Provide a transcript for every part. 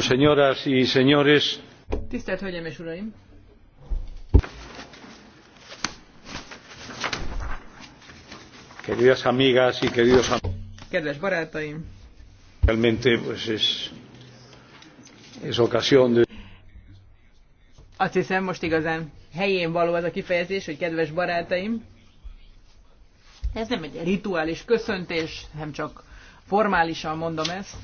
señoras y señores. Tisztelt Hölgyeim és Uraim! Queridas amigas y queridos amigos. Kedves barátaim! Realmente pues es, es ocasión de... Azt hiszem, most igazán helyén való az a kifejezés, hogy kedves barátaim. Ez nem egy rituális köszöntés, nem csak formálisan mondom ezt,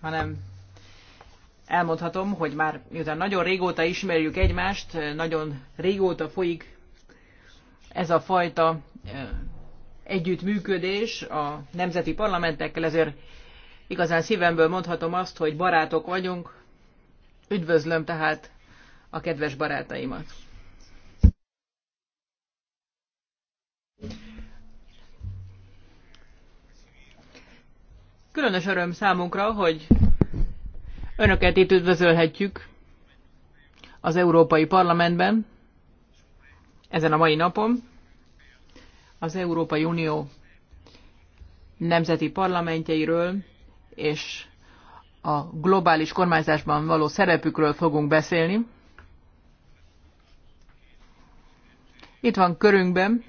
hanem elmondhatom, hogy már miután nagyon régóta ismerjük egymást, nagyon régóta folyik ez a fajta együttműködés a nemzeti parlamentekkel, ezért igazán szívemből mondhatom azt, hogy barátok vagyunk. Üdvözlöm tehát a kedves barátaimat. Különös öröm számunkra, hogy önöket itt üdvözölhetjük az Európai Parlamentben ezen a mai napon. Az Európai Unió nemzeti parlamentjeiről és a globális kormányzásban való szerepükről fogunk beszélni. Itt van körünkben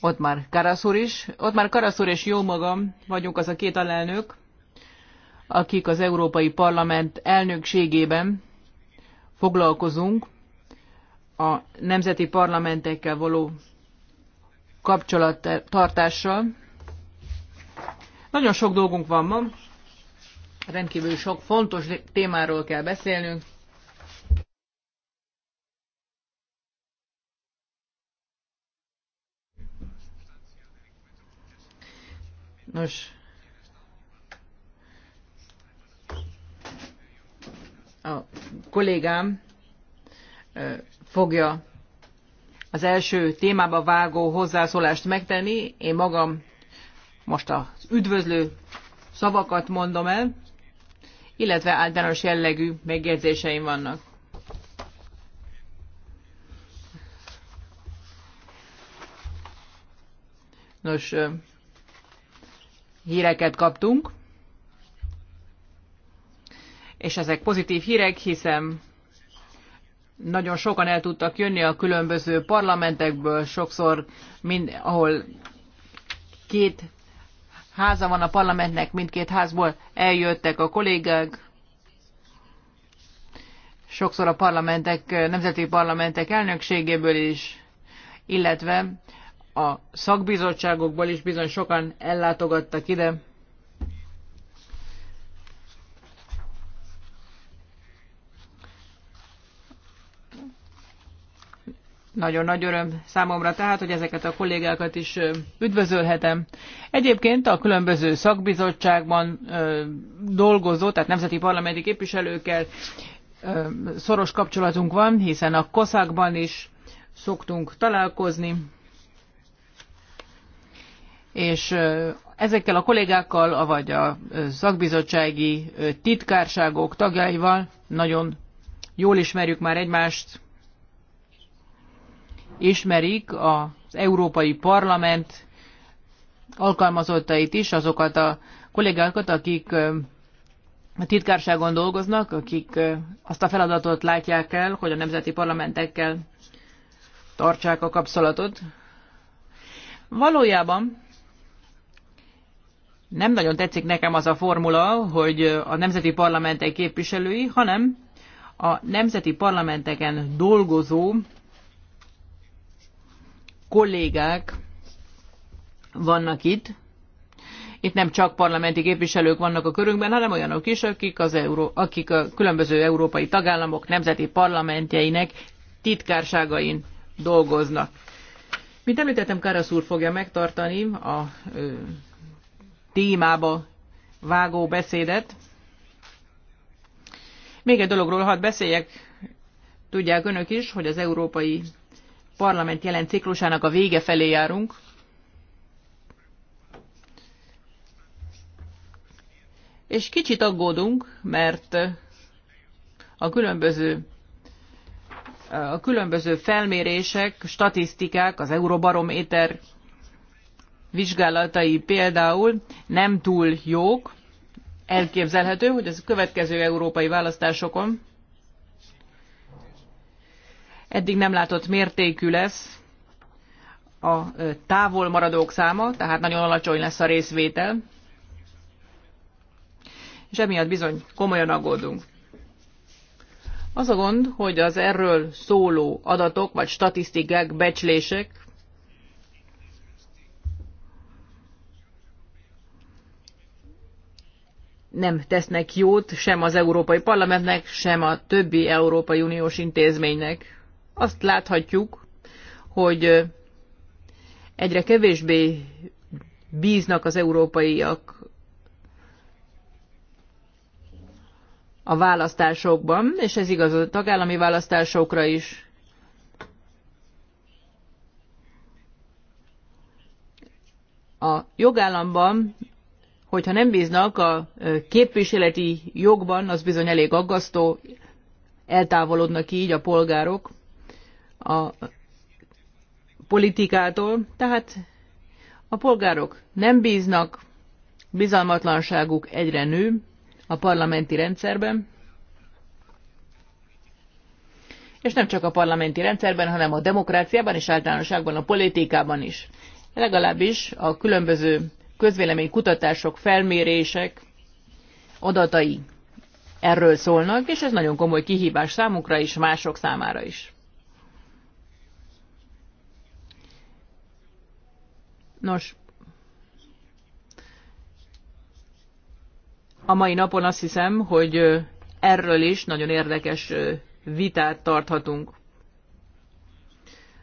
ott már Karaszúr is, ott már és jó magam vagyunk az a két alelnök, akik az Európai Parlament elnökségében foglalkozunk a nemzeti parlamentekkel való kapcsolattartással. Nagyon sok dolgunk van ma, rendkívül sok fontos témáról kell beszélnünk, Nos, a kollégám fogja az első témába vágó hozzászólást megtenni. Én magam most az üdvözlő szavakat mondom el, illetve általános jellegű megjegyzéseim vannak. Nos, híreket kaptunk, és ezek pozitív hírek, hiszen nagyon sokan el tudtak jönni a különböző parlamentekből, sokszor, mind, ahol két háza van a parlamentnek, mindkét házból eljöttek a kollégák. Sokszor a parlamentek, nemzeti parlamentek elnökségéből is, illetve a szakbizottságokból is bizony sokan ellátogattak ide. Nagyon nagy öröm számomra tehát, hogy ezeket a kollégákat is üdvözölhetem. Egyébként a különböző szakbizottságban dolgozó, tehát nemzeti parlamenti képviselőkkel szoros kapcsolatunk van, hiszen a koszákban is szoktunk találkozni és ezekkel a kollégákkal, vagy a szakbizottsági titkárságok tagjaival nagyon jól ismerjük már egymást, ismerik az Európai Parlament alkalmazottait is, azokat a kollégákat, akik a titkárságon dolgoznak, akik azt a feladatot látják el, hogy a nemzeti parlamentekkel tartsák a kapcsolatot. Valójában nem nagyon tetszik nekem az a formula, hogy a nemzeti parlamentek képviselői, hanem a nemzeti parlamenteken dolgozó kollégák vannak itt. Itt nem csak parlamenti képviselők vannak a körünkben, hanem olyanok is, akik, az Euró- akik a különböző európai tagállamok nemzeti parlamentjeinek titkárságain dolgoznak. Mint említettem, Karasz úr fogja megtartani a témába vágó beszédet. Még egy dologról hadd beszéljek. Tudják önök is, hogy az Európai Parlament jelen ciklusának a vége felé járunk. És kicsit aggódunk, mert a különböző a különböző felmérések, statisztikák, az Euróbarométer vizsgálatai például nem túl jók, elképzelhető, hogy a következő európai választásokon eddig nem látott mértékű lesz a távol maradók száma, tehát nagyon alacsony lesz a részvétel, és emiatt bizony komolyan aggódunk. Az a gond, hogy az erről szóló adatok vagy statisztikák, becslések nem tesznek jót sem az Európai Parlamentnek, sem a többi Európai Uniós intézménynek. Azt láthatjuk, hogy egyre kevésbé bíznak az európaiak a választásokban, és ez igaz a tagállami választásokra is. A jogállamban hogyha nem bíznak a képviseleti jogban, az bizony elég aggasztó, eltávolodnak így a polgárok a politikától, tehát a polgárok nem bíznak, bizalmatlanságuk egyre nő a parlamenti rendszerben, és nem csak a parlamenti rendszerben, hanem a demokráciában és általánosságban a politikában is. Legalábbis a különböző közvélemény kutatások, felmérések adatai erről szólnak, és ez nagyon komoly kihívás számukra is, mások számára is. Nos, a mai napon azt hiszem, hogy erről is nagyon érdekes vitát tarthatunk.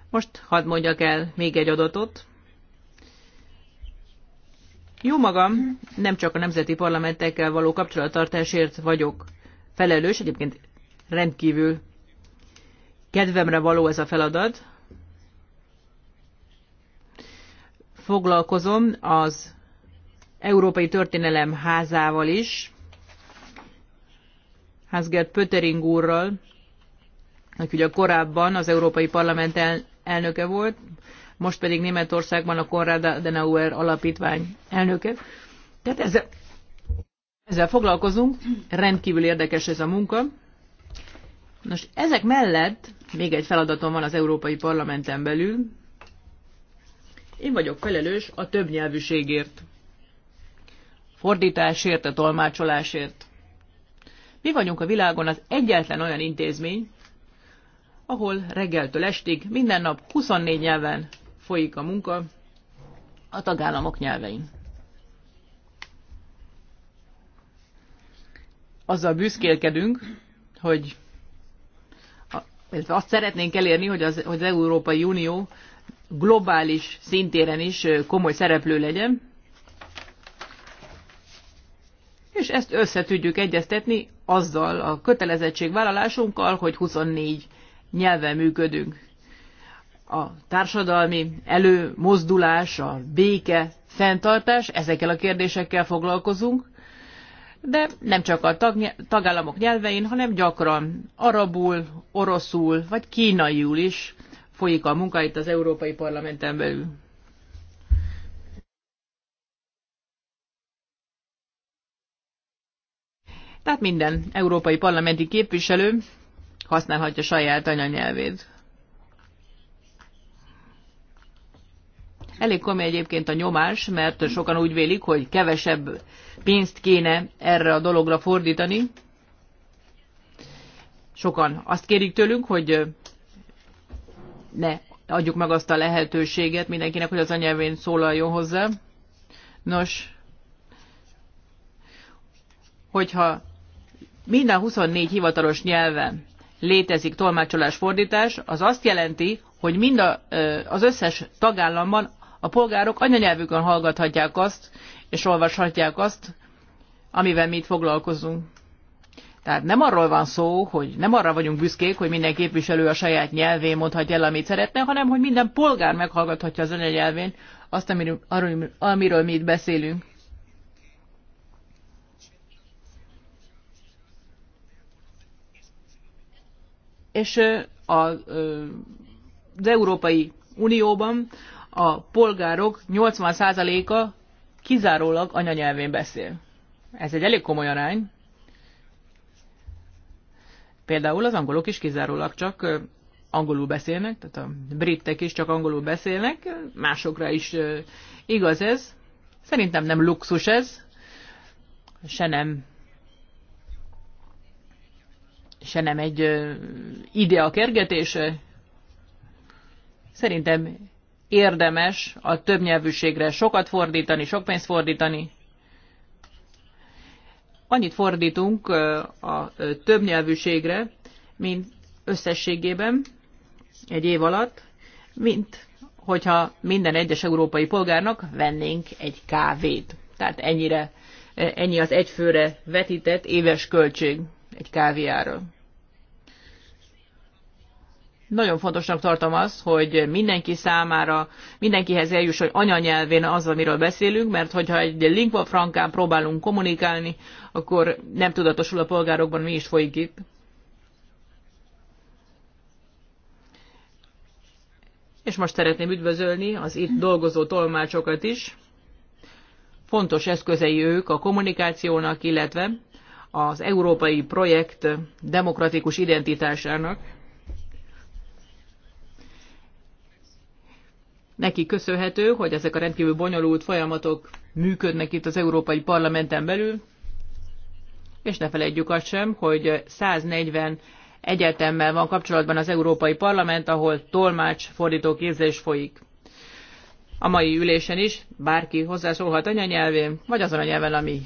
Most hadd mondjak el még egy adatot. Jó magam, nem csak a nemzeti parlamentekkel való kapcsolattartásért vagyok felelős, egyébként rendkívül kedvemre való ez a feladat. Foglalkozom az Európai Történelem házával is, Hasgert Pöttering úrral, aki ugye korábban az Európai Parlament elnöke volt, most pedig Németországban a Konrad Adenauer alapítvány elnöke. Tehát ezzel, ezzel foglalkozunk, rendkívül érdekes ez a munka. Nos, ezek mellett még egy feladatom van az Európai Parlamenten belül. Én vagyok felelős a többnyelvűségért, fordításért, a tolmácsolásért. Mi vagyunk a világon az egyetlen olyan intézmény, ahol reggeltől estig minden nap 24 nyelven folyik a munka a tagállamok nyelvein. Azzal büszkélkedünk, hogy azt szeretnénk elérni, hogy az, hogy az Európai Unió globális szintéren is komoly szereplő legyen, és ezt összetudjuk egyeztetni azzal a kötelezettségvállalásunkkal, hogy 24 nyelven működünk a társadalmi előmozdulás, a béke, fenntartás, ezekkel a kérdésekkel foglalkozunk, de nem csak a tag, tagállamok nyelvein, hanem gyakran arabul, oroszul vagy kínaiul is folyik a munka itt az Európai Parlamenten belül. Tehát minden európai parlamenti képviselő használhatja saját anyanyelvét. Elég komoly egyébként a nyomás, mert sokan úgy vélik, hogy kevesebb pénzt kéne erre a dologra fordítani. Sokan azt kérik tőlünk, hogy ne adjuk meg azt a lehetőséget mindenkinek, hogy az anyelvén szólaljon hozzá. Nos, hogyha minden 24 hivatalos nyelven létezik tolmácsolás fordítás, az azt jelenti, hogy mind a, az összes tagállamban a polgárok anyanyelvükön hallgathatják azt, és olvashatják azt, amivel mi itt foglalkozunk. Tehát nem arról van szó, hogy nem arra vagyunk büszkék, hogy minden képviselő a saját nyelvén mondhatja el, amit szeretne, hanem hogy minden polgár meghallgathatja az anyanyelvén azt, amiről, amiről mi itt beszélünk. És a, az Európai Unióban a polgárok 80%-a kizárólag anyanyelvén beszél. Ez egy elég komoly arány. Például az angolok is kizárólag csak angolul beszélnek, tehát a britek is csak angolul beszélnek, másokra is igaz ez. Szerintem nem luxus ez, se nem se nem egy idea kergetése. Szerintem érdemes a többnyelvűségre sokat fordítani, sok pénzt fordítani. Annyit fordítunk a többnyelvűségre, mint összességében egy év alatt, mint hogyha minden egyes európai polgárnak vennénk egy kávét. Tehát ennyire, ennyi az egyfőre vetített éves költség egy kávéáról. Nagyon fontosnak tartom azt, hogy mindenki számára, mindenkihez eljusson anyanyelvén az, amiről beszélünk, mert hogyha egy lingua francán próbálunk kommunikálni, akkor nem tudatosul a polgárokban, mi is folyik itt. És most szeretném üdvözölni az itt dolgozó tolmácsokat is. Fontos eszközei ők a kommunikációnak, illetve az európai projekt demokratikus identitásának. Neki köszönhető, hogy ezek a rendkívül bonyolult folyamatok működnek itt az Európai Parlamenten belül, és ne felejtjük azt sem, hogy 140 egyetemmel van kapcsolatban az Európai Parlament, ahol tolmács fordító képzés folyik. A mai ülésen is bárki hozzászólhat anyanyelvén, vagy azon a nyelven, ami,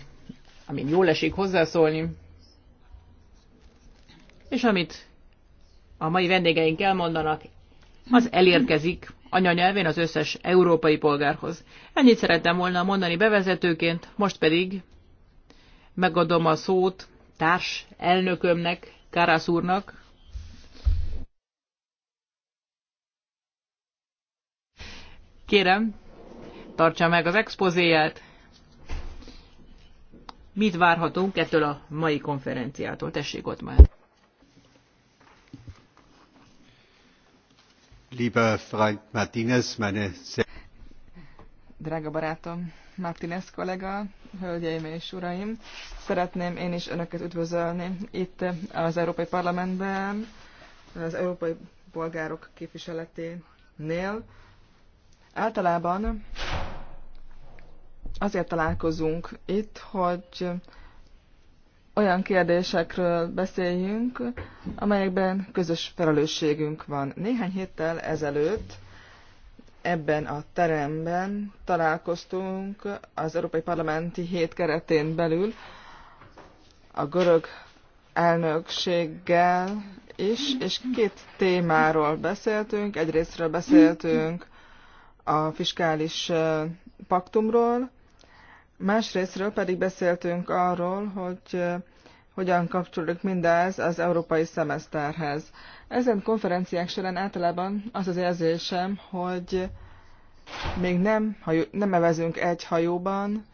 amin jól esik hozzászólni. És amit a mai vendégeink elmondanak, az elérkezik anyanyelvén az összes európai polgárhoz. Ennyit szerettem volna mondani bevezetőként, most pedig megadom a szót társ elnökömnek, Kárász úrnak. Kérem, tartsa meg az expozéját. Mit várhatunk ettől a mai konferenciától? Tessék ott már. Lieber Freund Martinez, meine sehr Drága barátom, Martinez kollega, hölgyeim és uraim, szeretném én is Önöket üdvözölni itt az Európai Parlamentben, az európai polgárok képviseleténél. Általában azért találkozunk itt, hogy olyan kérdésekről beszéljünk, amelyekben közös felelősségünk van. Néhány héttel ezelőtt ebben a teremben találkoztunk az Európai Parlamenti hét keretén belül a görög elnökséggel is, és két témáról beszéltünk. Egyrésztről beszéltünk a fiskális paktumról, Másrésztről pedig beszéltünk arról, hogy hogyan kapcsolódik mindez az európai szemeszterhez. Ezen konferenciák során általában az az érzésem, hogy még nem, hajó, nem evezünk egy hajóban,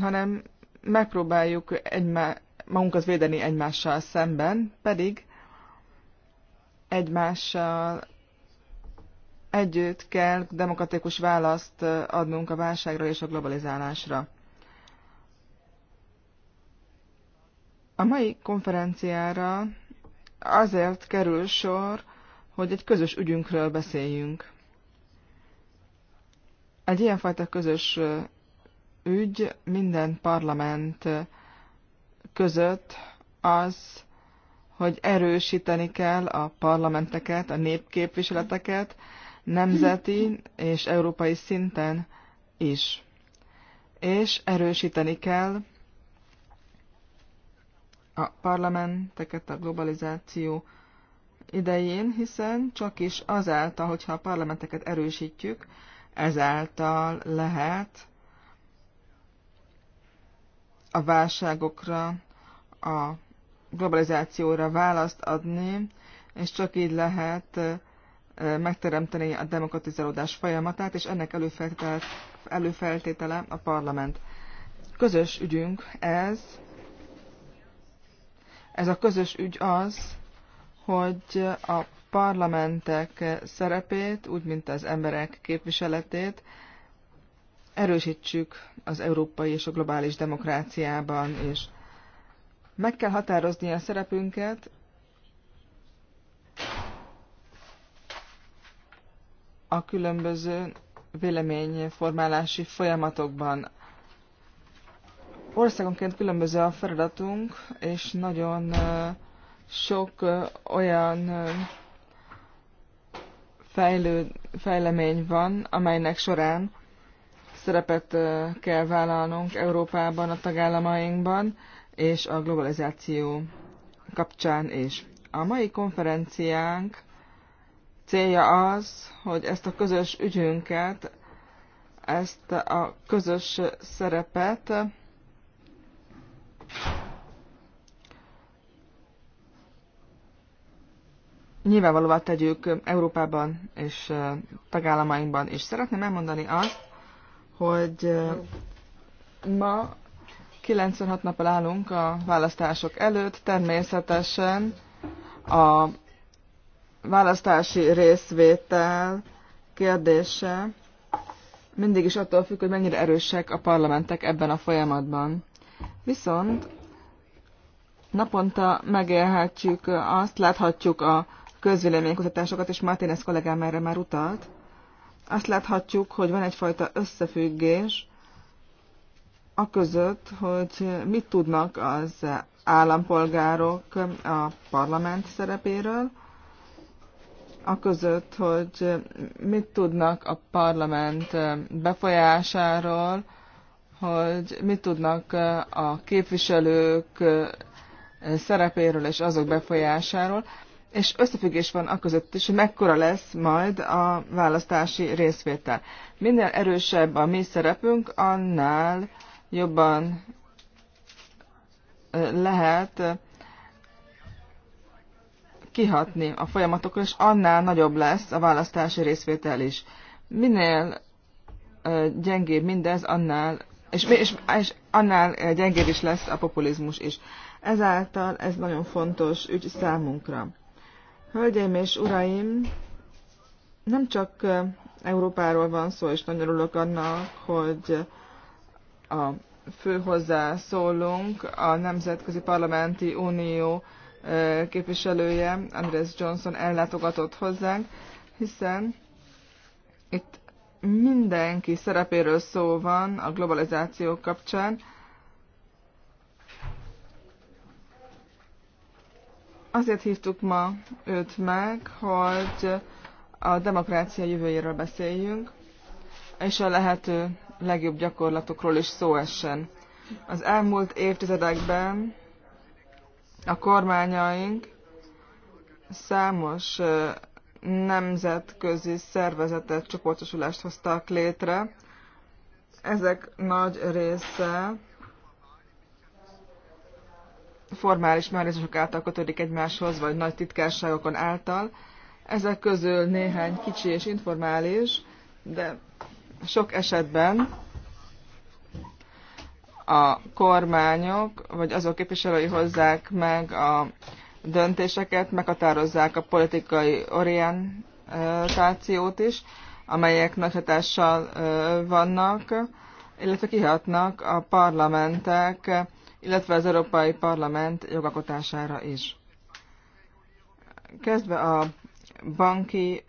hanem megpróbáljuk egymá, magunkat védeni egymással szemben, pedig egymással együtt kell demokratikus választ adnunk a válságra és a globalizálásra. A mai konferenciára azért kerül sor, hogy egy közös ügyünkről beszéljünk. Egy ilyenfajta közös ügy minden parlament között az, hogy erősíteni kell a parlamenteket, a népképviseleteket, nemzeti és európai szinten is. És erősíteni kell a parlamenteket a globalizáció idején, hiszen csak is azáltal, hogyha a parlamenteket erősítjük, ezáltal lehet a válságokra, a globalizációra választ adni, és csak így lehet megteremteni a demokratizálódás folyamatát, és ennek előfeltétele, a parlament. Közös ügyünk ez. Ez a közös ügy az, hogy a parlamentek szerepét, úgy mint az emberek képviseletét erősítsük az európai és a globális demokráciában, és meg kell határozni a szerepünket, a különböző véleményformálási folyamatokban. Országonként különböző a feladatunk, és nagyon sok olyan fejlő, fejlemény van, amelynek során szerepet kell vállalnunk Európában, a tagállamainkban, és a globalizáció kapcsán is. A mai konferenciánk célja az, hogy ezt a közös ügyünket, ezt a közös szerepet nyilvánvalóvá tegyük Európában és tagállamainkban. És szeretném elmondani azt, hogy ma 96 nappal állunk a választások előtt, természetesen a választási részvétel kérdése mindig is attól függ, hogy mennyire erősek a parlamentek ebben a folyamatban. Viszont naponta megélhetjük azt, láthatjuk a közvéleménykutatásokat, és Martínez kollégám erre már utalt, azt láthatjuk, hogy van egyfajta összefüggés a között, hogy mit tudnak az állampolgárok a parlament szerepéről, a között, hogy mit tudnak a parlament befolyásáról, hogy mit tudnak a képviselők szerepéről és azok befolyásáról, és összefüggés van a között is, hogy mekkora lesz majd a választási részvétel. Minél erősebb a mi szerepünk, annál jobban lehet kihatni a folyamatokra, és annál nagyobb lesz a választási részvétel is. Minél gyengébb mindez, annál, és, és, és annál gyengébb is lesz a populizmus is. Ezáltal ez nagyon fontos ügy számunkra. Hölgyeim és uraim, nem csak Európáról van szó, és nagyon örülök annak, hogy a fő hozzászólunk a Nemzetközi Parlamenti Unió képviselője, Andres Johnson ellátogatott hozzánk, hiszen itt mindenki szerepéről szó van a globalizáció kapcsán. Azért hívtuk ma őt meg, hogy a demokrácia jövőjéről beszéljünk, és a lehető legjobb gyakorlatokról is szó essen. Az elmúlt évtizedekben a kormányaink számos nemzetközi szervezetet, csoportosulást hoztak létre. Ezek nagy része formális mellizmusok által kötődik egymáshoz, vagy nagy titkárságokon által. Ezek közül néhány kicsi és informális, de sok esetben a kormányok, vagy azok képviselői hozzák meg a döntéseket, meghatározzák a politikai orientációt is, amelyek nagy hatással vannak, illetve kihatnak a parlamentek, illetve az Európai Parlament jogakotására is. Kezdve a banki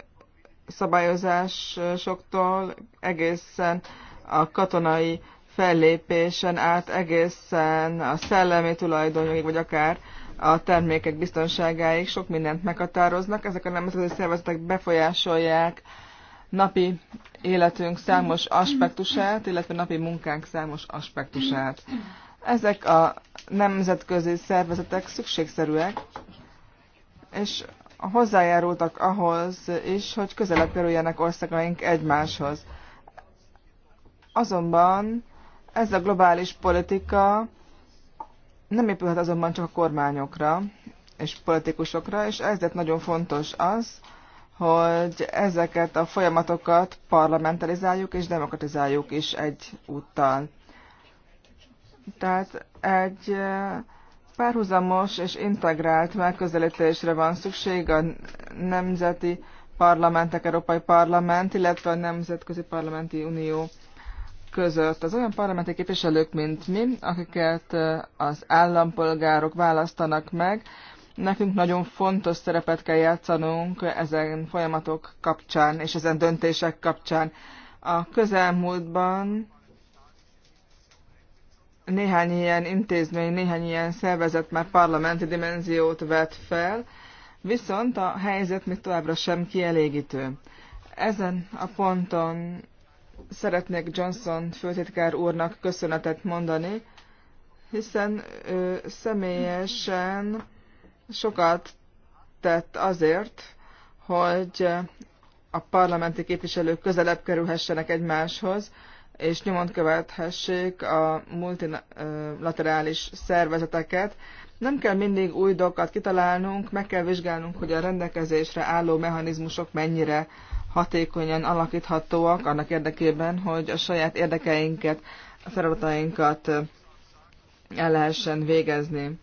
szabályozásoktól egészen a katonai fellépésen át egészen a szellemi tulajdonjogig, vagy akár a termékek biztonságáig sok mindent meghatároznak. Ezek a nemzetközi szervezetek befolyásolják napi életünk számos aspektusát, illetve napi munkánk számos aspektusát. Ezek a nemzetközi szervezetek szükségszerűek, és hozzájárultak ahhoz is, hogy közelebb kerüljenek országaink egymáshoz. Azonban ez a globális politika nem épülhet azonban csak a kormányokra és politikusokra, és ezért nagyon fontos az, hogy ezeket a folyamatokat parlamentalizáljuk és demokratizáljuk is egy úttal. Tehát egy párhuzamos és integrált megközelítésre van szükség a nemzeti parlamentek, Európai Parlament, illetve a Nemzetközi Parlamenti Unió között. Az olyan parlamenti képviselők, mint mi, akiket az állampolgárok választanak meg, nekünk nagyon fontos szerepet kell játszanunk ezen folyamatok kapcsán és ezen döntések kapcsán. A közelmúltban néhány ilyen intézmény, néhány ilyen szervezet már parlamenti dimenziót vett fel, viszont a helyzet még továbbra sem kielégítő. Ezen a ponton szeretnék Johnson főtitkár úrnak köszönetet mondani, hiszen ő személyesen sokat tett azért, hogy a parlamenti képviselők közelebb kerülhessenek egymáshoz, és nyomon követhessék a multilaterális szervezeteket. Nem kell mindig új dolgokat kitalálnunk, meg kell vizsgálnunk, hogy a rendelkezésre álló mechanizmusok mennyire hatékonyan alakíthatóak annak érdekében, hogy a saját érdekeinket, a feladatainkat el lehessen végezni.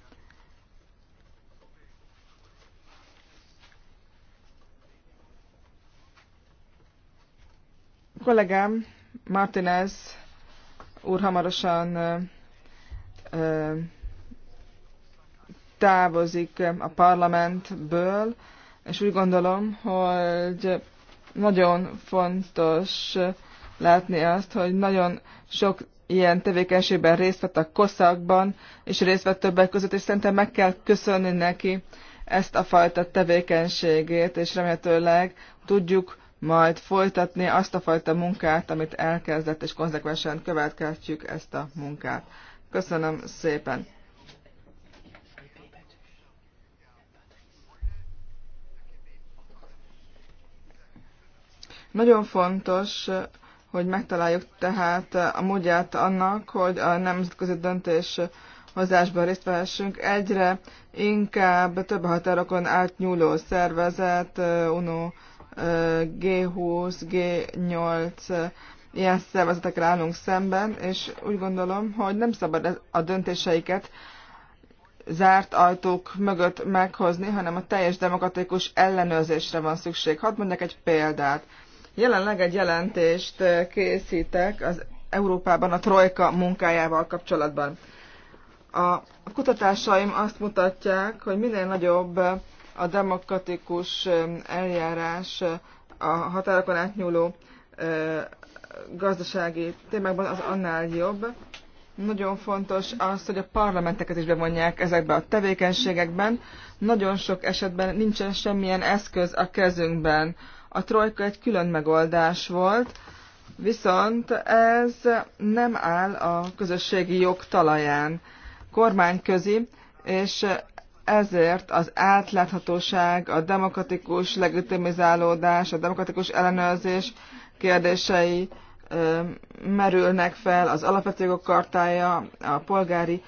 A kollégám Martinez úr hamarosan ö, távozik a parlamentből, és úgy gondolom, hogy nagyon fontos látni azt, hogy nagyon sok ilyen tevékenységben részt vett a koszakban, és részt vett többek között, és szerintem meg kell köszönni neki ezt a fajta tevékenységét, és remélhetőleg tudjuk majd folytatni azt a fajta munkát, amit elkezdett, és konzekvensen következtjük ezt a munkát. Köszönöm szépen! Nagyon fontos, hogy megtaláljuk tehát a módját annak, hogy a nemzetközi döntés hozásban részt vehessünk. Egyre inkább több határokon átnyúló szervezet, UNO, G20, G8, ilyen szervezetekre állunk szemben, és úgy gondolom, hogy nem szabad a döntéseiket zárt ajtók mögött meghozni, hanem a teljes demokratikus ellenőrzésre van szükség. Hadd mondjak egy példát. Jelenleg egy jelentést eh, készítek az Európában a Trojka munkájával kapcsolatban. A kutatásaim azt mutatják, hogy minél nagyobb eh, a demokratikus eh, eljárás a határokon átnyúló gazdasági témákban, az annál jobb. Nagyon fontos az, hogy a parlamenteket is bevonják ezekbe a tevékenységekben. Nagyon sok esetben nincsen semmilyen eszköz a kezünkben a trojka egy külön megoldás volt, viszont ez nem áll a közösségi jog talaján. Kormányközi, és ezért az átláthatóság, a demokratikus legitimizálódás, a demokratikus ellenőrzés kérdései merülnek fel, az alapvető jogok kartája, a polgári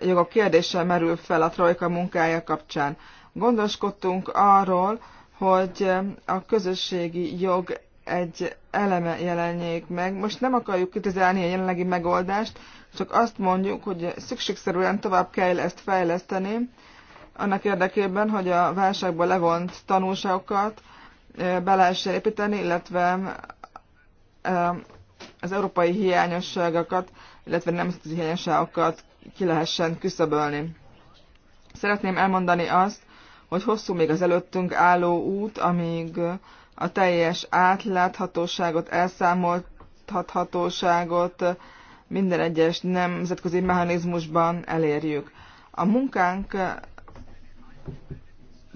jogok kérdése merül fel a trojka munkája kapcsán. Gondoskodtunk arról, hogy a közösségi jog egy eleme jelenjék meg. Most nem akarjuk kritizálni a jelenlegi megoldást, csak azt mondjuk, hogy szükségszerűen tovább kell ezt fejleszteni, annak érdekében, hogy a válságból levont tanulságokat be lehessen építeni, illetve az európai hiányosságokat, illetve nemzeti hiányosságokat ki lehessen küszöbölni. Szeretném elmondani azt, hogy hosszú még az előttünk álló út, amíg a teljes átláthatóságot, elszámoltathatóságot minden egyes nemzetközi mechanizmusban elérjük. A munkánk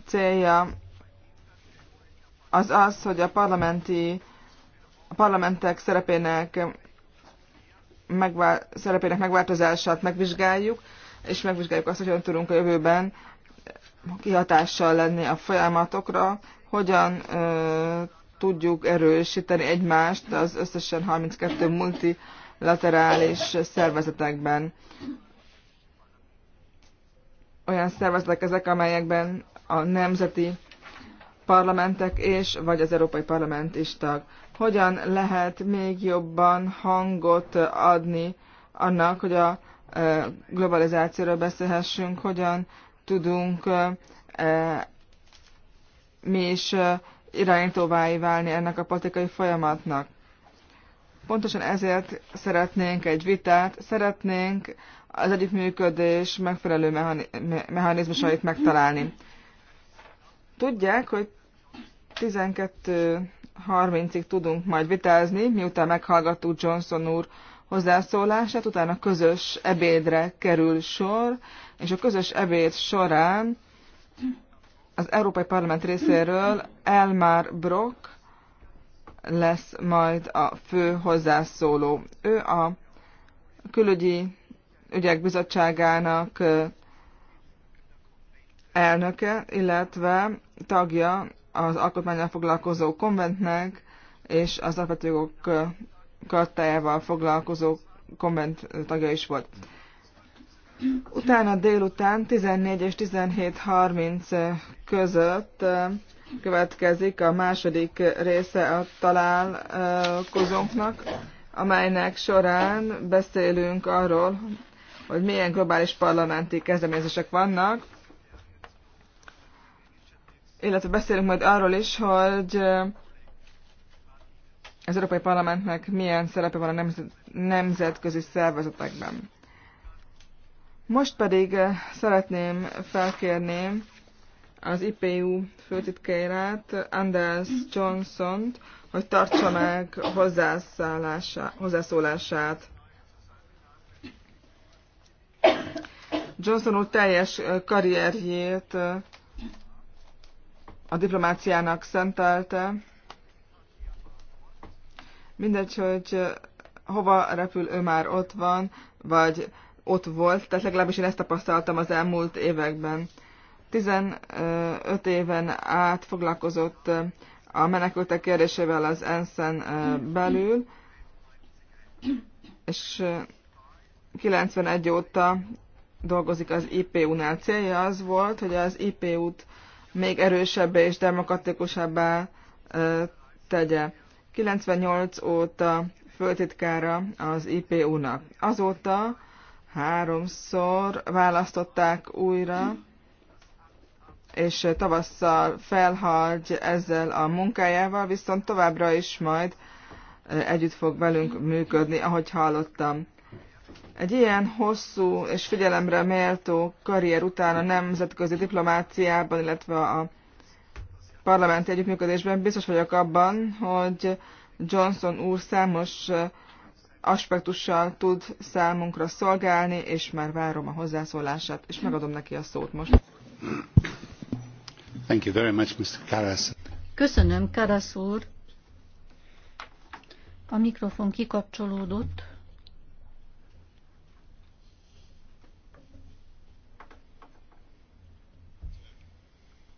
célja az az, hogy a parlamenti a parlamentek szerepének, megvál, szerepének megváltozását megvizsgáljuk, és megvizsgáljuk azt, hogy hogyan tudunk a jövőben kihatással lenni a folyamatokra, hogyan ö, tudjuk erősíteni egymást az összesen 32 multilaterális szervezetekben. Olyan szervezetek ezek, amelyekben a nemzeti parlamentek és vagy az Európai Parlament is tag. Hogyan lehet még jobban hangot adni annak, hogy a globalizációról beszélhessünk, hogyan tudunk mi is irányítóváé válni ennek a politikai folyamatnak. Pontosan ezért szeretnénk egy vitát, szeretnénk az együttműködés megfelelő mechanizmusait megtalálni. Tudják, hogy 12.30-ig tudunk majd vitázni, miután meghallgattuk Johnson úr hozzászólását, utána közös ebédre kerül sor, és a közös ebéd során az Európai Parlament részéről Elmar Brock lesz majd a fő hozzászóló. Ő a külügyi ügyek bizottságának elnöke, illetve tagja az alkotmányra foglalkozó konventnek és az alapvető jogok kartájával foglalkozó konvent tagja is volt. Utána délután 14 és 17.30 között következik a második része a találkozónknak, amelynek során beszélünk arról, hogy milyen globális parlamenti kezdeményezések vannak, illetve beszélünk majd arról is, hogy az Európai Parlamentnek milyen szerepe van a nemzetközi szervezetekben. Most pedig eh, szeretném felkérni az IPU főtitkárát, Anders johnson hogy tartsa meg hozzászólását. Johnson úr teljes eh, karrierjét eh, a diplomáciának szentelte. Mindegy, hogy hova repül, ő már ott van, vagy ott volt, tehát legalábbis én ezt tapasztaltam az elmúlt években. 15 éven át foglalkozott a menekültek kérdésével az ENSZ-en belül, és 91 óta dolgozik az IPU-nál. Célja az volt, hogy az IPU-t még erősebbé és demokratikusabbá tegye. 98 óta föltitkára az IPU-nak. Azóta háromszor választották újra, és tavasszal felhagy ezzel a munkájával, viszont továbbra is majd együtt fog velünk működni, ahogy hallottam. Egy ilyen hosszú és figyelemre méltó karrier után a nemzetközi diplomáciában, illetve a parlamenti együttműködésben biztos vagyok abban, hogy Johnson úr számos aspektussal tud számunkra szolgálni, és már várom a hozzászólását, és megadom neki a szót most. Thank you very much, Mr. Karas. Köszönöm, Karas úr. A mikrofon kikapcsolódott.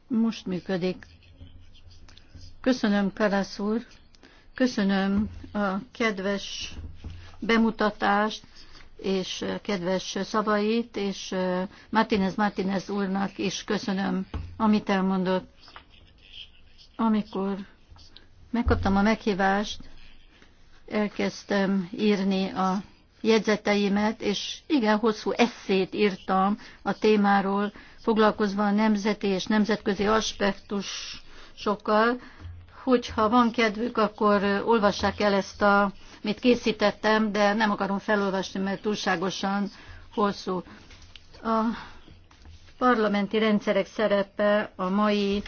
Most működik. Köszönöm, Karasz úr. Köszönöm a kedves bemutatást és kedves szavait, és Martinez Martinez úrnak is köszönöm, amit elmondott. Amikor megkaptam a meghívást, elkezdtem írni a jegyzeteimet, és igen hosszú eszét írtam a témáról, foglalkozva a nemzeti és nemzetközi aspektusokkal, hogyha van kedvük, akkor olvassák el ezt a, amit készítettem, de nem akarom felolvasni, mert túlságosan hosszú. A parlamenti rendszerek szerepe a mai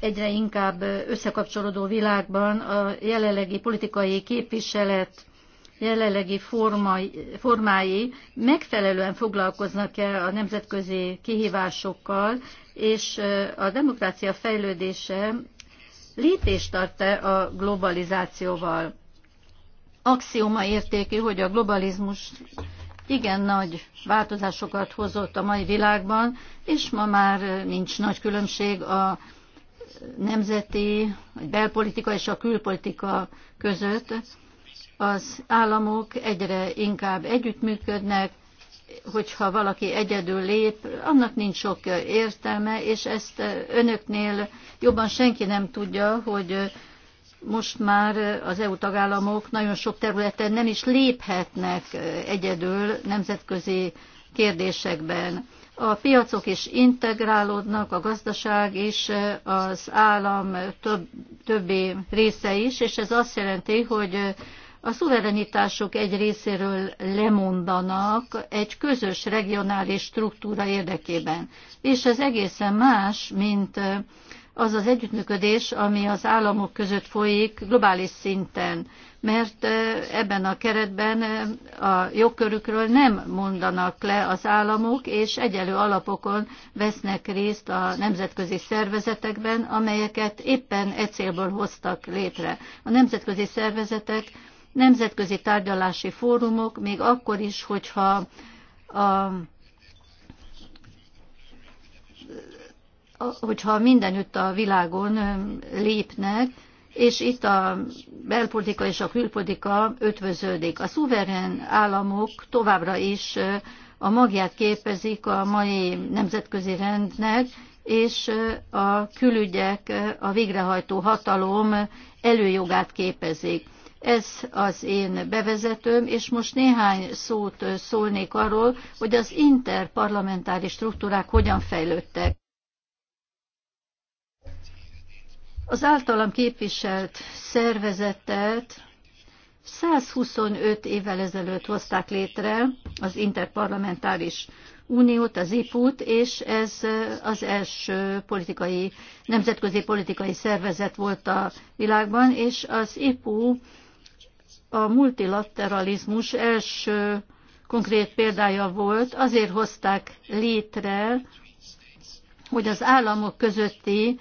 egyre inkább összekapcsolódó világban a jelenlegi politikai képviselet jelenlegi formai, formái megfelelően foglalkoznak-e a nemzetközi kihívásokkal, és a demokrácia fejlődése lépést tart-e a globalizációval. Axioma értékű, hogy a globalizmus igen nagy változásokat hozott a mai világban, és ma már nincs nagy különbség a nemzeti, a belpolitika és a külpolitika között. Az államok egyre inkább együttműködnek, hogyha valaki egyedül lép, annak nincs sok értelme, és ezt önöknél jobban senki nem tudja, hogy most már az EU tagállamok nagyon sok területen nem is léphetnek egyedül nemzetközi kérdésekben. A piacok is integrálódnak, a gazdaság is, az állam több, többi része is, és ez azt jelenti, hogy a szuverenitások egy részéről lemondanak egy közös regionális struktúra érdekében. És ez egészen más, mint az az együttműködés, ami az államok között folyik globális szinten, mert ebben a keretben a jogkörükről nem mondanak le az államok, és egyelő alapokon vesznek részt a nemzetközi szervezetekben, amelyeket éppen e célból hoztak létre. A nemzetközi szervezetek nemzetközi tárgyalási fórumok, még akkor is, hogyha a hogyha mindenütt a világon lépnek, és itt a belpolitika és a külpolitika ötvöződik. A szuverén államok továbbra is a magját képezik a mai nemzetközi rendnek, és a külügyek a végrehajtó hatalom előjogát képezik. Ez az én bevezetőm, és most néhány szót szólnék arról, hogy az interparlamentári struktúrák hogyan fejlődtek. Az általam képviselt szervezetet 125 évvel ezelőtt hozták létre az interparlamentáris uniót, az IPUT, t és ez az első politikai, nemzetközi politikai szervezet volt a világban, és az IPU a multilateralizmus első konkrét példája volt, azért hozták létre, hogy az államok közötti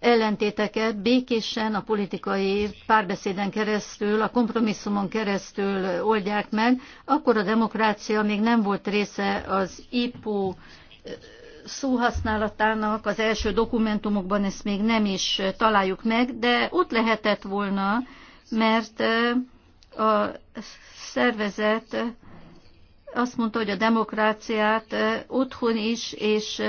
ellentéteket békésen a politikai párbeszéden keresztül, a kompromisszumon keresztül oldják meg, akkor a demokrácia még nem volt része az IPU szóhasználatának, az első dokumentumokban ezt még nem is találjuk meg, de ott lehetett volna, mert a szervezet azt mondta, hogy a demokráciát otthon is és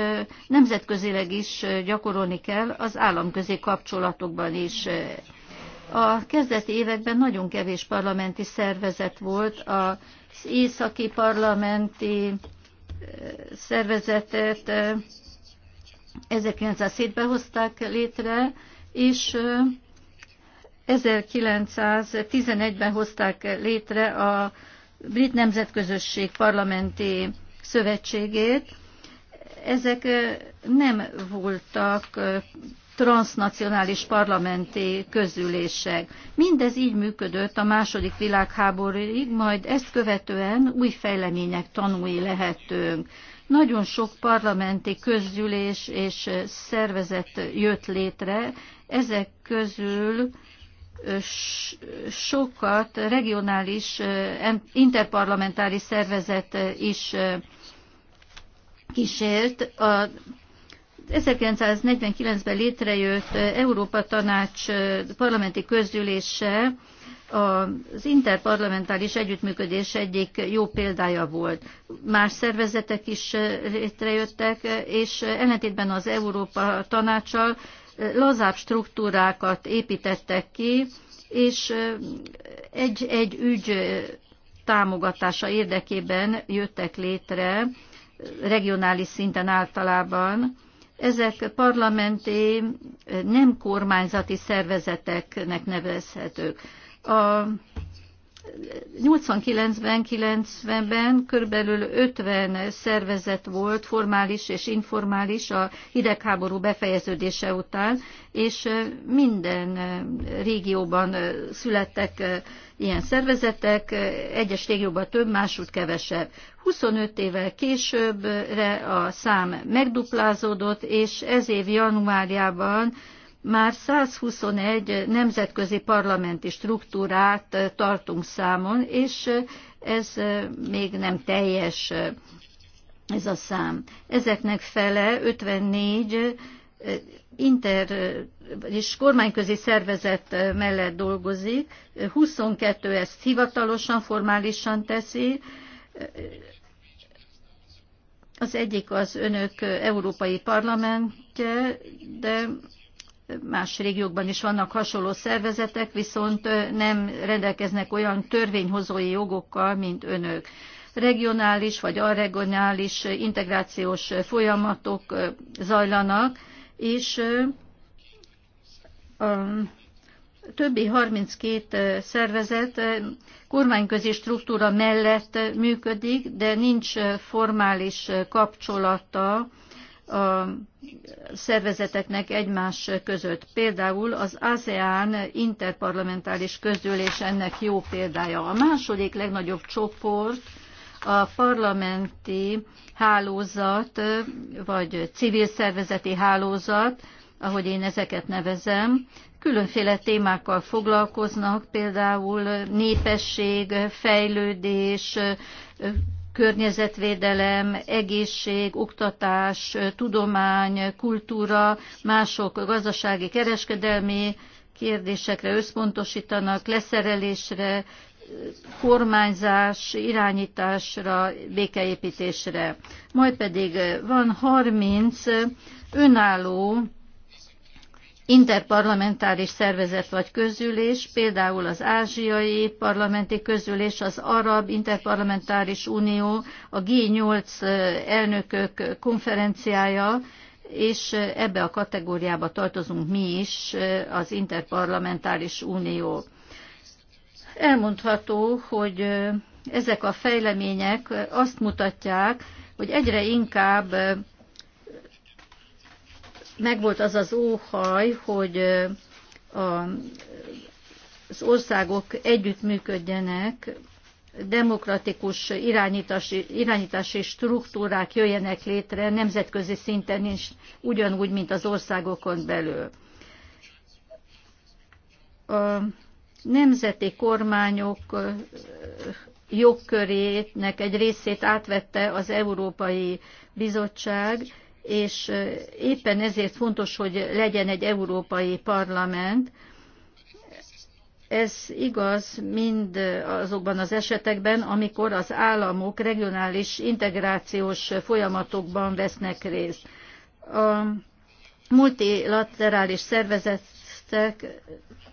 nemzetközileg is gyakorolni kell, az államközi kapcsolatokban is. A kezdeti években nagyon kevés parlamenti szervezet volt, az északi parlamenti szervezetet 1907-ben hozták létre, és 1911-ben hozták létre a Brit Nemzetközösség parlamenti szövetségét. Ezek nem voltak transnacionális parlamenti közülések. Mindez így működött a második világháborúig, majd ezt követően új fejlemények tanúi lehetünk. Nagyon sok parlamenti közgyűlés és szervezet jött létre, ezek közül sokat regionális interparlamentári szervezet is kísért. A 1949-ben létrejött Európa Tanács parlamenti közgyűlése az interparlamentális együttműködés egyik jó példája volt. Más szervezetek is létrejöttek, és ellentétben az Európa Tanácsal lazább struktúrákat építettek ki, és egy-egy ügy támogatása érdekében jöttek létre, regionális szinten általában. Ezek parlamenti, nem kormányzati szervezeteknek nevezhetők. A 89-ben, 90-ben körülbelül 50 szervezet volt, formális és informális a hidegháború befejeződése után, és minden régióban születtek ilyen szervezetek, egyes régióban több, másút kevesebb. 25 évvel későbbre a szám megduplázódott, és ez év januárjában már 121 nemzetközi parlamenti struktúrát eh, tartunk számon, és eh, ez eh, még nem teljes ez a szám. Ezeknek fele 54 inter, és kormányközi szervezet mellett dolgozik, 22 ezt hivatalosan, formálisan teszi, az egyik az önök európai parlamentje, de más régiókban is vannak hasonló szervezetek, viszont nem rendelkeznek olyan törvényhozói jogokkal, mint önök. Regionális vagy arregionális integrációs folyamatok zajlanak, és a többi 32 szervezet kormányközi struktúra mellett működik, de nincs formális kapcsolata a szervezeteknek egymás között. Például az ASEAN interparlamentális közülés ennek jó példája. A második legnagyobb csoport a parlamenti hálózat, vagy civil szervezeti hálózat, ahogy én ezeket nevezem, különféle témákkal foglalkoznak, például népesség, fejlődés, környezetvédelem, egészség, oktatás, tudomány, kultúra, mások gazdasági, kereskedelmi kérdésekre összpontosítanak, leszerelésre, kormányzás, irányításra, békeépítésre. Majd pedig van 30 önálló interparlamentáris szervezet vagy közülés, például az Ázsiai Parlamenti Közülés, az Arab Interparlamentáris Unió, a G8 elnökök konferenciája, és ebbe a kategóriába tartozunk mi is, az Interparlamentáris Unió. Elmondható, hogy ezek a fejlemények azt mutatják, hogy egyre inkább megvolt az az óhaj, hogy a, az országok együttműködjenek, demokratikus irányítási, irányítási struktúrák jöjjenek létre nemzetközi szinten is, ugyanúgy, mint az országokon belül. A nemzeti kormányok jogkörének egy részét átvette az Európai Bizottság, és éppen ezért fontos, hogy legyen egy európai parlament. Ez igaz mind azokban az esetekben, amikor az államok regionális integrációs folyamatokban vesznek részt. A multilaterális szervezetek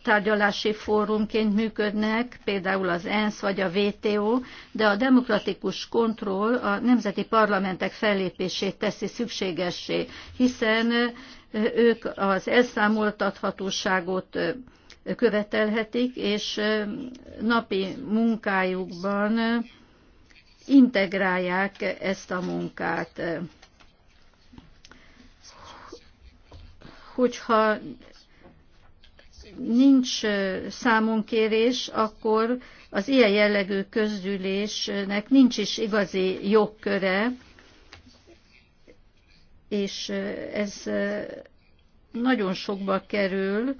tárgyalási fórumként működnek, például az ENSZ vagy a WTO, de a demokratikus kontroll a nemzeti parlamentek fellépését teszi szükségessé, hiszen ők az elszámoltathatóságot követelhetik, és napi munkájukban integrálják ezt a munkát. Hogyha nincs számonkérés, akkor az ilyen jellegű közgyűlésnek nincs is igazi jogköre, és ez nagyon sokba kerül,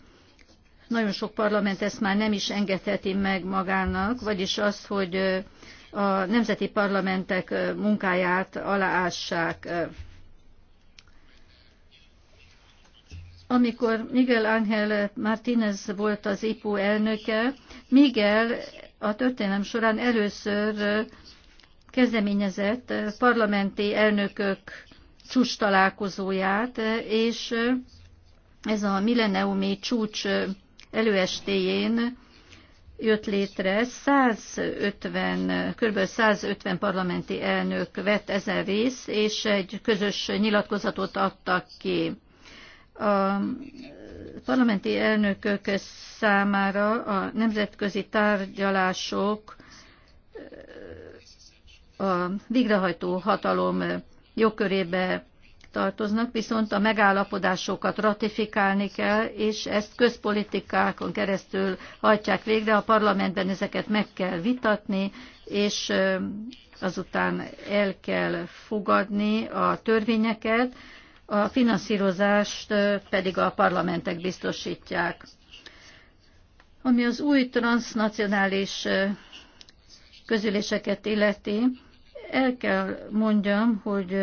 nagyon sok parlament ezt már nem is engedheti meg magának, vagyis azt, hogy a nemzeti parlamentek munkáját aláássák. Amikor Miguel Ángel Martínez volt az IPU elnöke, Miguel a történelem során először kezdeményezett parlamenti elnökök csúcs találkozóját, és ez a milleniumi csúcs előestéjén jött létre, 150, kb. 150 parlamenti elnök vett ezen részt, és egy közös nyilatkozatot adtak ki a parlamenti elnökök számára a nemzetközi tárgyalások a végrehajtó hatalom jogkörébe tartoznak, viszont a megállapodásokat ratifikálni kell, és ezt közpolitikákon keresztül hajtják végre. A parlamentben ezeket meg kell vitatni, és azután el kell fogadni a törvényeket, a finanszírozást pedig a parlamentek biztosítják. Ami az új transnacionális közüléseket illeti, el kell mondjam, hogy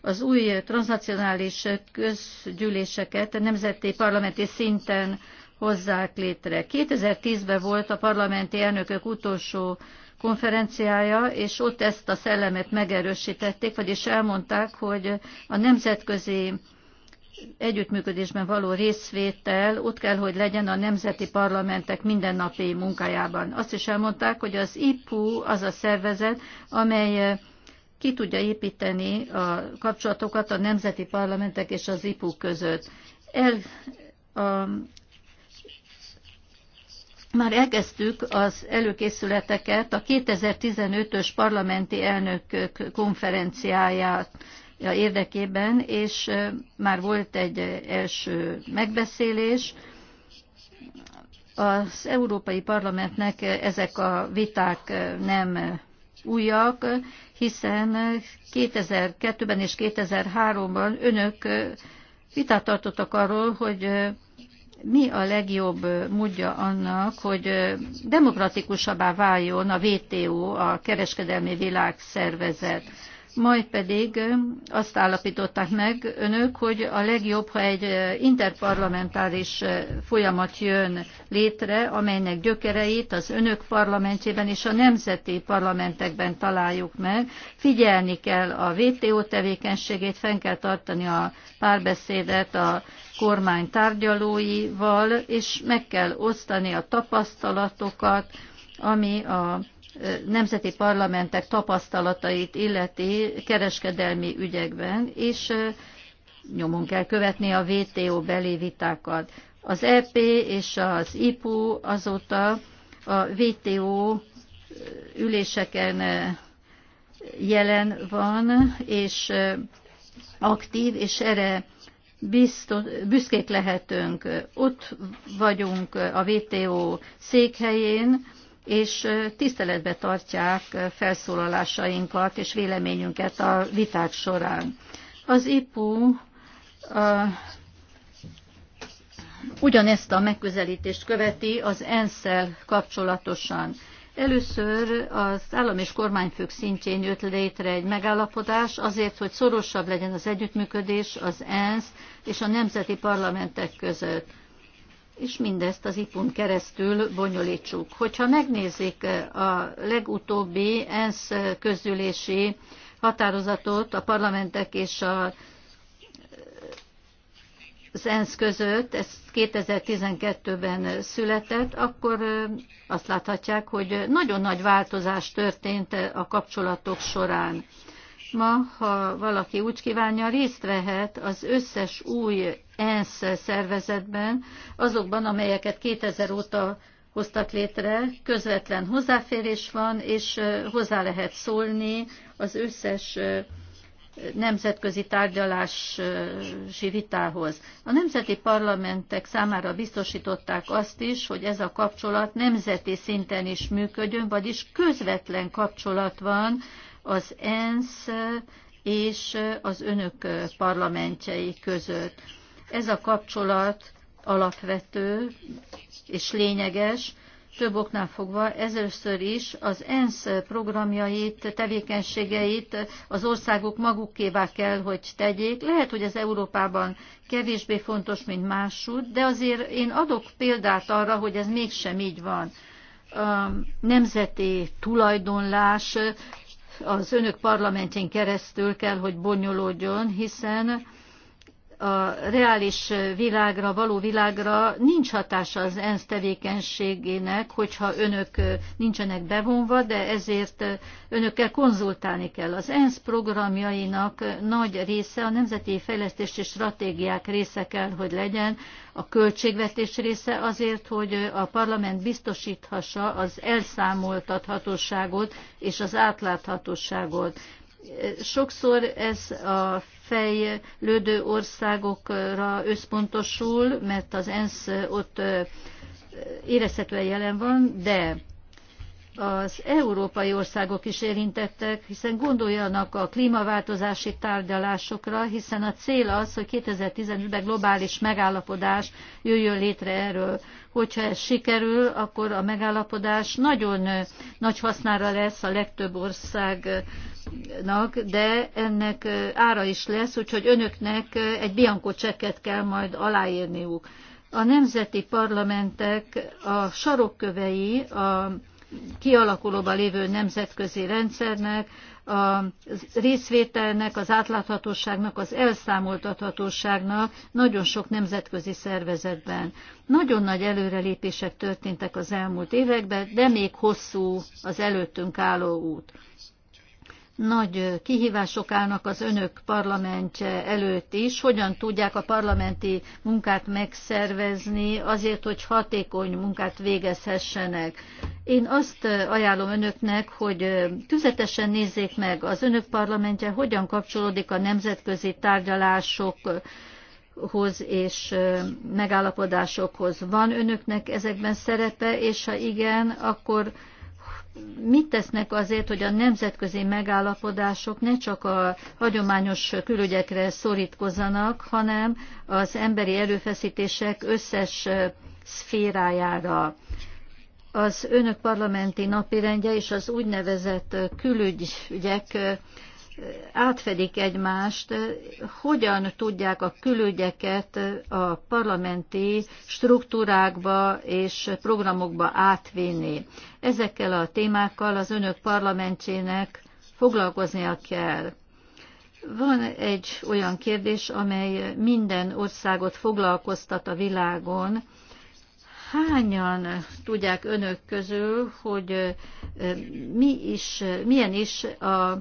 az új transnacionális közgyűléseket nemzeti parlamenti szinten hozzák létre. 2010-ben volt a parlamenti elnökök utolsó konferenciája, és ott ezt a szellemet megerősítették, vagyis elmondták, hogy a nemzetközi együttműködésben való részvétel ott kell, hogy legyen a nemzeti parlamentek mindennapi munkájában. Azt is elmondták, hogy az IPU az a szervezet, amely ki tudja építeni a kapcsolatokat a nemzeti parlamentek és az IPU között. El, a már elkezdtük az előkészületeket a 2015-ös parlamenti elnökök konferenciáját érdekében, és már volt egy első megbeszélés. Az Európai Parlamentnek ezek a viták nem újak, hiszen 2002-ben és 2003-ban önök vitát tartottak arról, hogy mi a legjobb módja annak, hogy demokratikusabbá váljon a WTO, a kereskedelmi világszervezet. Majd pedig azt állapították meg önök, hogy a legjobb, ha egy interparlamentáris folyamat jön létre, amelynek gyökereit az önök parlamentjében és a nemzeti parlamentekben találjuk meg. Figyelni kell a WTO tevékenységét, fenn kell tartani a párbeszédet a kormány tárgyalóival, és meg kell osztani a tapasztalatokat, ami a nemzeti parlamentek tapasztalatait illeti kereskedelmi ügyekben, és nyomon kell követni a WTO beli vitákat. Az EP és az IPU azóta a WTO üléseken jelen van, és aktív, és erre biztos, büszkék lehetünk. Ott vagyunk a WTO székhelyén, és tiszteletbe tartják felszólalásainkat és véleményünket a viták során. Az IPU a, ugyanezt a megközelítést követi az ensz kapcsolatosan. Először az állam és kormányfők szintjén jött létre egy megállapodás azért, hogy szorosabb legyen az együttműködés az ENSZ és a nemzeti parlamentek között. És mindezt az IPUN keresztül bonyolítsuk. Hogyha megnézik a legutóbbi ENSZ közülési határozatot a parlamentek és a az ENSZ között, ez 2012-ben született, akkor azt láthatják, hogy nagyon nagy változás történt a kapcsolatok során. Ma, ha valaki úgy kívánja, részt vehet az összes új ENSZ szervezetben, azokban, amelyeket 2000 óta hoztak létre, közvetlen hozzáférés van, és hozzá lehet szólni az összes nemzetközi tárgyalási vitához. A nemzeti parlamentek számára biztosították azt is, hogy ez a kapcsolat nemzeti szinten is működjön, vagyis közvetlen kapcsolat van az ENSZ és az önök parlamentjei között. Ez a kapcsolat alapvető és lényeges, több oknál fogva először is az ENSZ programjait, tevékenységeit az országok magukévá kell, hogy tegyék. Lehet, hogy ez Európában kevésbé fontos, mint másút, de azért én adok példát arra, hogy ez mégsem így van. A nemzeti tulajdonlás az önök parlamentjén keresztül kell, hogy bonyolódjon, hiszen a reális világra, való világra nincs hatása az ENSZ tevékenységének, hogyha önök nincsenek bevonva, de ezért önökkel konzultálni kell. Az ENSZ programjainak nagy része a nemzeti fejlesztési stratégiák része kell, hogy legyen, a költségvetés része azért, hogy a parlament biztosíthassa az elszámoltathatóságot és az átláthatóságot. Sokszor ez a fejlődő országokra összpontosul, mert az ENSZ ott érezhetően jelen van, de az európai országok is érintettek, hiszen gondoljanak a klímaváltozási tárgyalásokra, hiszen a cél az, hogy 2015-ben globális megállapodás jöjjön létre erről. Hogyha ez sikerül, akkor a megállapodás nagyon nagy hasznára lesz a legtöbb ország nak, de ennek ára is lesz, úgyhogy önöknek egy bianko csekket kell majd aláírniuk. A nemzeti parlamentek a sarokkövei a kialakulóban lévő nemzetközi rendszernek, a részvételnek, az átláthatóságnak, az elszámoltathatóságnak nagyon sok nemzetközi szervezetben. Nagyon nagy előrelépések történtek az elmúlt években, de még hosszú az előttünk álló út nagy kihívások állnak az önök parlamentje előtt is. Hogyan tudják a parlamenti munkát megszervezni azért, hogy hatékony munkát végezhessenek? Én azt ajánlom önöknek, hogy tüzetesen nézzék meg az önök parlamentje, hogyan kapcsolódik a nemzetközi tárgyalásokhoz és megállapodásokhoz. Van önöknek ezekben szerepe, és ha igen, akkor mit tesznek azért, hogy a nemzetközi megállapodások ne csak a hagyományos külügyekre szorítkozzanak, hanem az emberi előfeszítések összes szférájára. Az önök parlamenti napirendje és az úgynevezett külügyek átfedik egymást, hogyan tudják a külügyeket a parlamenti struktúrákba és programokba átvinni. Ezekkel a témákkal az önök parlamentjének foglalkoznia kell. Van egy olyan kérdés, amely minden országot foglalkoztat a világon. Hányan tudják önök közül, hogy eh, mi is, milyen is a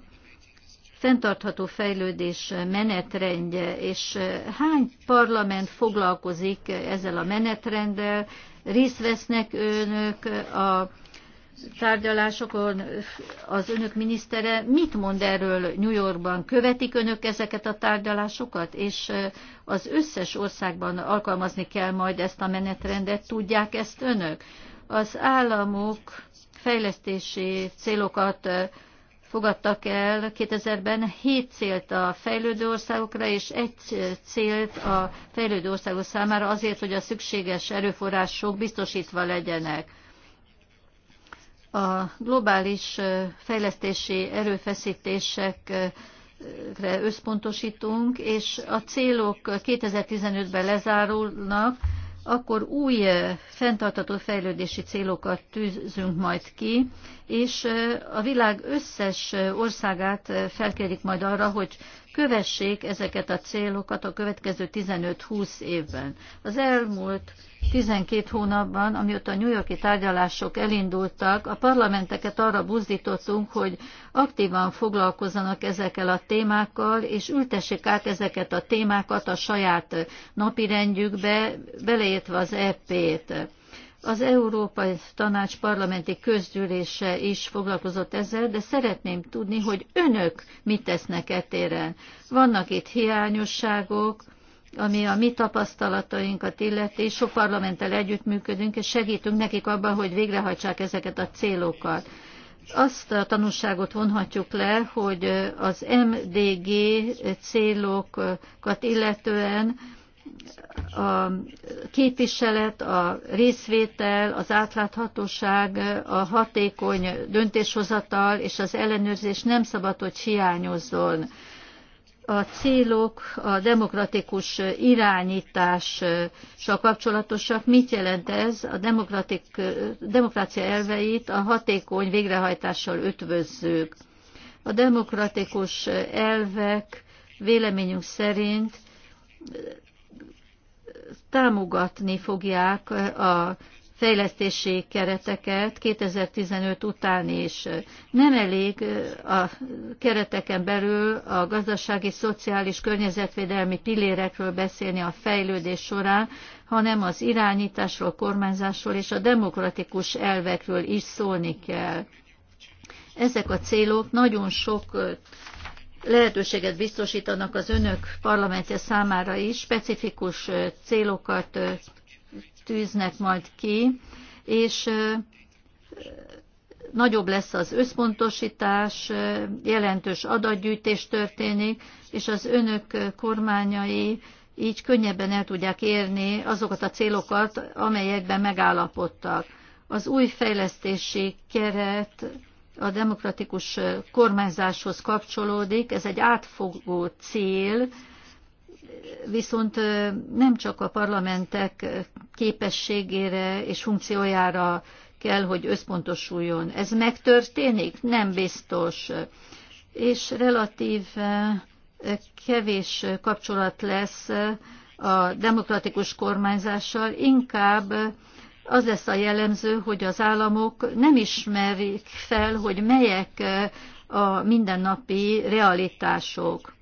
fenntartható fejlődés menetrendje, és hány parlament foglalkozik ezzel a menetrenddel, részt vesznek önök a tárgyalásokon az önök minisztere mit mond erről New Yorkban? Követik önök ezeket a tárgyalásokat? És az összes országban alkalmazni kell majd ezt a menetrendet, tudják ezt önök? Az államok fejlesztési célokat fogadtak el 2000-ben, hét célt a fejlődő országokra, és egy célt a fejlődő országok számára azért, hogy a szükséges erőforrások biztosítva legyenek. A globális fejlesztési erőfeszítésekre összpontosítunk, és a célok 2015-ben lezárulnak, akkor új fenntartató fejlődési célokat tűzünk majd ki, és a világ összes országát felkérik majd arra, hogy kövessék ezeket a célokat a következő 15-20 évben. Az elmúlt 12 hónapban, amióta a New Yorki tárgyalások elindultak, a parlamenteket arra buzdítottunk, hogy aktívan foglalkozzanak ezekkel a témákkal, és ültessék át ezeket a témákat a saját napirendjükbe, beleértve az EP-t. Az Európai Tanács parlamenti közgyűlése is foglalkozott ezzel, de szeretném tudni, hogy önök mit tesznek etéren. Vannak itt hiányosságok, ami a mi tapasztalatainkat illeti, sok parlamenttel együttműködünk, és segítünk nekik abban, hogy végrehajtsák ezeket a célokat. Azt a tanulságot vonhatjuk le, hogy az MDG célokat illetően a képviselet, a részvétel, az átláthatóság, a hatékony döntéshozatal és az ellenőrzés nem szabad, hogy hiányozzon. A célok a demokratikus irányítással kapcsolatosak. Mit jelent ez? A demokratik, demokrácia elveit a hatékony végrehajtással ötvözzük. A demokratikus elvek véleményünk szerint támogatni fogják a fejlesztési kereteket 2015 után is. Nem elég a kereteken belül a gazdasági, szociális, környezetvédelmi pillérekről beszélni a fejlődés során, hanem az irányításról, kormányzásról és a demokratikus elvekről is szólni kell. Ezek a célok nagyon sok lehetőséget biztosítanak az önök parlamentje számára is, specifikus célokat tűznek majd ki, és nagyobb lesz az összpontosítás, jelentős adatgyűjtés történik, és az önök kormányai így könnyebben el tudják érni azokat a célokat, amelyekben megállapodtak. Az új fejlesztési keret a demokratikus kormányzáshoz kapcsolódik. Ez egy átfogó cél, viszont nem csak a parlamentek képességére és funkciójára kell, hogy összpontosuljon. Ez megtörténik? Nem biztos. És relatív kevés kapcsolat lesz a demokratikus kormányzással, inkább az lesz a jellemző, hogy az államok nem ismerik fel, hogy melyek a mindennapi realitások.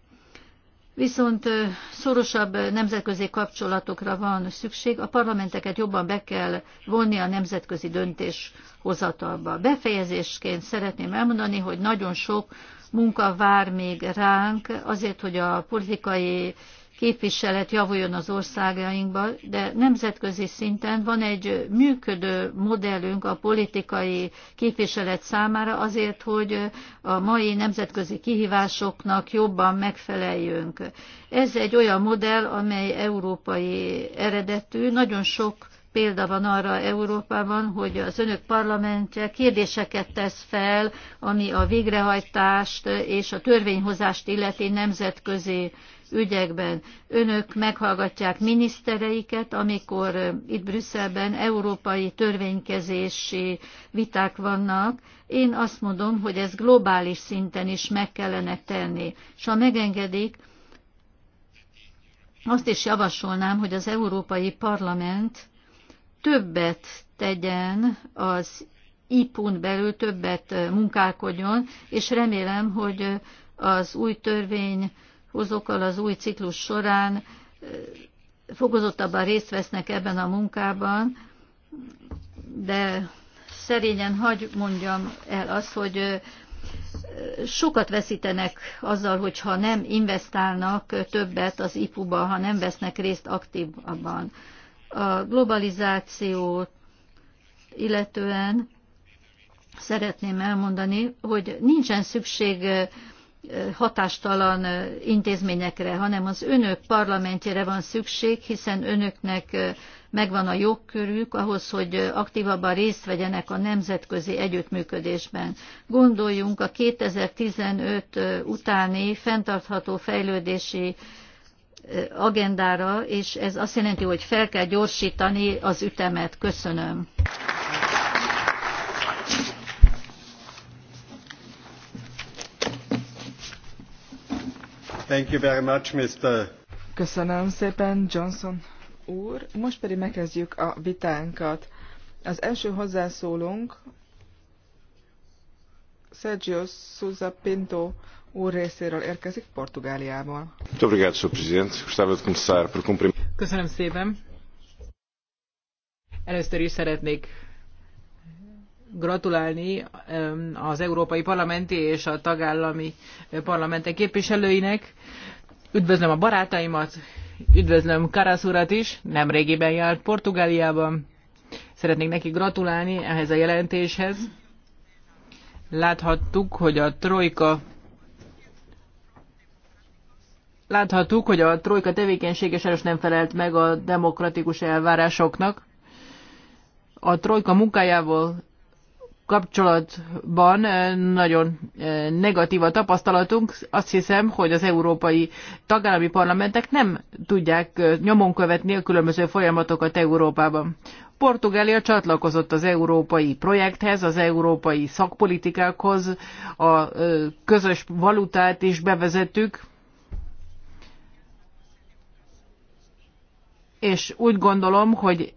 Viszont szorosabb nemzetközi kapcsolatokra van szükség, a parlamenteket jobban be kell vonni a nemzetközi döntéshozatalba. Befejezésként szeretném elmondani, hogy nagyon sok munka vár még ránk azért, hogy a politikai képviselet javuljon az országainkban, de nemzetközi szinten van egy működő modellünk a politikai képviselet számára azért, hogy a mai nemzetközi kihívásoknak jobban megfeleljünk. Ez egy olyan modell, amely európai eredetű, nagyon sok példa van arra Európában, hogy az önök parlamentje kérdéseket tesz fel, ami a végrehajtást és a törvényhozást illeti nemzetközi ügyekben. Önök meghallgatják minisztereiket, amikor itt Brüsszelben európai törvénykezési viták vannak. Én azt mondom, hogy ez globális szinten is meg kellene tenni. És ha megengedik, azt is javasolnám, hogy az Európai Parlament többet tegyen az i-pont belül többet munkálkodjon, és remélem, hogy az új törvény hozókkal az új ciklus során fokozottabban részt vesznek ebben a munkában, de szerényen hagy mondjam el azt, hogy sokat veszítenek azzal, hogyha nem investálnak többet az IPU-ba, ha nem vesznek részt aktívabban. A globalizációt illetően szeretném elmondani, hogy nincsen szükség hatástalan intézményekre, hanem az önök parlamentjére van szükség, hiszen önöknek megvan a jogkörük ahhoz, hogy aktívabban részt vegyenek a nemzetközi együttműködésben. Gondoljunk a 2015 utáni fenntartható fejlődési agendára, és ez azt jelenti, hogy fel kell gyorsítani az ütemet. Köszönöm. Thank you very much, Mr. Köszönöm szépen, Johnson úr. Most pedig megkezdjük a vitánkat. Az első hozzászólónk Sergio Souza Pinto úr részéről érkezik Portugáliából. Köszönöm szépen. Először is szeretnék gratulálni az európai parlamenti és a tagállami parlamentek képviselőinek. Üdvözlöm a barátaimat, üdvözlöm Karasz urat is, régiben járt Portugáliában. Szeretnék neki gratulálni ehhez a jelentéshez. Láthattuk, hogy a trojka Láthattuk, hogy a trojka tevékenysége sajnos nem felelt meg a demokratikus elvárásoknak. A trojka munkájával kapcsolatban eh, nagyon eh, negatív a tapasztalatunk. Azt hiszem, hogy az európai tagállami parlamentek nem tudják eh, nyomon követni a különböző folyamatokat Európában. Portugália csatlakozott az európai projekthez, az európai szakpolitikákhoz, a közös valutát is bevezettük, és úgy gondolom, hogy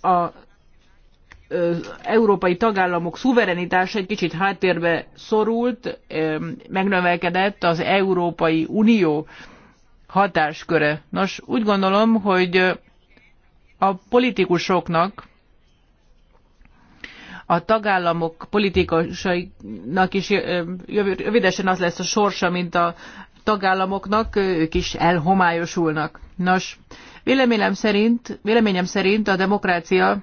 a európai tagállamok szuverenitása egy kicsit háttérbe szorult, megnövekedett az Európai Unió hatásköre. Nos, úgy gondolom, hogy a politikusoknak, a tagállamok politikusainak is rövidesen az lesz a sorsa, mint a tagállamoknak, ők is elhomályosulnak. Nos, véleményem szerint, véleményem szerint a demokrácia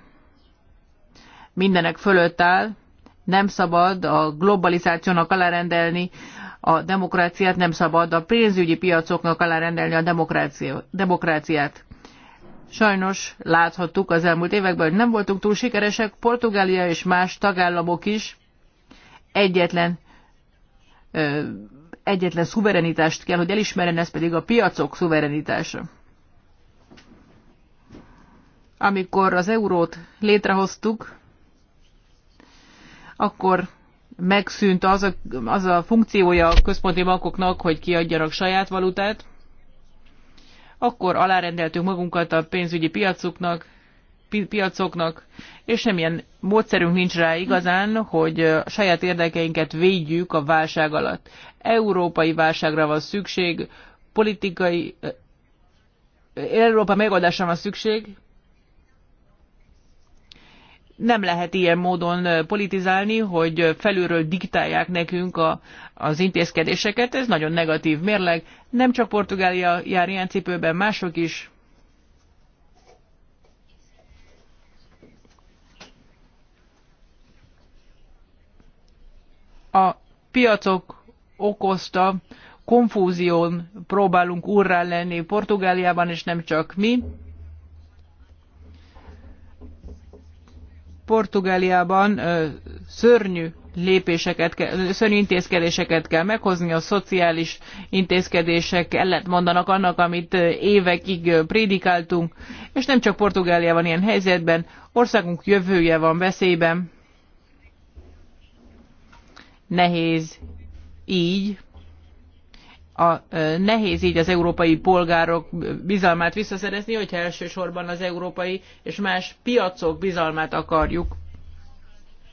mindenek fölött áll, nem szabad a globalizációnak alárendelni a demokráciát, nem szabad a pénzügyi piacoknak alárendelni a demokráciát. Sajnos láthattuk az elmúlt években, hogy nem voltunk túl sikeresek, Portugália és más tagállamok is egyetlen ö, egyetlen szuverenitást kell, hogy elismerjen, ez pedig a piacok szuverenitása. Amikor az eurót létrehoztuk, akkor megszűnt az a, az a funkciója a központi bankoknak, hogy kiadjanak saját valutát, akkor alárendeltük magunkat a pénzügyi piacoknak, pi, piacoknak, és semmilyen módszerünk nincs rá igazán, hogy a saját érdekeinket védjük a válság alatt. Európai válságra van szükség, politikai, Európa megoldásra van szükség, nem lehet ilyen módon politizálni, hogy felülről diktálják nekünk a, az intézkedéseket, ez nagyon negatív mérleg. Nem csak Portugália jár ilyen cipőben, mások is. A piacok okozta konfúzión próbálunk urrá lenni Portugáliában, és nem csak mi. Portugáliában szörnyű lépéseket, szörnyű intézkedéseket kell meghozni, a szociális intézkedések ellent mondanak annak, amit évekig prédikáltunk, és nem csak Portugália van ilyen helyzetben, országunk jövője van veszélyben. Nehéz így a, nehéz így az európai polgárok bizalmát visszaszerezni, hogyha elsősorban az európai és más piacok bizalmát akarjuk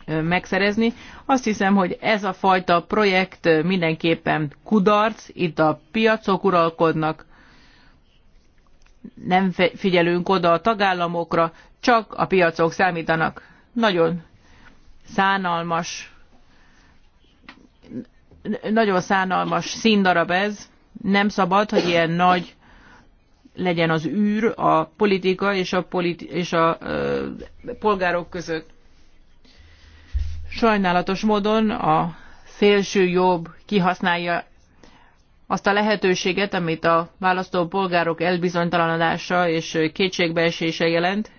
megszerezni. Azt hiszem, hogy ez a fajta projekt mindenképpen kudarc, itt a piacok uralkodnak, nem figyelünk oda a tagállamokra, csak a piacok számítanak. Nagyon szánalmas nagyon szánalmas színdarab ez, nem szabad, hogy ilyen nagy legyen az űr a politika és a, politi- és a ö, polgárok között. Sajnálatos módon a szélső jobb kihasználja azt a lehetőséget, amit a választó polgárok elbizonytalanodása és kétségbeesése jelent,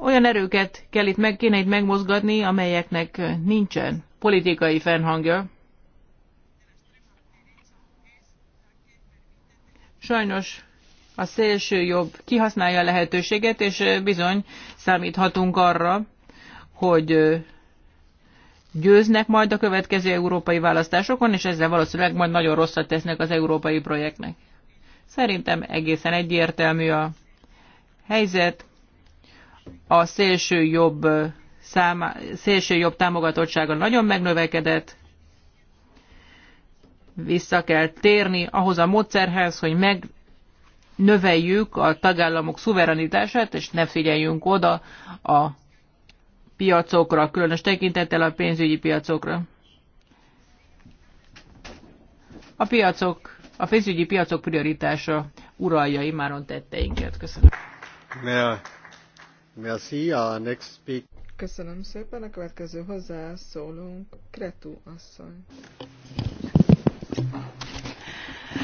Olyan erőket kell itt meg, kéne itt megmozgatni, amelyeknek nincsen politikai fennhangja. Sajnos a szélső jobb kihasználja a lehetőséget, és bizony számíthatunk arra, hogy győznek majd a következő európai választásokon, és ezzel valószínűleg majd nagyon rosszat tesznek az európai projektnek. Szerintem egészen egyértelmű a helyzet a szélső jobb, szélső jobb támogatottsága nagyon megnövekedett, vissza kell térni ahhoz a módszerhez, hogy megnöveljük a tagállamok szuverenitását, és ne figyeljünk oda a piacokra, különös tekintettel a pénzügyi piacokra. A piacok, a pénzügyi piacok prioritása uralja imáron tetteinket. Köszönöm. Yeah. Merci, a next speak. Köszönöm szépen, a következő hozzászólunk, Kretu asszony.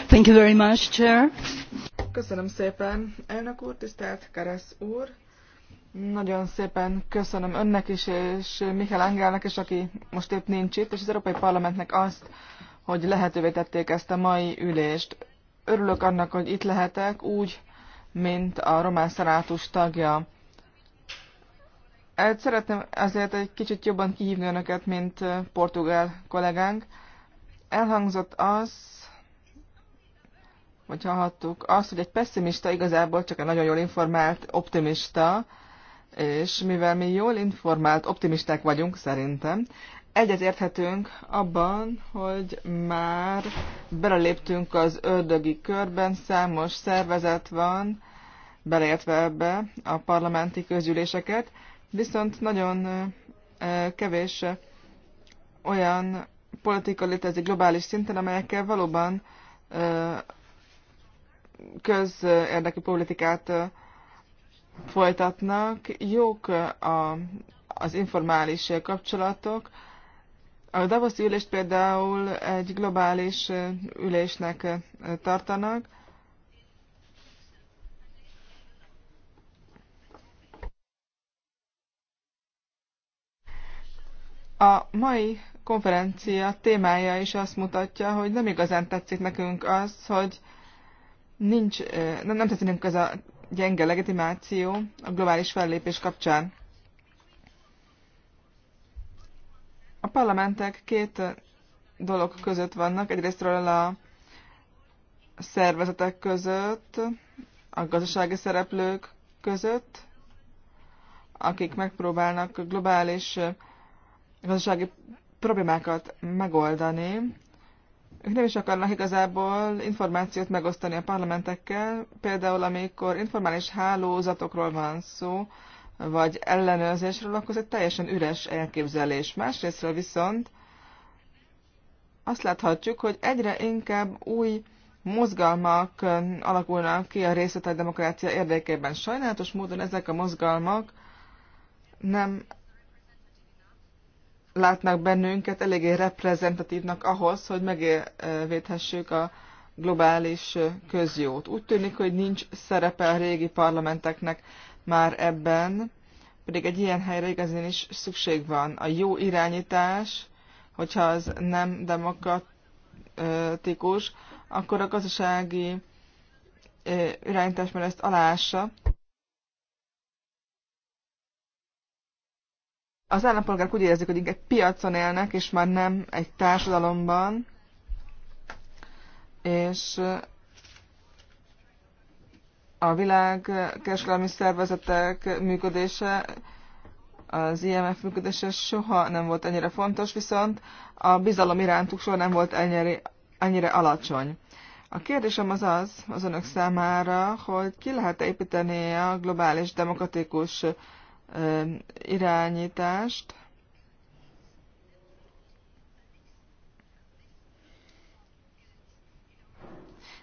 Thank you very much, Chair. Köszönöm szépen, elnök úr, tisztelt Keresz úr. Nagyon szépen köszönöm önnek is, és Michael Angelnek is, aki most épp nincs itt, és az Európai Parlamentnek azt, hogy lehetővé tették ezt a mai ülést. Örülök annak, hogy itt lehetek, úgy, mint a román szerátus tagja. Hát szeretném azért egy kicsit jobban kihívni önöket, mint portugál kollégánk. Elhangzott az, vagy hallhattuk, az, hogy egy pessimista igazából csak egy nagyon jól informált optimista, és mivel mi jól informált optimisták vagyunk, szerintem, egyet érthetünk abban, hogy már beleléptünk az ördögi körben, számos szervezet van, beleértve ebbe a parlamenti közgyűléseket, Viszont nagyon kevés olyan politika létezik globális szinten, amelyekkel valóban közérdekű politikát folytatnak. Jók a, az informális kapcsolatok. A Davoszi ülést például egy globális ülésnek tartanak, A mai konferencia témája is azt mutatja, hogy nem igazán tetszik nekünk az, hogy nincs, nem, nem tetszik nekünk ez a gyenge legitimáció a globális fellépés kapcsán. A parlamentek két dolog között vannak, egyrésztről a szervezetek között, a gazdasági szereplők között, akik megpróbálnak globális gazdasági problémákat megoldani, ők nem is akarnak igazából információt megosztani a parlamentekkel, például amikor informális hálózatokról van szó, vagy ellenőrzésről, akkor ez egy teljesen üres elképzelés. Másrésztről viszont azt láthatjuk, hogy egyre inkább új mozgalmak alakulnak ki a részletek demokrácia érdekében. Sajnálatos módon ezek a mozgalmak nem látnak bennünket eléggé reprezentatívnak ahhoz, hogy megvédhessük a globális közjót. Úgy tűnik, hogy nincs szerepe a régi parlamenteknek már ebben, pedig egy ilyen helyre igazán is szükség van. A jó irányítás, hogyha az nem demokratikus, akkor a gazdasági irányítás mert ezt alássa, az állampolgárok úgy érzik, hogy egy piacon élnek, és már nem egy társadalomban, és eh, a világ eh, kereskedelmi szervezetek működése, az IMF működése soha nem volt ennyire fontos, viszont a bizalom irántuk soha nem volt ennyire, ennyire alacsony. A kérdésem az az, az önök számára, hogy ki lehet építeni a globális demokratikus irányítást.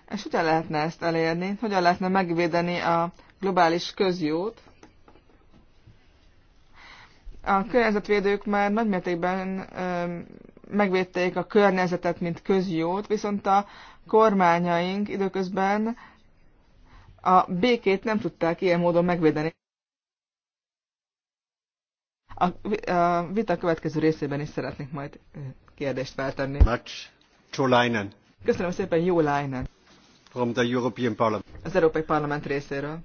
És hogyan lehetne ezt elérni? Hogyan lehetne megvédeni a globális közjót? A környezetvédők már nagymértékben megvédték a környezetet, mint közjót, viszont a kormányaink időközben a békét nem tudták ilyen módon megvédeni. A, a vita következő részében is szeretnék majd kérdést feltenni. Köszönöm szépen, jó Leinen. From the European Parliament. Az Európai Parlament részéről.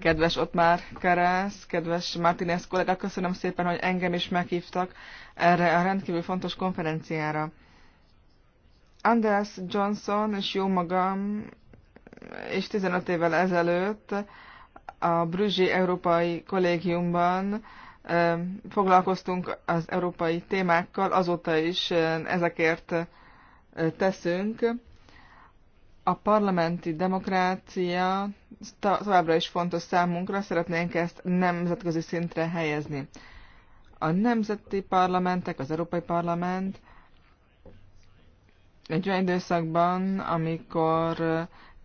Kedves ott már Karász, kedves Martinez kollega, köszönöm szépen, hogy engem is meghívtak erre a rendkívül fontos konferenciára. Andreas Johnson és jó magam és 15 évvel ezelőtt a Brüzsi Európai Kollégiumban foglalkoztunk az európai témákkal, azóta is ezekért teszünk. A parlamenti demokrácia továbbra is fontos számunkra, szeretnénk ezt nemzetközi szintre helyezni. A nemzeti parlamentek, az Európai Parlament egy olyan időszakban, amikor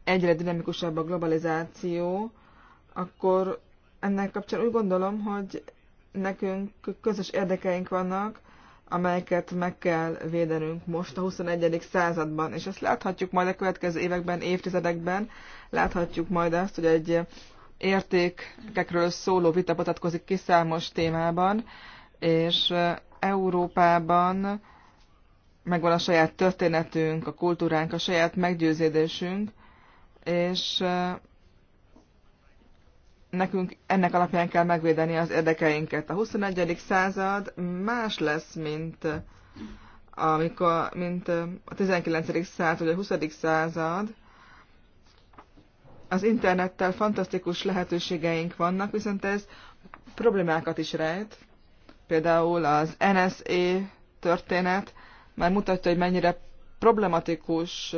egyre dinamikusabb a globalizáció, akkor ennek kapcsán úgy gondolom, hogy nekünk közös érdekeink vannak, amelyeket meg kell védenünk most a 21. században, és ezt láthatjuk majd a következő években, évtizedekben, láthatjuk majd azt, hogy egy értékekről szóló vita potatkozik ki számos témában, és Európában megvan a saját történetünk, a kultúránk, a saját meggyőződésünk, és nekünk ennek alapján kell megvédeni az érdekeinket. A 21. század más lesz, mint amikor, mint a 19. század, vagy a 20. század. Az internettel fantasztikus lehetőségeink vannak, viszont ez problémákat is rejt. Például az NSA történet már mutatja, hogy mennyire problematikus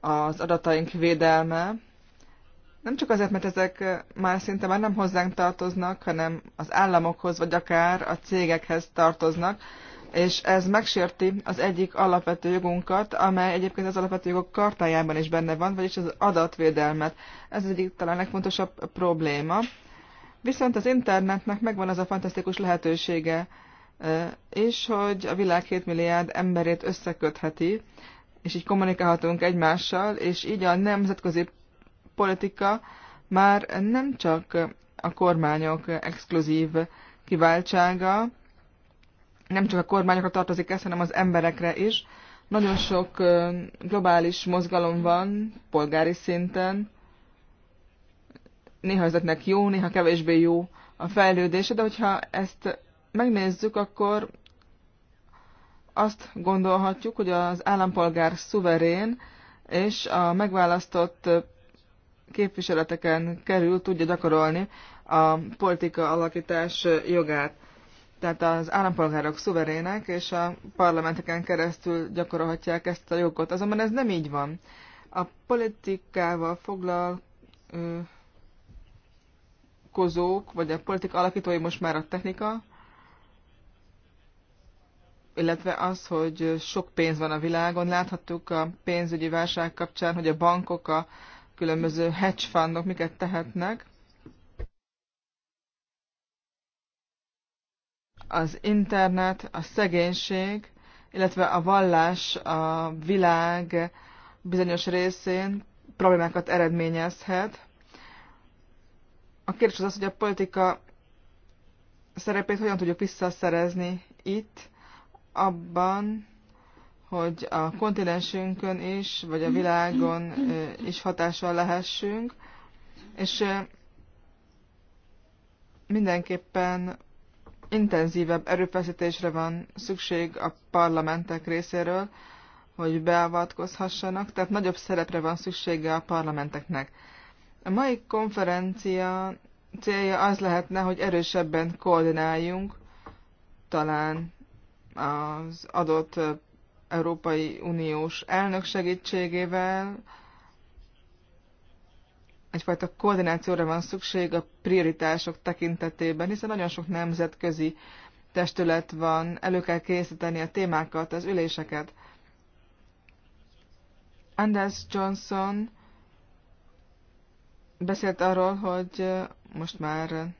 az adataink védelme, nem csak azért, mert ezek eh, már szinte már nem hozzánk tartoznak, hanem az államokhoz, vagy akár a cégekhez tartoznak, és ez megsérti az egyik alapvető jogunkat, amely egyébként az alapvető jogok kartájában is benne van, vagyis az adatvédelmet. Ez egyik talán legfontosabb probléma. Viszont az internetnek megvan az a fantasztikus lehetősége, és eh, hogy a világ 7 milliárd emberét összekötheti, és így kommunikálhatunk egymással, és így a nemzetközi politika már nem csak a kormányok exkluzív kiváltsága, nem csak a kormányokra tartozik ez, hanem az emberekre is. Nagyon sok globális mozgalom van polgári szinten. Néha ezeknek jó, néha kevésbé jó a fejlődése, de hogyha ezt megnézzük, akkor azt gondolhatjuk, hogy az állampolgár szuverén, és a megválasztott képviseleteken kerül, tudja gyakorolni a politika alakítás jogát. Tehát az állampolgárok szuverének, és a parlamenteken keresztül gyakorolhatják ezt a jogot. Azonban ez nem így van. A politikával foglalkozók, vagy a politika alakítói most már a technika, illetve az, hogy sok pénz van a világon. Láthattuk a pénzügyi válság kapcsán, hogy a bankok a különböző hedge fundok miket tehetnek. Az internet, a szegénység, illetve a vallás a világ bizonyos részén problémákat eredményezhet. A kérdés az az, hogy a politika szerepét hogyan tudjuk visszaszerezni itt, abban, hogy a kontinensünkön is, vagy a világon is hatással lehessünk, és mindenképpen intenzívebb erőfeszítésre van szükség a parlamentek részéről, hogy beavatkozhassanak, tehát nagyobb szerepre van szüksége a parlamenteknek. A mai konferencia célja az lehetne, hogy erősebben koordináljunk talán az adott Európai Uniós elnök segítségével. Egyfajta koordinációra van szükség a prioritások tekintetében, hiszen nagyon sok nemzetközi testület van, elő kell készíteni a témákat, az üléseket. Anders Johnson beszélt arról, hogy most már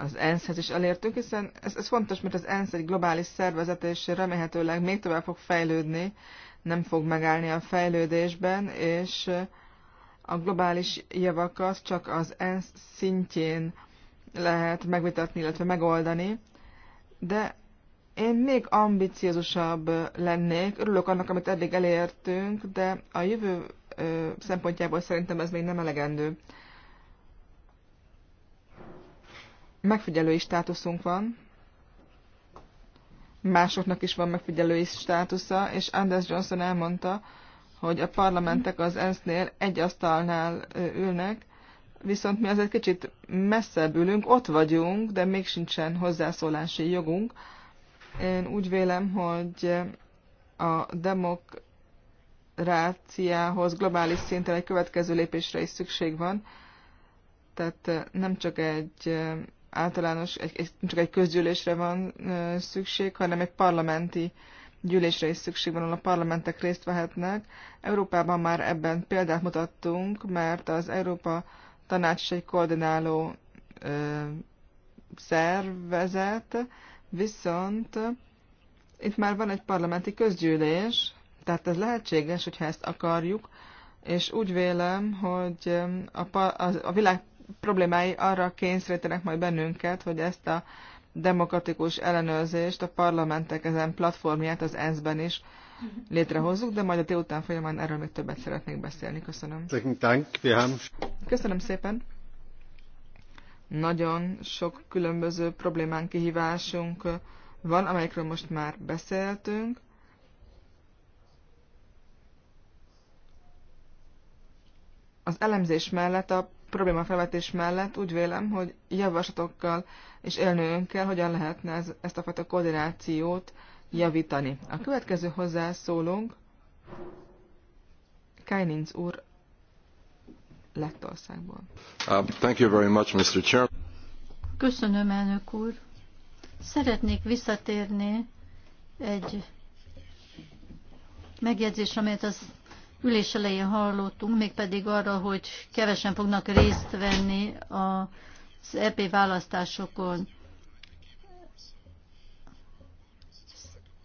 az ENSZ-hez is elértünk, hiszen ez, ez fontos, mert az ENSZ egy globális szervezet, és remélhetőleg még tovább fog fejlődni, nem fog megállni a fejlődésben, és a globális javakat csak az ENSZ szintjén lehet megvitatni, illetve megoldani, de én még ambiciózusabb lennék. Örülök annak, amit eddig elértünk, de a jövő szempontjából szerintem ez még nem elegendő. megfigyelői státuszunk van, másoknak is van megfigyelői státusza, és Anders Johnson elmondta, hogy a parlamentek az ENSZ-nél egy asztalnál ülnek, viszont mi azért kicsit messzebb ülünk, ott vagyunk, de még sincsen hozzászólási jogunk. Én úgy vélem, hogy a demokráciához globális szinten egy következő lépésre is szükség van, tehát nem csak egy általános, egy, egy, csak egy közgyűlésre van ö, szükség, hanem egy parlamenti gyűlésre is szükség van, ahol a parlamentek részt vehetnek. Európában már ebben példát mutattunk, mert az Európa Tanács is egy koordináló ö, szervezet, viszont itt már van egy parlamenti közgyűlés, tehát ez lehetséges, hogyha ezt akarjuk, és úgy vélem, hogy a, a, a világ problémái arra kényszerítenek majd bennünket, hogy ezt a demokratikus ellenőrzést, a parlamentek ezen platformját az ENSZ-ben is létrehozzuk, de majd a délután folyamán erről még többet szeretnék beszélni. Köszönöm. Köszönöm szépen. Nagyon sok különböző problémán kihívásunk van, amelyekről most már beszéltünk. Az elemzés mellett a problémafelvetés mellett úgy vélem, hogy javaslatokkal és élnünk kell, hogyan lehetne ez, ezt a fajta koordinációt javítani. A következő hozzászólunk Kaininc úr Lettországból. Uh, thank you very much, Mr. Chair. Köszönöm, elnök úr. Szeretnék visszatérni egy megjegyzés, amelyet az ülés elején hallottunk, mégpedig arra, hogy kevesen fognak részt venni az EP választásokon.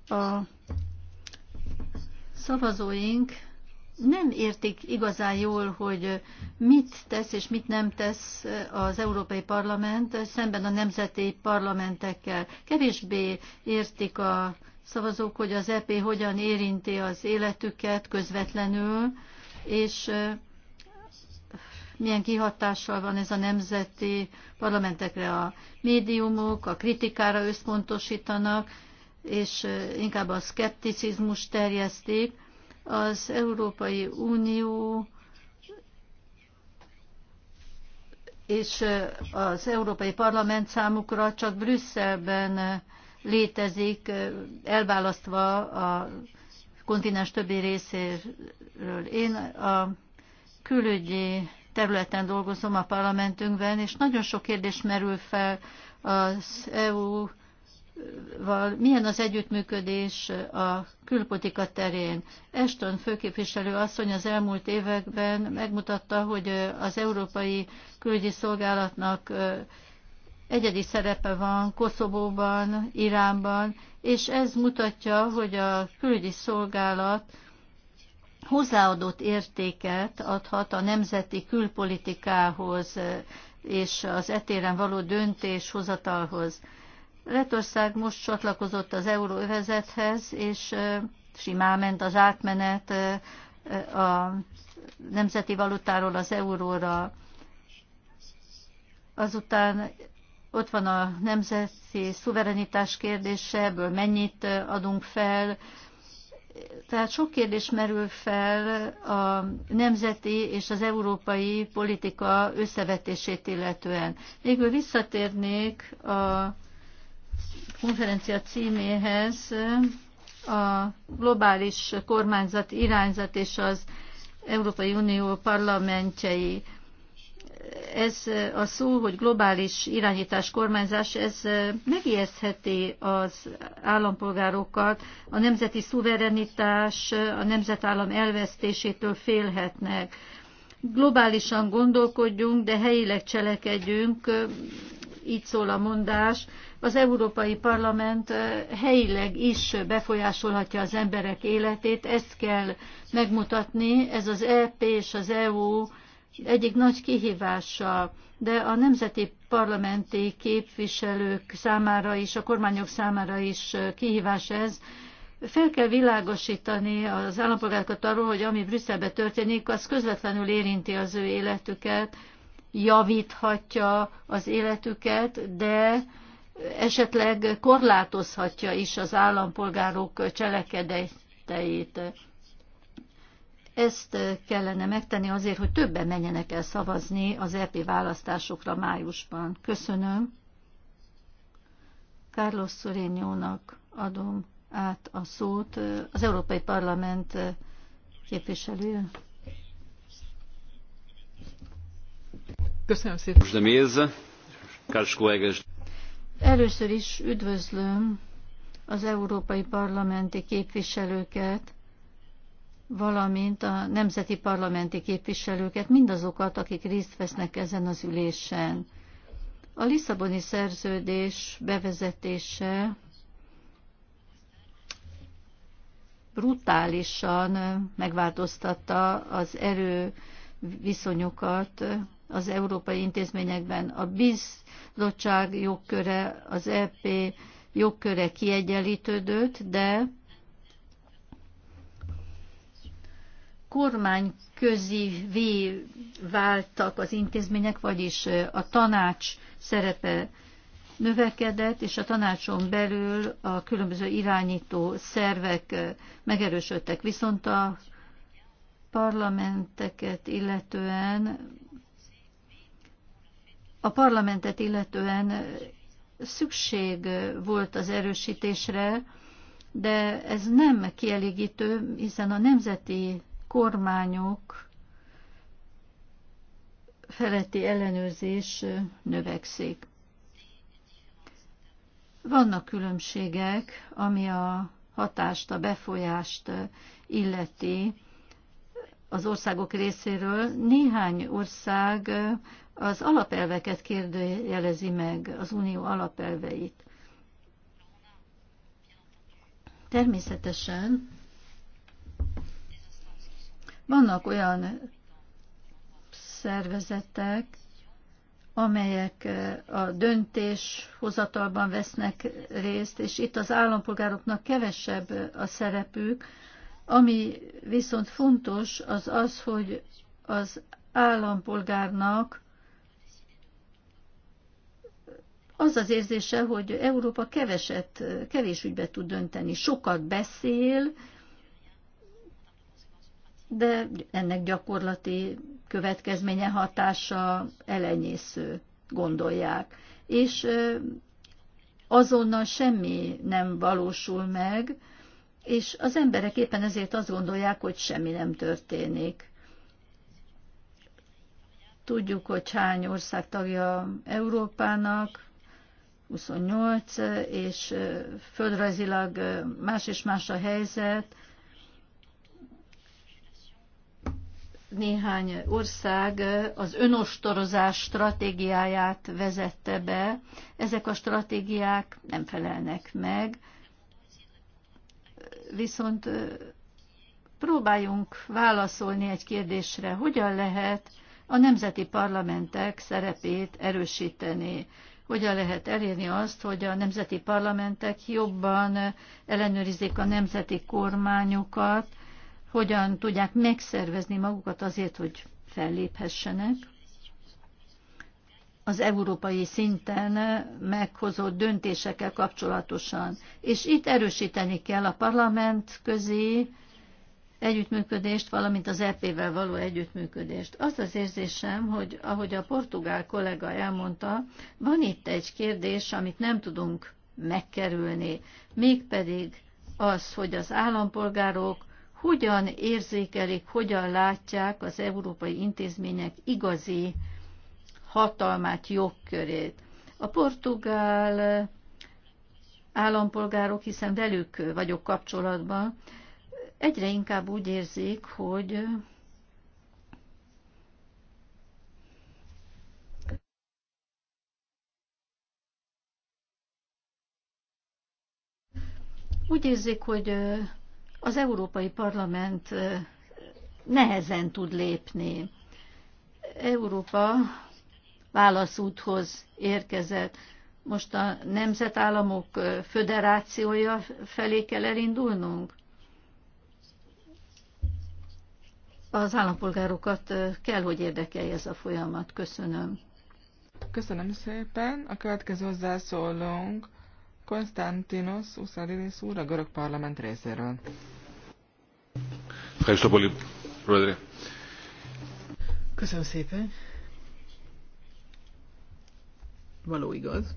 A szavazóink nem értik igazán jól, hogy mit tesz és mit nem tesz az Európai Parlament szemben a nemzeti parlamentekkel. Kevésbé értik a szavazók, hogy az EP hogyan érinti az életüket közvetlenül, és milyen kihatással van ez a nemzeti parlamentekre. A médiumok a kritikára összpontosítanak, és inkább a szkepticizmus terjesztik. Az Európai Unió és az Európai Parlament számukra csak Brüsszelben létezik, elválasztva a kontinens többi részéről. Én a külügyi területen dolgozom a parlamentünkben, és nagyon sok kérdés merül fel az EU Val, milyen az együttműködés a külpolitika terén. Eston főképviselő asszony az elmúlt években megmutatta, hogy az Európai Külügyi Szolgálatnak egyedi szerepe van Koszovóban, Iránban, és ez mutatja, hogy a külügyi szolgálat hozzáadott értéket adhat a nemzeti külpolitikához eh, és az etéren való döntéshozatalhoz. Letország most csatlakozott az euróövezethez, és eh, simán ment az átmenet eh, a nemzeti valutáról az euróra. Azután ott van a nemzeti szuverenitás kérdése, ebből mennyit adunk fel. Tehát sok kérdés merül fel a nemzeti és az európai politika összevetését illetően. Végül visszatérnék a konferencia címéhez a globális kormányzat irányzat és az Európai Unió parlamentjei ez a szó, hogy globális irányítás, kormányzás, ez megijesztheti az állampolgárokat, a nemzeti szuverenitás, a nemzetállam elvesztésétől félhetnek. Globálisan gondolkodjunk, de helyileg cselekedjünk, így szól a mondás. Az Európai Parlament helyileg is befolyásolhatja az emberek életét, ezt kell megmutatni, ez az EP és az EU egyik nagy kihívása, de a nemzeti parlamenti képviselők számára is, a kormányok számára is kihívás ez. Fel kell világosítani az állampolgárokat arról, hogy ami Brüsszelben történik, az közvetlenül érinti az ő életüket, javíthatja az életüket, de esetleg korlátozhatja is az állampolgárok cselekedeteit. Ezt kellene megtenni azért, hogy többen menjenek el szavazni az EP választásokra májusban. Köszönöm. Carlos Szorényónak adom át a szót. Az Európai Parlament képviselője. Köszönöm szépen. Először is üdvözlöm az európai parlamenti képviselőket, valamint a nemzeti parlamenti képviselőket, mindazokat, akik részt vesznek ezen az ülésen. A Lisszaboni szerződés bevezetése brutálisan megváltoztatta az erő viszonyokat az európai intézményekben. A bizottság jogköre, az EP jogköre kiegyenlítődött, de kormányközivé váltak az intézmények, vagyis a tanács szerepe növekedett, és a tanácson belül a különböző irányító szervek megerősödtek. Viszont a parlamenteket illetően a parlamentet illetően szükség volt az erősítésre, de ez nem kielégítő, hiszen a nemzeti kormányok feletti ellenőrzés növekszik. Vannak különbségek, ami a hatást, a befolyást illeti az országok részéről. Néhány ország az alapelveket kérdőjelezi meg, az unió alapelveit. Természetesen vannak olyan szervezetek, amelyek eh, a döntéshozatalban vesznek részt, és itt az állampolgároknak kevesebb a szerepük. Ami viszont fontos, az az, hogy az állampolgárnak az az érzése, hogy Európa keveset, kevés ügybe tud dönteni. Sokat beszél, de ennek gyakorlati következménye hatása elenyésző, gondolják. És azonnal semmi nem valósul meg, és az emberek éppen ezért azt gondolják, hogy semmi nem történik. Tudjuk, hogy hány ország tagja Európának, 28, és földrajzilag más és más a helyzet, néhány ország az önostorozás stratégiáját vezette be. Ezek a stratégiák nem felelnek meg, viszont próbáljunk válaszolni egy kérdésre, hogyan lehet a nemzeti parlamentek szerepét erősíteni hogyan lehet elérni azt, hogy a nemzeti parlamentek jobban ellenőrizzék a nemzeti kormányokat, hogyan tudják megszervezni magukat azért, hogy felléphessenek. Az európai szinten meghozott döntésekkel kapcsolatosan. És itt erősíteni kell a parlament közé együttműködést, valamint az EP-vel való együttműködést. Az az érzésem, hogy ahogy a portugál kollega elmondta, van itt egy kérdés, amit nem tudunk megkerülni, mégpedig az, hogy az állampolgárok hogyan érzékelik, hogyan látják az európai intézmények igazi hatalmát, jogkörét. A portugál állampolgárok, hiszen velük vagyok kapcsolatban, egyre inkább úgy érzik, hogy úgy érzik, hogy az Európai Parlament nehezen tud lépni. Európa válaszúthoz érkezett. Most a Nemzetállamok Föderációja felé kell elindulnunk? Az állampolgárokat kell, hogy érdekelje ez a folyamat. Köszönöm. Köszönöm szépen. A következő hozzászólónk Konstantinos Uszadilis úr a görög parlament részéről. Köszönöm szépen. Való igaz.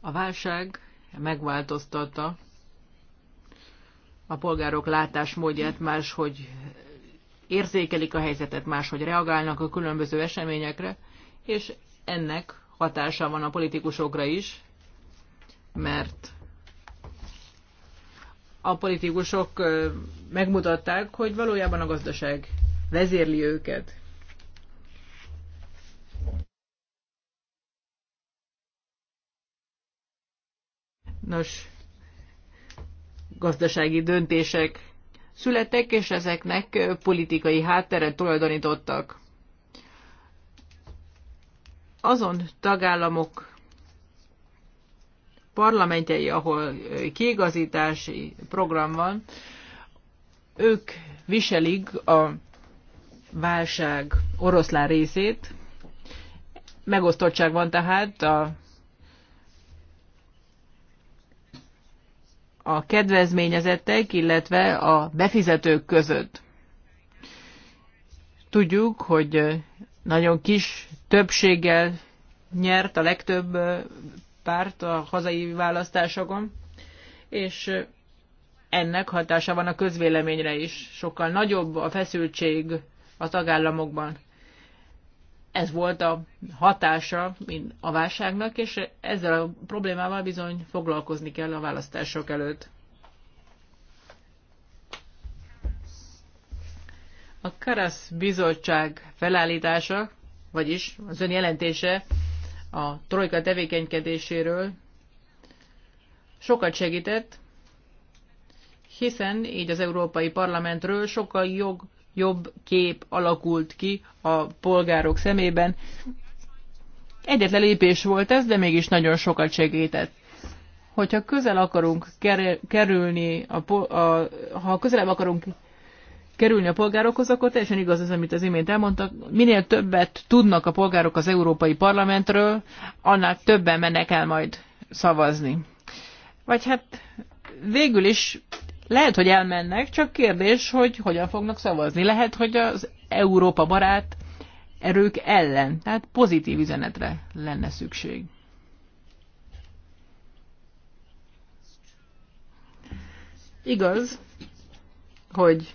A válság megváltoztatta a polgárok látásmódját, máshogy érzékelik a helyzetet, máshogy reagálnak a különböző eseményekre, és ennek hatása van a politikusokra is, mert a politikusok megmutatták, hogy valójában a gazdaság vezérli őket. Nos, gazdasági döntések születtek, és ezeknek politikai hátteret tulajdonítottak azon tagállamok parlamentjei, ahol kiigazítási program van, ők viselik a válság oroszlán részét. Megosztottság van tehát a, a kedvezményezettek, illetve a befizetők között. Tudjuk, hogy nagyon kis többséggel nyert a legtöbb párt a hazai választásokon, és ennek hatása van a közvéleményre is. Sokkal nagyobb a feszültség a tagállamokban. Ez volt a hatása mint a válságnak, és ezzel a problémával bizony foglalkozni kell a választások előtt. A Karasz bizottság felállítása, vagyis az ön jelentése a trojka tevékenykedéséről sokat segített, hiszen így az Európai Parlamentről sokkal jog, jobb kép alakult ki a polgárok szemében. Egyetlen lépés volt ez, de mégis nagyon sokat segített. Hogyha közel akarunk kerülni, a, a, ha közelebb akarunk kerülni a polgárokhoz, akkor teljesen igaz ez, amit az imént elmondtak. Minél többet tudnak a polgárok az Európai Parlamentről, annál többen mennek el majd szavazni. Vagy hát végül is lehet, hogy elmennek, csak kérdés, hogy hogyan fognak szavazni. Lehet, hogy az Európa barát erők ellen, tehát pozitív üzenetre lenne szükség. Igaz, hogy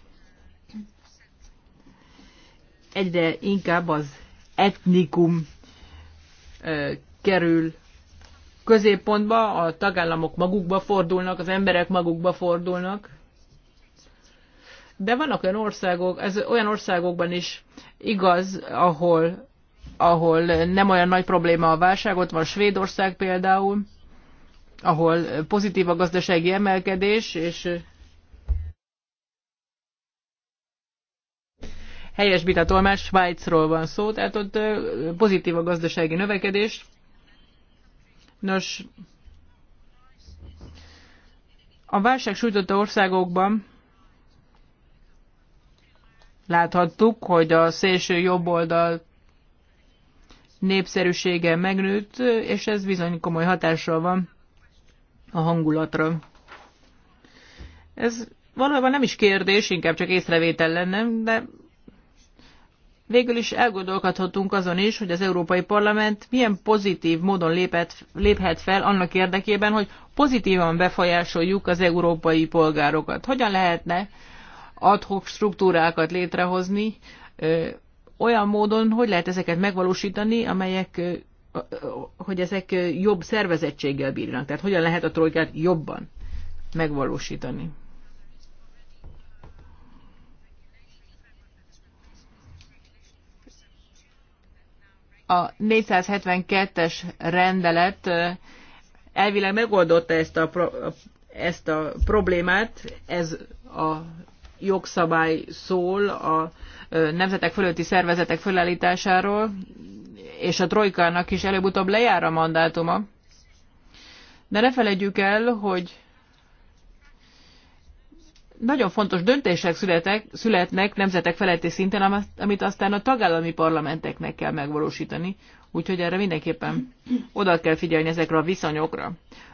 egyre inkább az etnikum kerül középpontba, a tagállamok magukba fordulnak, az emberek magukba fordulnak. De vannak olyan országok, ez olyan országokban is igaz, ahol, ahol nem olyan nagy probléma a válság, ott van Svédország például, ahol pozitív a gazdasági emelkedés, és Helyes a már Svájcról van szó, tehát ott pozitív a gazdasági növekedés. Nos, a válság sújtotta országokban láthattuk, hogy a szélső jobboldal népszerűsége megnőtt, és ez bizony komoly hatással van a hangulatra. Ez valójában nem is kérdés, inkább csak észrevétel lenne, de Végül is elgondolkodhatunk azon is, hogy az Európai Parlament milyen pozitív módon léphet, léphet fel annak érdekében, hogy pozitívan befolyásoljuk az európai polgárokat. Hogyan lehetne adhok struktúrákat létrehozni, olyan módon, hogy lehet ezeket megvalósítani, amelyek hogy ezek jobb szervezettséggel bírnak. Tehát hogyan lehet a trojkát jobban megvalósítani. A 472-es rendelet elvileg megoldotta ezt a, ezt a problémát, ez a jogszabály szól a nemzetek fölötti szervezetek fölállításáról, és a trojkának is előbb-utóbb lejár a mandátuma. De ne felejtjük el, hogy nagyon fontos döntések születek, születnek nemzetek feletti szinten, amit aztán a tagállami parlamenteknek kell megvalósítani, úgyhogy erre mindenképpen oda kell figyelni ezekre a viszonyokra.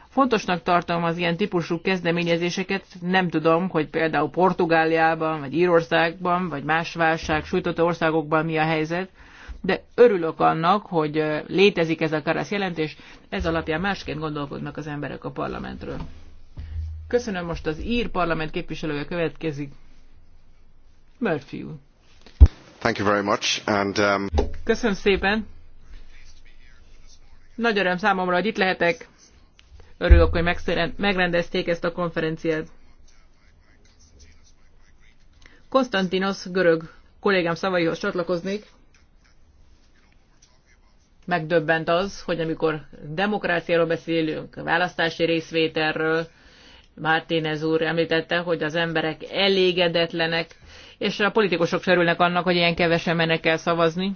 Fontosnak tartom az ilyen típusú kezdeményezéseket, nem tudom, hogy például Portugáliában, vagy Írországban, vagy más válság sújtotta országokban mi a helyzet, de örülök annak, hogy létezik ez a Karasz jelentés, ez alapján másként gondolkodnak az emberek a parlamentről. Köszönöm most az ír parlament képviselője következik. Murphy úr. Thank you very much, and, um... Köszönöm szépen. Nagy öröm számomra, hogy itt lehetek. Örülök, hogy megrendezték ezt a konferenciát. Konstantinos görög kollégám szavaihoz csatlakoznék. Megdöbbent az, hogy amikor demokráciáról beszélünk, választási részvételről, Martínez úr említette, hogy az emberek elégedetlenek, és a politikusok serülnek annak, hogy ilyen kevesen mennek el szavazni.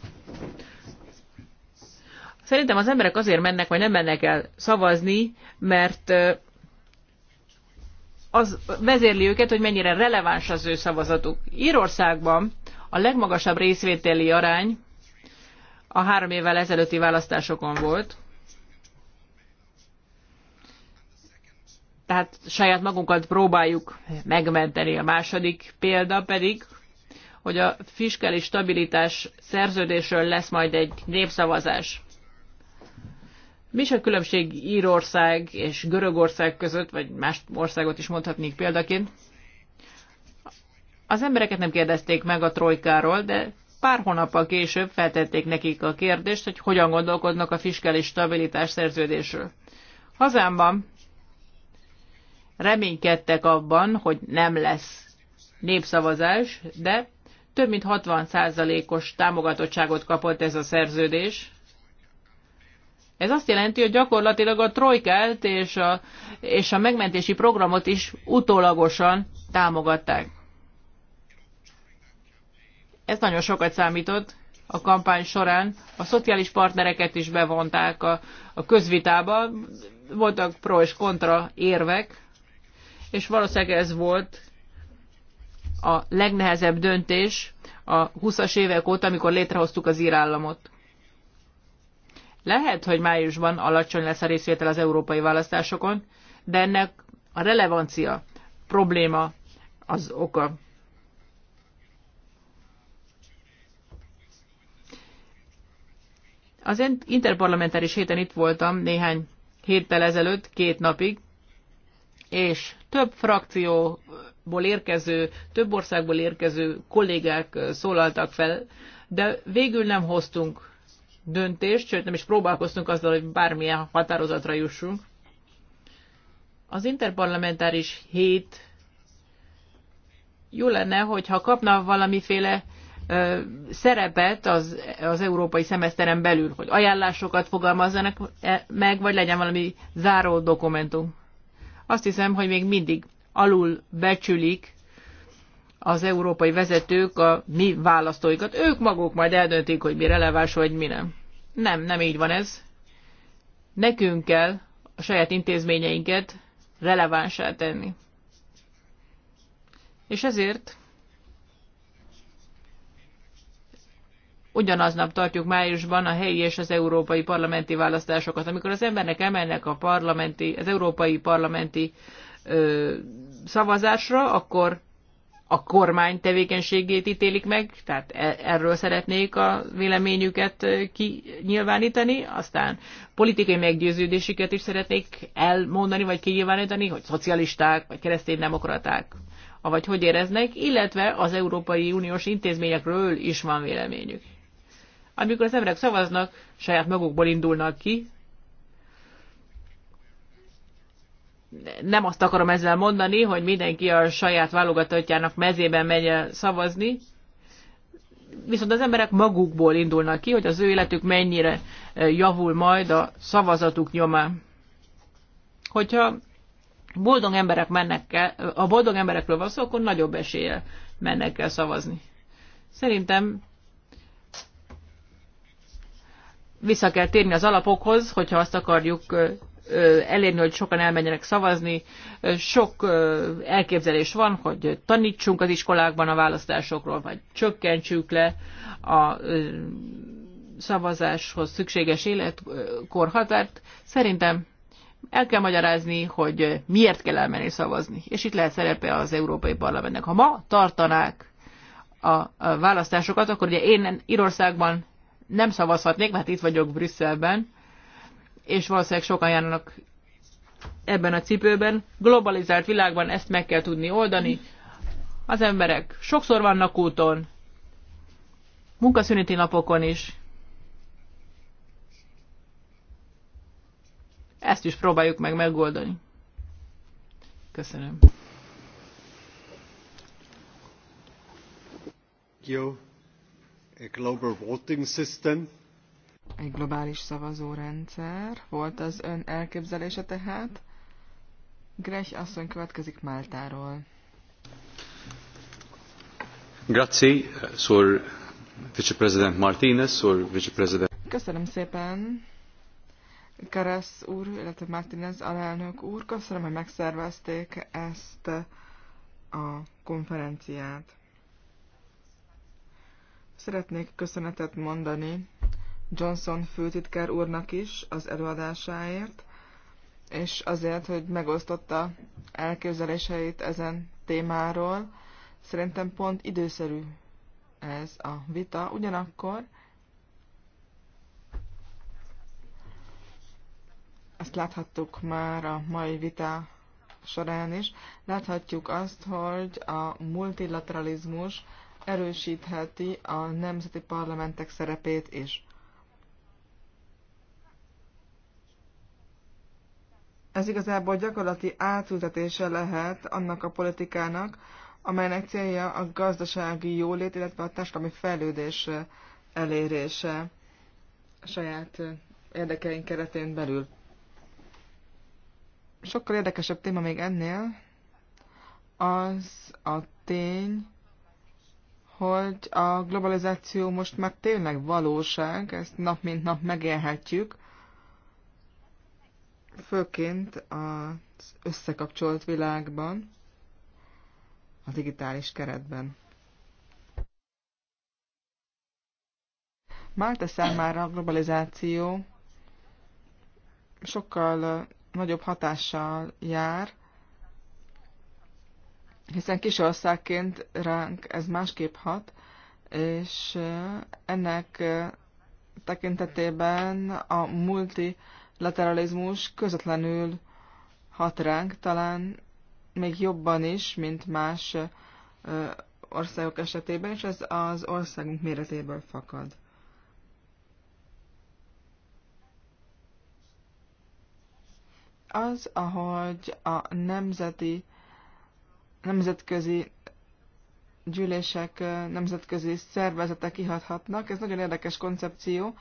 Szerintem az emberek azért mennek, vagy nem mennek el szavazni, mert az vezérli őket, hogy mennyire releváns az ő szavazatuk. Írországban a legmagasabb részvételi arány a három évvel ezelőtti választásokon volt, tehát saját magunkat próbáljuk megmenteni. A második példa pedig, hogy a fiskális stabilitás szerződésről lesz majd egy népszavazás. Mi is a különbség Írország és Görögország között, vagy más országot is mondhatnék példaként? Az embereket nem kérdezték meg a trojkáról, de pár hónappal később feltették nekik a kérdést, hogy hogyan gondolkodnak a fiskális stabilitás szerződésről. Hazámban reménykedtek abban, hogy nem lesz népszavazás, de több mint 60%-os támogatottságot kapott ez a szerződés. Ez azt jelenti, hogy gyakorlatilag a trojkát és a, és a megmentési programot is utólagosan támogatták. Ez nagyon sokat számított a kampány során. A szociális partnereket is bevonták a, a közvitába. Voltak pro és kontra érvek és valószínűleg ez volt a legnehezebb döntés a 20-as évek óta, amikor létrehoztuk az írállamot. Lehet, hogy májusban alacsony lesz a részvétel az európai választásokon, de ennek a relevancia probléma az oka. Az interparlamentáris héten itt voltam néhány héttel ezelőtt, két napig, és több frakcióból érkező, több országból érkező kollégák szólaltak fel, de végül nem hoztunk döntést, sőt nem is próbálkoztunk azzal, hogy bármilyen határozatra jussunk. Az interparlamentáris hét jó lenne, hogyha kapna valamiféle ö, szerepet az, az európai szemeszteren belül, hogy ajánlásokat fogalmazzanak e, meg, vagy legyen valami záró dokumentum. Azt hiszem, hogy még mindig alul becsülik az európai vezetők a mi választóikat. Ők maguk majd eldöntik, hogy mi releváns, vagy mi nem. Nem, nem így van ez. Nekünk kell a saját intézményeinket relevánsá tenni. És ezért ugyanaznap tartjuk májusban a helyi és az európai parlamenti választásokat. Amikor az embernek emelnek a parlamenti, az európai parlamenti ö, szavazásra, akkor a kormány tevékenységét ítélik meg, tehát e, erről szeretnék a véleményüket kinyilvánítani, aztán politikai meggyőződésüket is szeretnék elmondani, vagy kinyilvánítani, hogy szocialisták, vagy kereszténydemokraták, vagy hogy éreznek, illetve az Európai Uniós intézményekről is van véleményük. Amikor az emberek szavaznak, saját magukból indulnak ki. Nem azt akarom ezzel mondani, hogy mindenki a saját válogatottjának mezében megy el szavazni, viszont az emberek magukból indulnak ki, hogy az ő életük mennyire e, javul majd a szavazatuk nyoma. Hogyha boldog emberek mennek el, a boldog emberekről van szó, akkor nagyobb esélye mennek el szavazni. Szerintem vissza kell térni az alapokhoz, hogyha azt akarjuk elérni, hogy sokan elmenjenek szavazni. Sok elképzelés van, hogy tanítsunk az iskolákban a választásokról, vagy csökkentsük le a szavazáshoz szükséges életkorhatárt. Szerintem el kell magyarázni, hogy miért kell elmenni szavazni. És itt lehet szerepe az Európai Parlamentnek. Ha ma tartanák a választásokat, akkor ugye én Írországban nem szavazhatnék, mert itt vagyok Brüsszelben, és valószínűleg sokan járnak ebben a cipőben. Globalizált világban ezt meg kell tudni oldani. Az emberek sokszor vannak úton, munkaszüneti napokon is. Ezt is próbáljuk meg megoldani. Köszönöm. Jó. Egy globális szavazórendszer volt az ön elképzelése tehát. Grech asszony következik Máltáról. Grazie, szor vicepresident Martínez, szor vicepresident. Köszönöm szépen. Karasz úr, illetve Martínez alelnök úr, köszönöm, hogy megszervezték ezt a konferenciát. Szeretnék köszönetet mondani Johnson főtitkár úrnak is az előadásáért, és azért, hogy megosztotta elképzeléseit ezen témáról. Szerintem pont időszerű ez a vita, ugyanakkor ezt láthattuk már a mai vita során is, láthatjuk azt, hogy a multilateralizmus erősítheti a nemzeti parlamentek szerepét és Ez igazából gyakorlati átültetése lehet annak a politikának, amelynek célja a gazdasági jólét, illetve a társadalmi fejlődés elérése a saját érdekeink keretén belül. Sokkal érdekesebb téma még ennél az a tény, hogy a globalizáció most már tényleg valóság, ezt nap mint nap megélhetjük, főként az összekapcsolt világban, a digitális keretben. Málta számára a globalizáció sokkal nagyobb hatással jár, hiszen kis országként ránk ez másképp hat, és ennek tekintetében a multilateralizmus közvetlenül hat ránk, talán még jobban is, mint más országok esetében, és ez az országunk méretéből fakad. Az, ahogy a nemzeti nemzetközi gyűlések, nemzetközi szervezetek kihathatnak. Ez nagyon érdekes koncepció,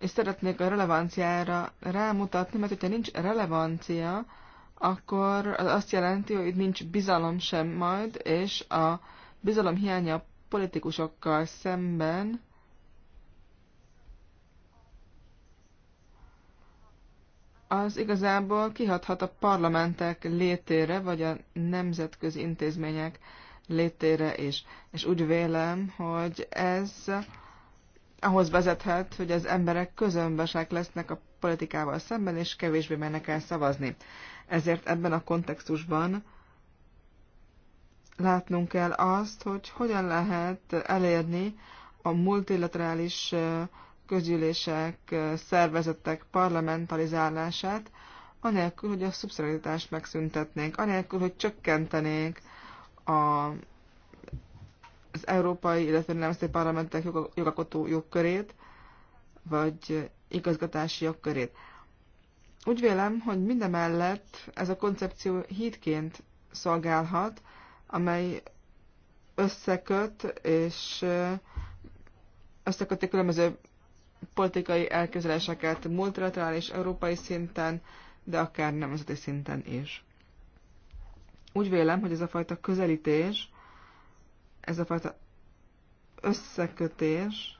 és szeretnék a relevanciára rámutatni, mert hogyha nincs relevancia, akkor az azt jelenti, hogy nincs bizalom sem majd, és a bizalom hiánya politikusokkal szemben az igazából kihathat a parlamentek létére, vagy a nemzetközi intézmények létére is. És úgy vélem, hogy ez ahhoz vezethet, hogy az emberek közömbösek lesznek a politikával szemben, és kevésbé mennek el szavazni. Ezért ebben a kontextusban látnunk kell azt, hogy hogyan lehet elérni a multilaterális közgyűlések, szervezetek parlamentalizálását, anélkül, hogy a szubszidiaritást megszüntetnénk, anélkül, hogy csökkentenénk a, az európai, illetve nemzeti parlamentek jogalkotó jogkörét, vagy igazgatási jogkörét. Úgy vélem, hogy mindemellett ez a koncepció hídként szolgálhat, amely összeköt és összeköti különböző politikai elképzeléseket multilaterális európai szinten, de akár nemzeti szinten is. Úgy vélem, hogy ez a fajta közelítés, ez a fajta összekötés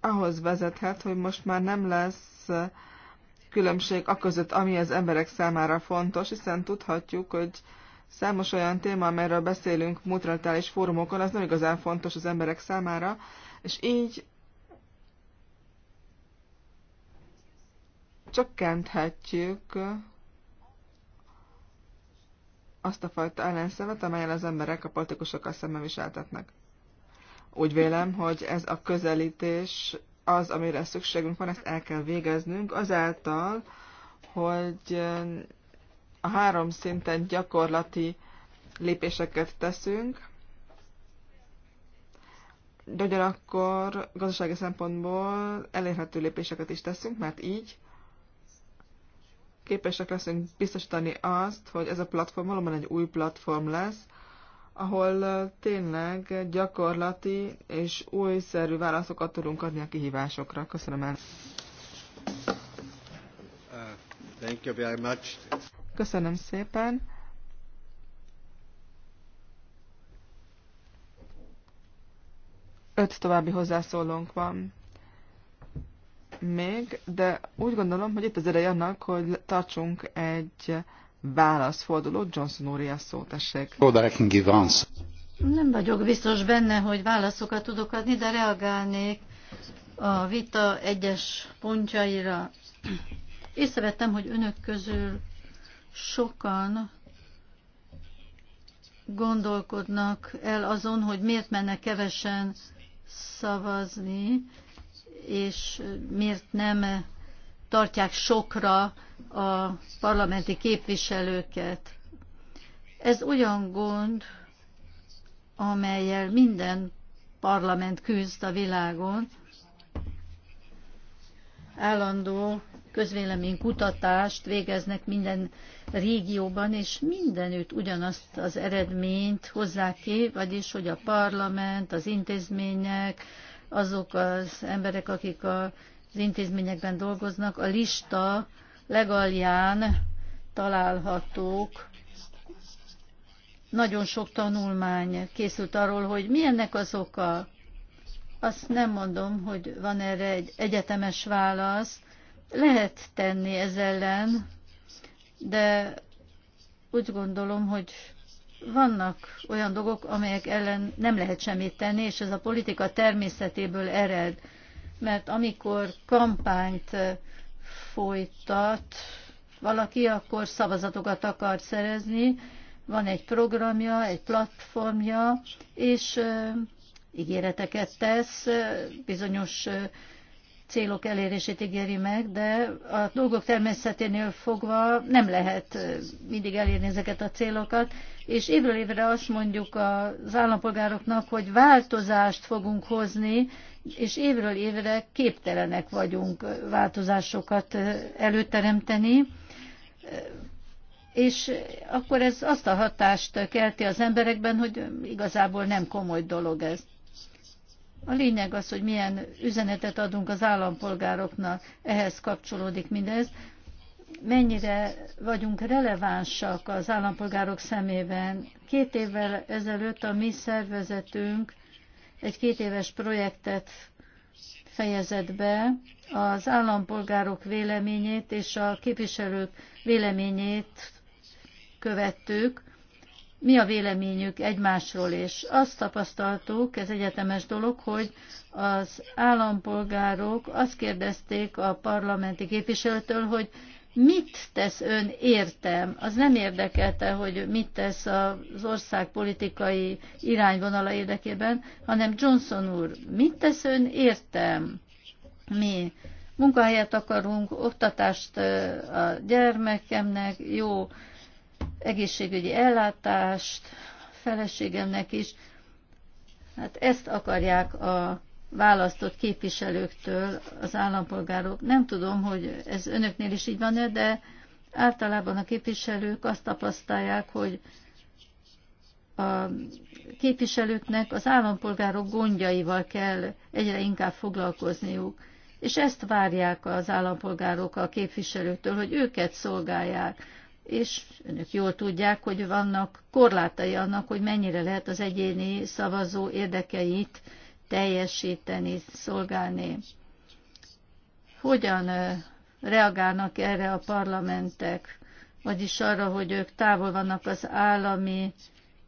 ahhoz vezethet, hogy most már nem lesz különbség a között, ami az emberek számára fontos, hiszen tudhatjuk, hogy számos olyan téma, amelyről beszélünk multilaterális fórumokon, az nem igazán fontos az emberek számára, és így csökkenthetjük azt a fajta ellenszemet, amelyen az emberek a politikusokkal szemben viseltetnek. Úgy vélem, hogy ez a közelítés az, amire szükségünk van, ezt el kell végeznünk, azáltal, hogy a három szinten gyakorlati lépéseket teszünk, de ugyanakkor gazdasági szempontból elérhető lépéseket is teszünk, mert így képesek leszünk biztosítani azt, hogy ez a platform valóban egy új platform lesz, ahol tényleg gyakorlati és újszerű válaszokat tudunk adni a kihívásokra. Köszönöm el. Uh, thank you very much. Köszönöm szépen. öt további hozzászólónk van még, de úgy gondolom, hogy itt az ideje annak, hogy tartsunk egy válaszfordulót. Johnson úr, a szó, tessék. Nem vagyok biztos benne, hogy válaszokat tudok adni, de reagálnék a vita egyes pontjaira. Észrevettem, hogy önök közül sokan gondolkodnak el azon, hogy miért mennek kevesen szavazni, és miért nem tartják sokra a parlamenti képviselőket. Ez olyan gond, amelyel minden parlament küzd a világon. Állandó közvéleménykutatást végeznek minden régióban, és mindenütt ugyanazt az eredményt hozzák ki, vagyis hogy a parlament, az intézmények, azok az emberek, akik az intézményekben dolgoznak, a lista legalján találhatók. Nagyon sok tanulmány készült arról, hogy milyennek az oka. Azt nem mondom, hogy van erre egy egyetemes válasz, lehet tenni ez ellen, de úgy gondolom, hogy vannak olyan dolgok, amelyek ellen nem lehet semmit tenni, és ez a politika természetéből ered. Mert amikor kampányt folytat valaki, akkor szavazatokat akar szerezni, van egy programja, egy platformja, és ígéreteket tesz bizonyos célok elérését ígéri meg, de a dolgok természeténél fogva nem lehet mindig elérni ezeket a célokat, és évről évre azt mondjuk az állampolgároknak, hogy változást fogunk hozni, és évről évre képtelenek vagyunk változásokat előteremteni, és akkor ez azt a hatást kelti az emberekben, hogy igazából nem komoly dolog ez. A lényeg az, hogy milyen üzenetet adunk az állampolgároknak, ehhez kapcsolódik mindez. Mennyire vagyunk relevánsak az állampolgárok szemében. Két évvel ezelőtt a mi szervezetünk egy két éves projektet fejezett be, az állampolgárok véleményét és a képviselők véleményét követtük mi a véleményük egymásról, és azt tapasztaltuk, ez egyetemes dolog, hogy az állampolgárok azt kérdezték a parlamenti képviselőtől, hogy mit tesz ön értem? Az nem érdekelte, hogy mit tesz az ország politikai irányvonala érdekében, hanem Johnson úr, mit tesz ön értem? Mi munkahelyet akarunk, oktatást a gyermekemnek, jó egészségügyi ellátást, feleségemnek is. Hát ezt akarják a választott képviselőktől az állampolgárok. Nem tudom, hogy ez önöknél is így van-e, de általában a képviselők azt tapasztalják, hogy a képviselőknek az állampolgárok gondjaival kell egyre inkább foglalkozniuk. És ezt várják az állampolgárok a képviselőtől, hogy őket szolgálják és önök jól tudják, hogy vannak korlátai annak, hogy mennyire lehet az egyéni szavazó érdekeit teljesíteni, szolgálni. Hogyan reagálnak erre a parlamentek, vagyis arra, hogy ők távol vannak az állami,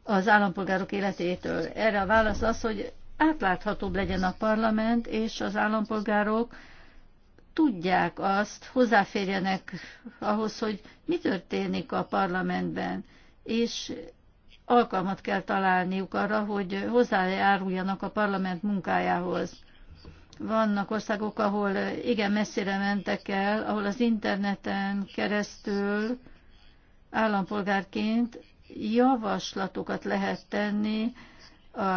az állampolgárok életétől. Erre a válasz az, hogy átláthatóbb legyen a parlament, és az állampolgárok tudják azt, hozzáférjenek ahhoz, hogy mi történik a parlamentben, és alkalmat kell találniuk arra, hogy hozzájáruljanak a parlament munkájához. Vannak országok, ahol igen messzire mentek el, ahol az interneten keresztül állampolgárként javaslatokat lehet tenni a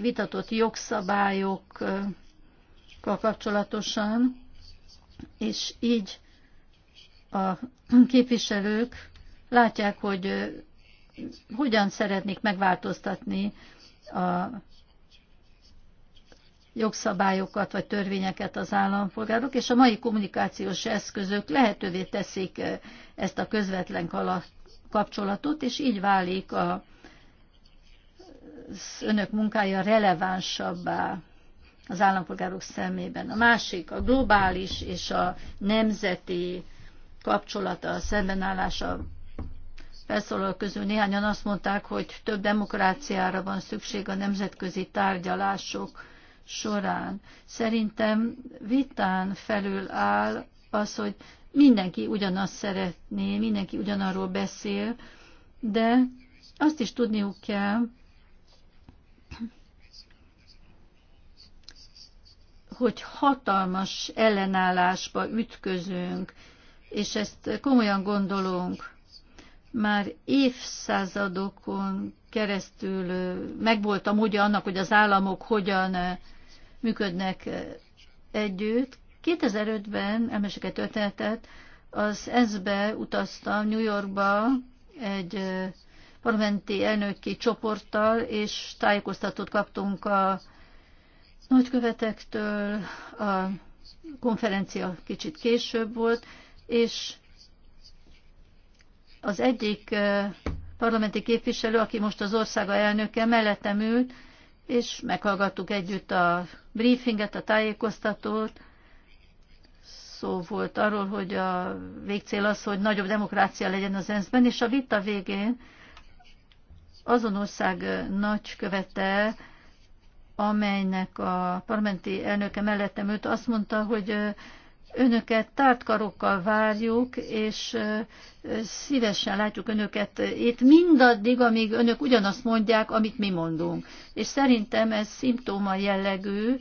vitatott jogszabályok kapcsolatosan, és így a képviselők látják, hogy hogyan szeretnék megváltoztatni a jogszabályokat vagy törvényeket az állampolgárok, és a mai kommunikációs eszközök lehetővé teszik ezt a közvetlen kapcsolatot, és így válik a, az önök munkája relevánsabbá az állampolgárok szemében. A másik, a globális és a nemzeti kapcsolata, a szembenállása felszólalók közül néhányan azt mondták, hogy több demokráciára van szükség a nemzetközi tárgyalások során. Szerintem vitán felül áll az, hogy mindenki ugyanazt szeretné, mindenki ugyanarról beszél, de azt is tudniuk kell, hogy hatalmas ellenállásba ütközünk, és ezt komolyan gondolunk, már évszázadokon keresztül megvolt a módja annak, hogy az államok hogyan működnek együtt. 2005-ben, emeseket történetet, az esz be utaztam New Yorkba egy parlamenti elnöki csoporttal, és tájékoztatót kaptunk a nagykövetektől, a konferencia kicsit később volt, és az egyik parlamenti képviselő, aki most az országa elnöke, mellettem ült, és meghallgattuk együtt a briefinget, a tájékoztatót. Szó volt arról, hogy a végcél az, hogy nagyobb demokrácia legyen az ENSZ-ben, és a vita végén azon ország nagykövete amelynek a parlamenti elnöke mellettem őt azt mondta, hogy önöket tártkarokkal várjuk, és szívesen látjuk önöket itt mindaddig, amíg önök ugyanazt mondják, amit mi mondunk. És szerintem ez szimptóma jellegű,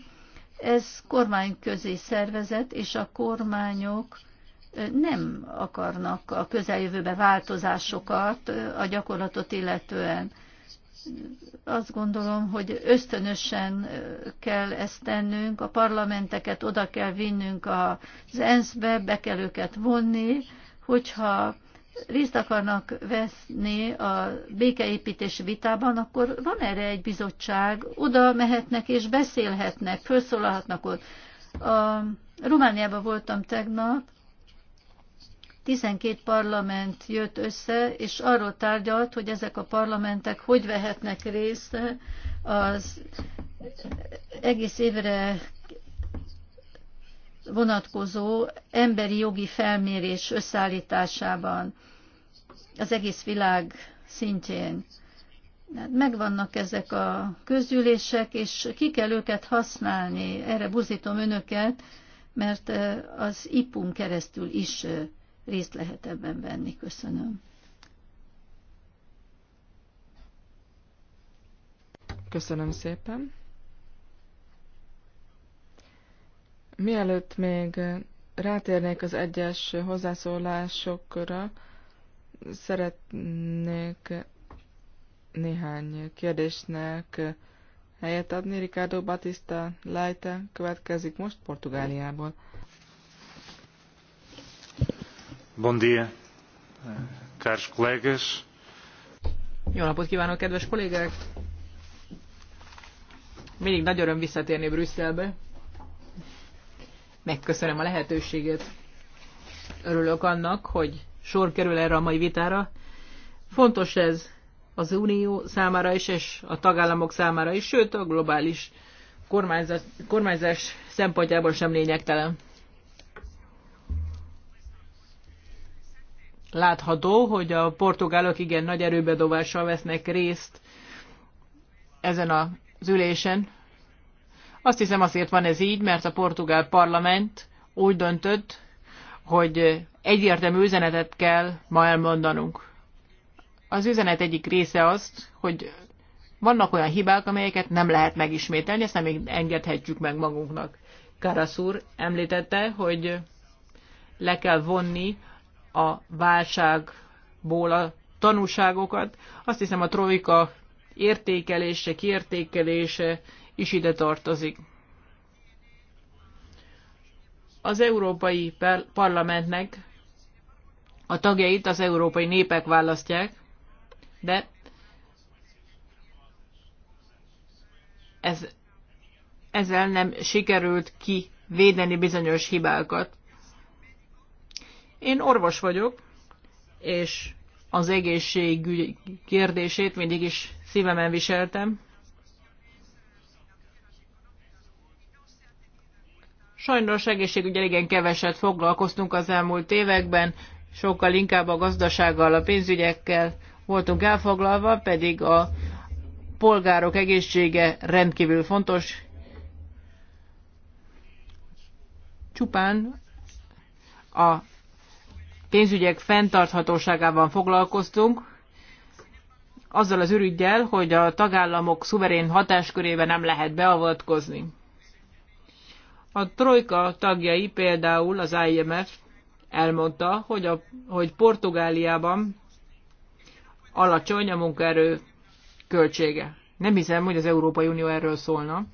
ez kormányközi szervezet, és a kormányok nem akarnak a közeljövőbe változásokat a gyakorlatot illetően azt gondolom, hogy ösztönösen kell ezt tennünk, a parlamenteket oda kell vinnünk az ENSZ-be, be kell őket vonni, hogyha részt akarnak veszni a békeépítési vitában, akkor van erre egy bizottság, oda mehetnek és beszélhetnek, felszólalhatnak ott. A Romániában voltam tegnap, 12 parlament jött össze, és arról tárgyalt, hogy ezek a parlamentek hogy vehetnek részt az egész évre vonatkozó emberi jogi felmérés összeállításában az egész világ szintjén. Hát megvannak ezek a közgyűlések és ki kell őket használni. Erre buzítom önöket, mert eh, az IPUN keresztül is eh, részt lehet ebben venni. Köszönöm. Köszönöm szépen. Mielőtt még rátérnék az egyes hozzászólásokra, szeretnék néhány kérdésnek helyet adni. Ricardo Batista Leite következik most Portugáliából. Bom dia, caros colegas. Jó napot kívánok, kedves kollégák! Mindig nagy öröm visszatérni Brüsszelbe. Megköszönöm a lehetőséget. Örülök annak, hogy sor kerül erre a mai vitára. Fontos ez az Unió számára is, és a tagállamok számára is, sőt a globális kormányzás, kormányzás szempontjából sem lényegtelen. látható, hogy a portugálok igen nagy erőbedobással vesznek részt ezen az ülésen. Azt hiszem azért van ez így, mert a portugál parlament úgy döntött, hogy egyértelmű üzenetet kell ma elmondanunk. Az üzenet egyik része azt, hogy vannak olyan hibák, amelyeket nem lehet megismételni, ezt nem engedhetjük meg magunknak. Karasz úr említette, hogy le kell vonni a válságból a tanúságokat. Azt hiszem a trojka értékelése, kiértékelése is ide tartozik. Az Európai Parlamentnek a tagjait az európai népek választják, de ez, ezzel nem sikerült kivédeni bizonyos hibákat. Én orvos vagyok, és az egészségügy kérdését mindig is szívemen viseltem. Sajnos egészségügyel igen keveset foglalkoztunk az elmúlt években, sokkal inkább a gazdasággal, a pénzügyekkel voltunk elfoglalva, pedig a polgárok egészsége rendkívül fontos. Csupán a pénzügyek fenntarthatóságával foglalkoztunk, azzal az ürügyjel, hogy a tagállamok szuverén hatáskörébe nem lehet beavatkozni. A trojka tagjai például az IMF elmondta, hogy, a, hogy Portugáliában alacsony a munkaerő költsége. Nem hiszem, hogy az Európai Unió erről szólna.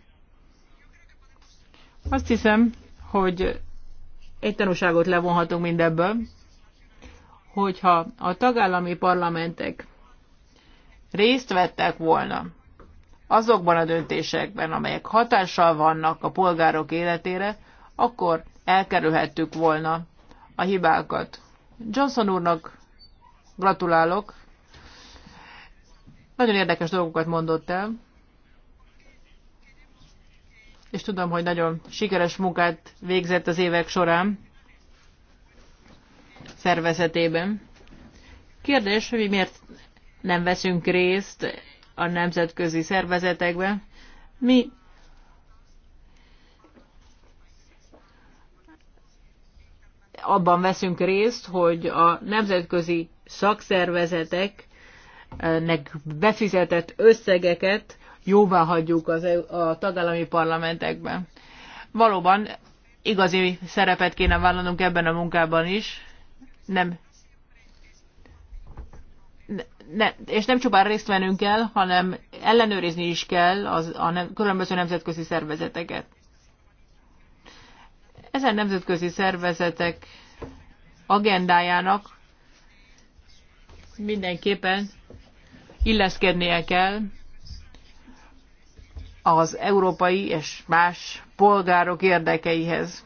Azt hiszem, hogy egy tanúságot levonhatunk mindebből hogyha a tagállami parlamentek részt vettek volna azokban a döntésekben, amelyek hatással vannak a polgárok életére, akkor elkerülhettük volna a hibákat. Johnson úrnak gratulálok. Nagyon érdekes dolgokat mondott el, és tudom, hogy nagyon sikeres munkát végzett az évek során szervezetében. Kérdés, hogy miért nem veszünk részt a nemzetközi szervezetekben. Mi abban veszünk részt, hogy a nemzetközi szakszervezeteknek befizetett összegeket jóvá hagyjuk az, e a tagállami parlamentekben. Valóban igazi szerepet kéne vállalnunk ebben a munkában is nem ne, és nem csupán részt vennünk kell, hanem ellenőrizni is kell az, a nem, különböző nemzetközi szervezeteket. Ezen nemzetközi szervezetek agendájának mindenképpen illeszkednie kell az európai és más polgárok érdekeihez.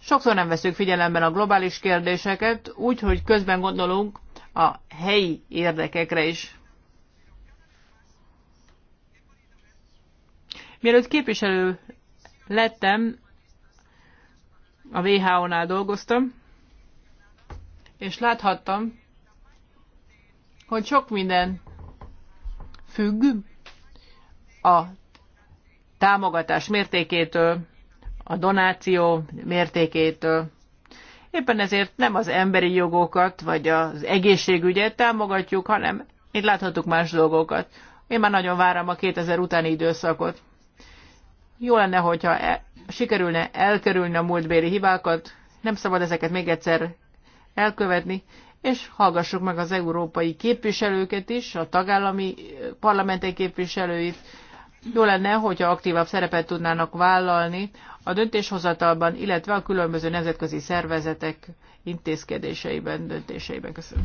Sokszor nem veszünk figyelemben a globális kérdéseket, úgy, hogy közben gondolunk a helyi érdekekre is. Mielőtt képviselő lettem, a WHO-nál dolgoztam, és láthattam, hogy sok minden függ a támogatás mértékétől, a donáció mértékétől. Éppen ezért nem az emberi jogokat vagy az egészségügyet támogatjuk, hanem itt láthatjuk más dolgokat. Én már nagyon várom a 2000 utáni időszakot. Jó lenne, hogyha e, sikerülne elkerülni a múltbéli hibákat, nem szabad ezeket még egyszer elkövetni, és hallgassuk meg az európai képviselőket is, a tagállami eh, parlamenti képviselőit, jó lenne, hogyha aktívabb szerepet tudnának vállalni a döntéshozatalban, illetve a különböző nemzetközi szervezetek intézkedéseiben, döntéseiben. Köszönöm.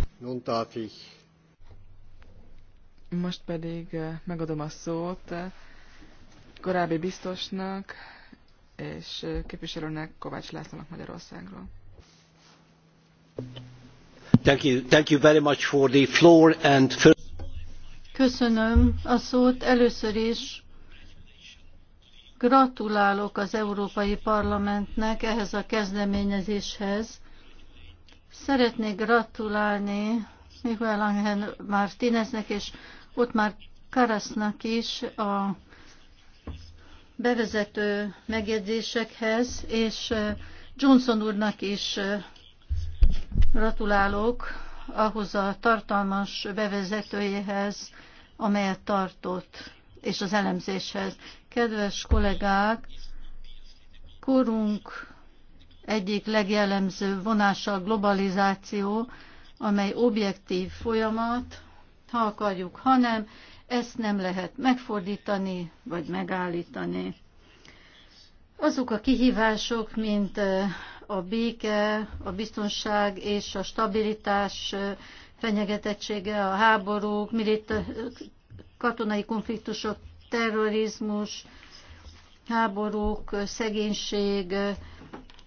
Most pedig eh, megadom a szót eh, korábbi biztosnak és eh, képviselőnek Kovács Lászlónak Magyarországról. Thank you, thank you very much for the floor and first... Köszönöm a szót. Először is Gratulálok az Európai Parlamentnek ehhez a kezdeményezéshez. Szeretnék gratulálni Miguel Ángel Martíneznek és ott már Karasznak is a bevezető megjegyzésekhez, és Johnson úrnak is gratulálok ahhoz a tartalmas bevezetőjéhez, amelyet tartott, és az elemzéshez. Kedves kollégák, korunk egyik legjellemző vonása a globalizáció, amely objektív folyamat, ha akarjuk, ha nem, ezt nem lehet megfordítani vagy megállítani. Azok a kihívások, mint a béke, a biztonság és a stabilitás fenyegetettsége, a háborúk, katonai konfliktusok terrorizmus, háborúk, szegénység,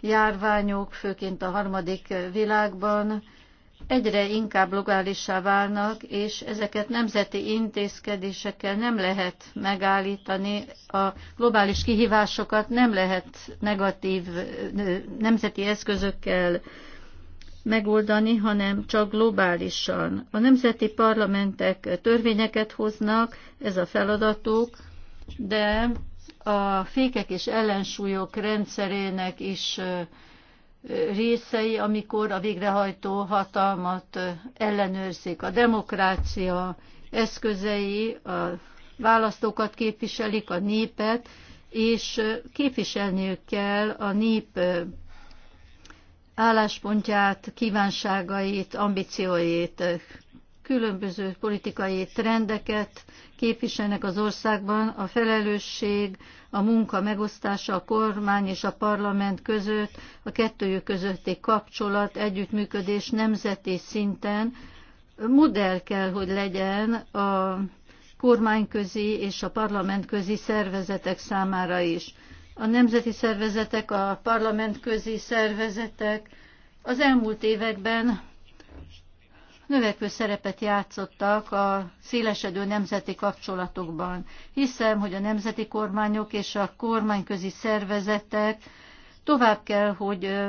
járványok, főként a harmadik világban egyre inkább logálisá válnak, és ezeket nemzeti intézkedésekkel nem lehet megállítani, a globális kihívásokat nem lehet negatív nemzeti eszközökkel megoldani, hanem csak globálisan. A nemzeti parlamentek törvényeket hoznak, ez a feladatuk, de a fékek és ellensúlyok rendszerének is részei, amikor a végrehajtó hatalmat ellenőrzik. A demokrácia eszközei a választókat képviselik, a népet, és képviselniük kell a nép álláspontját, kívánságait, ambícióit, különböző politikai trendeket képviselnek az országban, a felelősség, a munka megosztása a kormány és a parlament között, a kettőjük közötti kapcsolat, együttműködés nemzeti szinten modell kell, hogy legyen a kormányközi és a parlamentközi szervezetek számára is a nemzeti szervezetek, a parlamentközi szervezetek az elmúlt években növekvő szerepet játszottak a szélesedő nemzeti kapcsolatokban. Hiszem, hogy a nemzeti kormányok és a kormányközi szervezetek tovább kell, hogy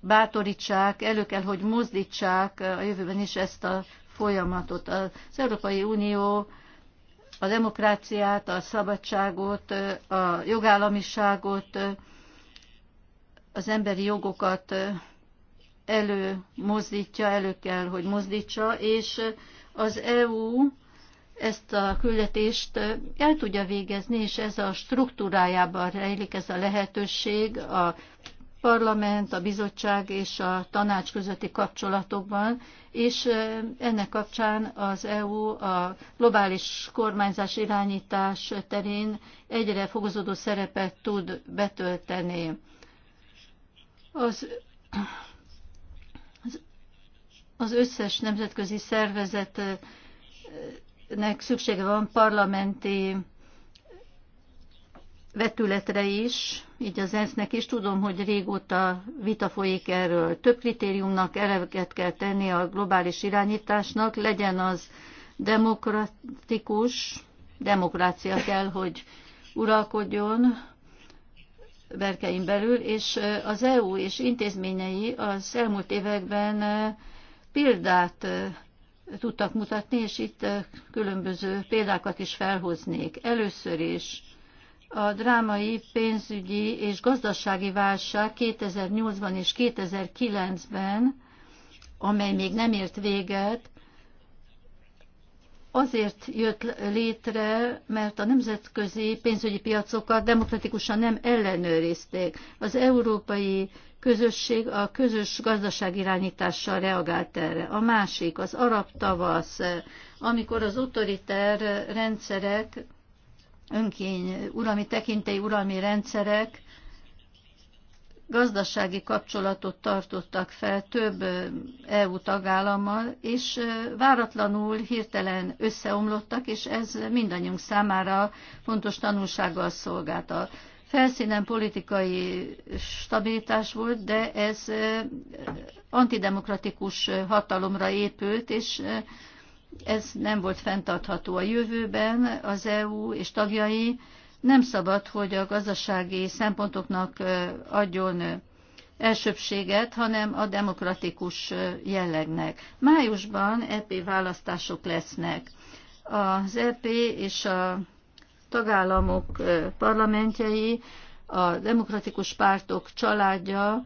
bátorítsák, elő kell, hogy mozdítsák a jövőben is ezt a folyamatot. Az Európai Unió a demokráciát, a szabadságot, a jogállamiságot, az emberi jogokat elő mozdítja, elő kell, hogy mozdítsa, és az EU ezt a küldetést el tudja végezni, és ez a struktúrájában rejlik ez a lehetőség, a parlament, a bizottság és a tanács közötti kapcsolatokban, és ennek kapcsán az EU a globális kormányzás irányítás terén egyre fokozódó szerepet tud betölteni. Az, az összes nemzetközi szervezetnek szüksége van parlamenti vetületre is, így az ENSZ-nek is. Tudom, hogy régóta vita folyik erről. Több kritériumnak eleget kell tenni a globális irányításnak, legyen az demokratikus, demokrácia kell, hogy uralkodjon berkein belül, és az EU és intézményei az elmúlt években példát tudtak mutatni, és itt különböző példákat is felhoznék. Először is a drámai pénzügyi és gazdasági válság 2008-ban és 2009-ben, amely még nem ért véget, azért jött létre, mert a nemzetközi pénzügyi piacokat demokratikusan nem ellenőrizték. Az európai közösség a közös gazdaságirányítással reagált erre. A másik, az arab tavasz, amikor az autoriter rendszerek önkény, uralmi tekintély, uralmi rendszerek gazdasági kapcsolatot tartottak fel több EU tagállammal, és váratlanul hirtelen összeomlottak, és ez mindannyiunk számára fontos tanulsággal szolgált. A felszínen politikai stabilitás volt, de ez antidemokratikus hatalomra épült, és ez nem volt fenntartható a jövőben az EU és tagjai. Nem szabad, hogy a gazdasági szempontoknak adjon elsőbséget, hanem a demokratikus jellegnek. Májusban EP választások lesznek. Az EP és a tagállamok parlamentjei, a demokratikus pártok családja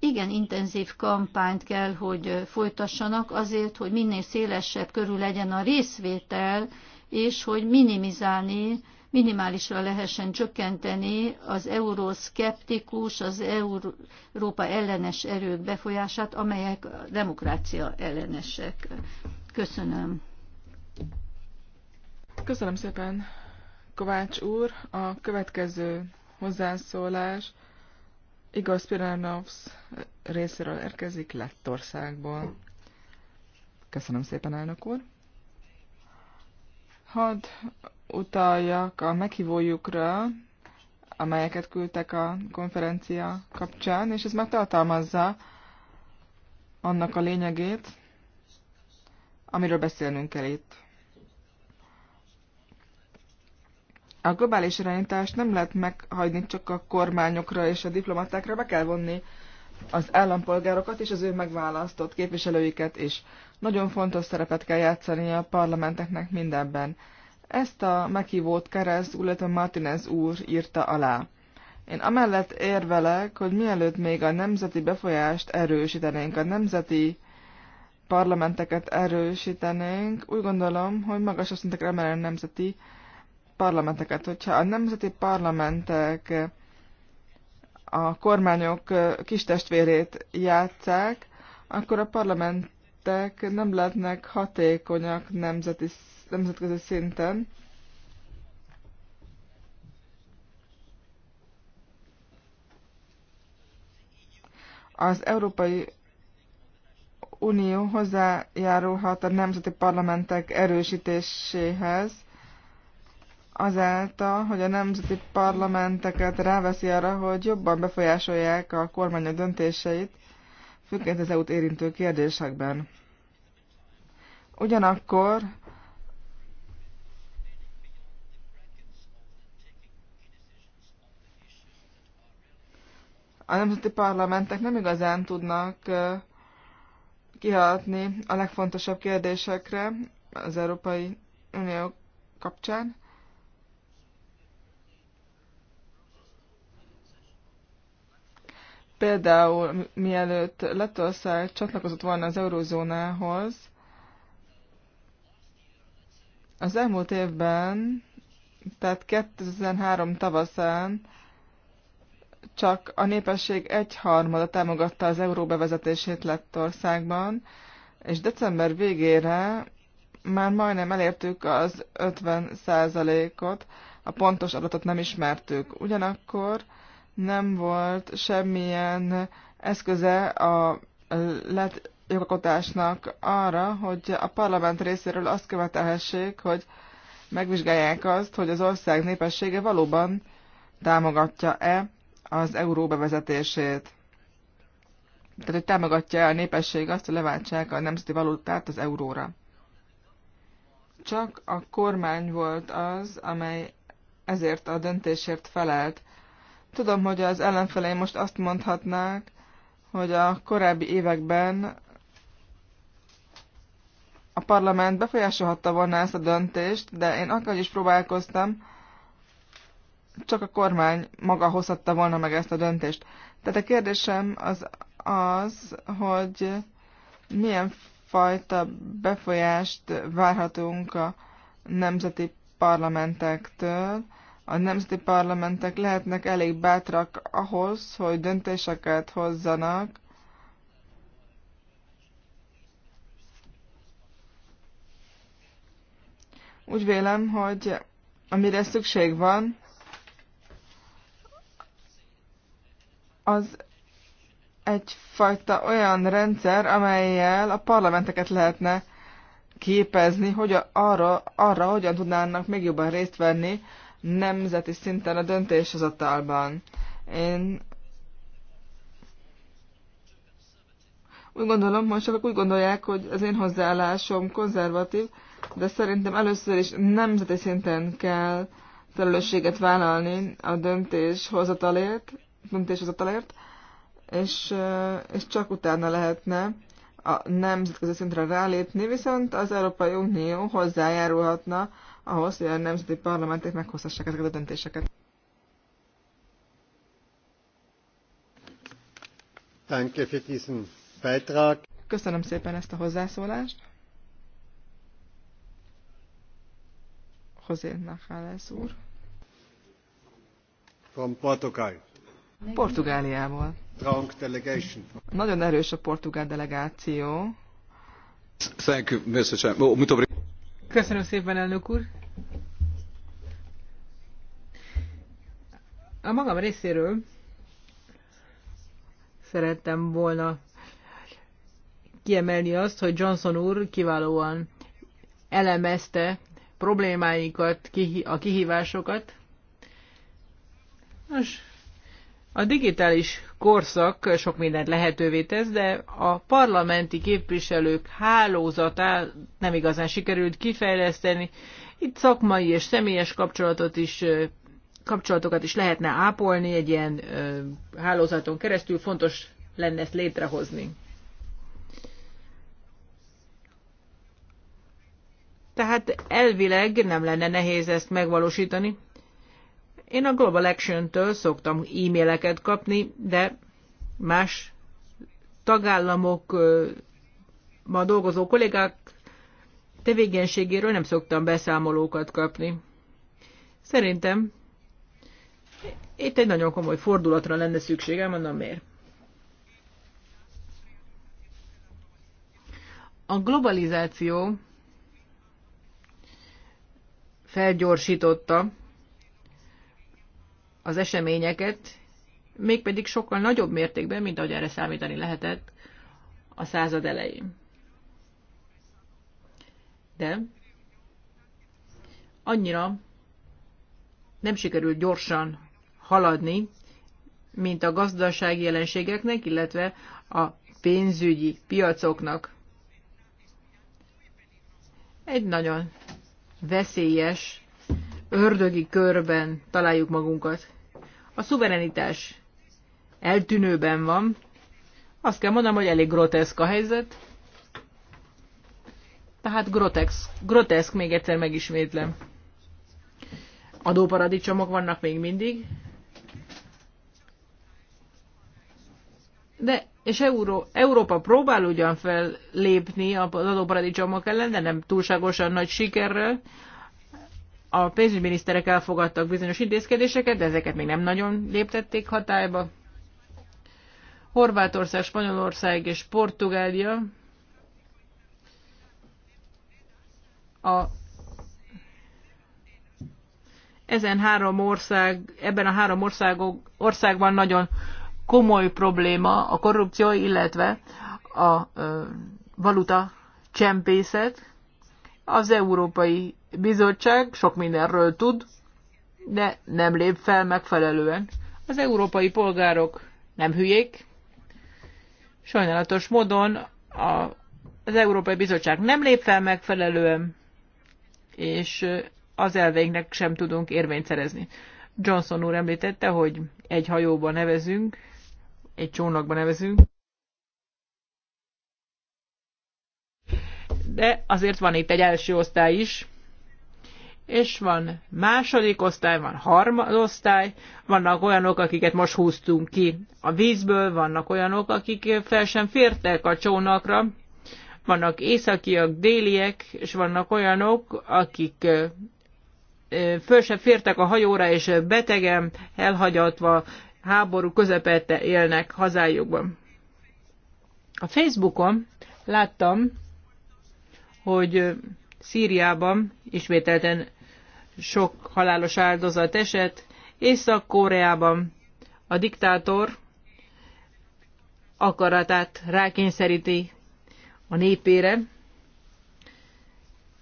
igen intenzív kampányt kell, hogy folytassanak azért, hogy minél szélesebb körül legyen a részvétel, és hogy minimizálni, minimálisra lehessen csökkenteni az euroszkeptikus, az Európa ellenes erők befolyását, amelyek a demokrácia ellenesek. Köszönöm. Köszönöm szépen, Kovács úr. A következő hozzászólás Igaz Piranovs részéről érkezik Lettországból. Köszönöm szépen, elnök úr. Hadd utaljak a meghívójukra, amelyeket küldtek a konferencia kapcsán, és ez megtartalmazza annak a lényegét, amiről beszélnünk kell itt. a globális irányítást nem lehet meghagyni csak a kormányokra és a diplomatákra, be kell vonni az állampolgárokat és az ő megválasztott képviselőiket is. Nagyon fontos szerepet kell játszani a parlamenteknek mindenben. Ezt a meghívót Kerez, illetve Martinez úr írta alá. Én amellett érvelek, hogy mielőtt még a nemzeti befolyást erősítenénk, a nemzeti parlamenteket erősítenénk, úgy gondolom, hogy magas szintekre emelni a nemzeti parlamenteket. Hogyha a nemzeti parlamentek a kormányok testvérét játszák, akkor a parlamentek nem lehetnek hatékonyak nemzeti, nemzetközi szinten. Az Európai Unió hozzájárulhat a nemzeti parlamentek erősítéséhez, azáltal, hogy a nemzeti parlamenteket ráveszi arra, hogy jobban befolyásolják a kormányok döntéseit, főként az EU-t érintő kérdésekben. Ugyanakkor a nemzeti parlamentek nem igazán tudnak kihatni a legfontosabb kérdésekre az Európai Unió kapcsán. Például mielőtt Lettország csatlakozott volna az eurozónához, az elmúlt évben, tehát 2003 tavaszán csak a népesség egyharmada támogatta az euró bevezetését Lettországban, és december végére már majdnem elértük az 50 ot a pontos adatot nem ismertük. Ugyanakkor nem volt semmilyen eszköze a lett jogalkotásnak arra, hogy a parlament részéről azt követelhessék, hogy megvizsgálják azt, hogy az ország népessége valóban támogatja-e az euró bevezetését. Tehát, hogy támogatja a népesség azt, hogy leváltsák a nemzeti valutát az euróra. Csak a kormány volt az, amely ezért a döntésért felelt. Tudom, hogy az ellenfeleim most azt mondhatnák, hogy a korábbi években a parlament befolyásolhatta volna ezt a döntést, de én akkor is próbálkoztam, csak a kormány maga hozhatta volna meg ezt a döntést. Tehát a kérdésem az az, hogy milyen fajta befolyást várhatunk a nemzeti parlamentektől, a nemzeti parlamentek lehetnek elég bátrak ahhoz, hogy döntéseket hozzanak, Úgy vélem, hogy amire szükség van, az egyfajta olyan rendszer, amelyel a parlamenteket lehetne képezni, hogy arra, arra hogyan tudnának még jobban részt venni nemzeti szinten a döntéshozatalban. Én úgy gondolom, hogy sokak úgy gondolják, hogy az én hozzáállásom konzervatív, de szerintem először is nemzeti szinten kell felelősséget vállalni a döntéshozatalért, döntéshozatalért és, eh, és csak utána lehetne a nemzetközi szintre rálépni, viszont az Európai Unió hozzájárulhatna ahhoz, hogy a nemzeti parlamentek meghozhassák ezeket a döntéseket. Danke für diesen Beitrag. Köszönöm szépen ezt a hozzászólást. José Nachales úr. From Portugal. Portugáliából. Strong delegation. Nagyon erős a portugál delegáció. Thank you, Mr. Chairman. Köszönöm szépen, elnök úr. A magam részéről szerettem volna kiemelni azt, hogy Johnson úr kiválóan elemezte problémáikat, a kihívásokat. Most a digitális korszak sok mindent lehetővé tesz, de a parlamenti képviselők hálózatát nem igazán sikerült kifejleszteni. Itt szakmai és személyes kapcsolatot is, kapcsolatokat is lehetne ápolni egy ilyen hálózaton keresztül, fontos lenne ezt létrehozni. Tehát elvileg nem lenne nehéz ezt megvalósítani, én a Global Action-től szoktam e-maileket kapni, de más tagállamok ma dolgozó kollégák tevékenységéről nem szoktam beszámolókat kapni. Szerintem itt egy nagyon komoly fordulatra lenne szükségem mondom miért. A globalizáció felgyorsította az eseményeket, mégpedig sokkal nagyobb mértékben, mint ahogy erre számítani lehetett a század elején. De annyira nem sikerült gyorsan haladni, mint a gazdasági jelenségeknek, illetve a pénzügyi piacoknak. Egy nagyon veszélyes ördögi körben találjuk magunkat. A szuverenitás eltűnőben van. Azt kell mondanom, hogy elég groteszk a helyzet. Tehát groteszk, groteszk még egyszer megismétlem. Adóparadicsomok vannak még mindig. De, és Euró, Európa próbál ugyan fellépni az adóparadicsomok ellen, de nem túlságosan nagy sikerrel a pénzügyminiszterek elfogadtak bizonyos intézkedéseket, de ezeket még nem nagyon léptették hatályba. Horvátország, Spanyolország és Portugália a ezen három ország, ebben a három országok, országban nagyon komoly probléma a korrupció, illetve a ö, valuta csempészet. Az Európai bizottság sok mindenről tud, de nem lép fel megfelelően. Az európai polgárok nem hülyék. Sajnálatos módon a, az Európai Bizottság nem lép fel megfelelően, és az elveinknek sem tudunk érvényt szerezni. Johnson úr említette, hogy egy hajóban nevezünk, egy csónakban nevezünk, de azért van itt egy első osztály is, és van második osztály, van harmadosztály, vannak olyanok, akiket most húztunk ki a vízből, vannak olyanok, akik fel sem fértek a csónakra, vannak északiak, déliek, és vannak olyanok, akik föl sem fértek a hajóra, és betegen, elhagyatva, háború közepette élnek hazájukban. A Facebookon láttam, hogy Szíriában ismételten sok halálos áldozat esett. Észak-Koreában a diktátor akaratát rákényszeríti a népére.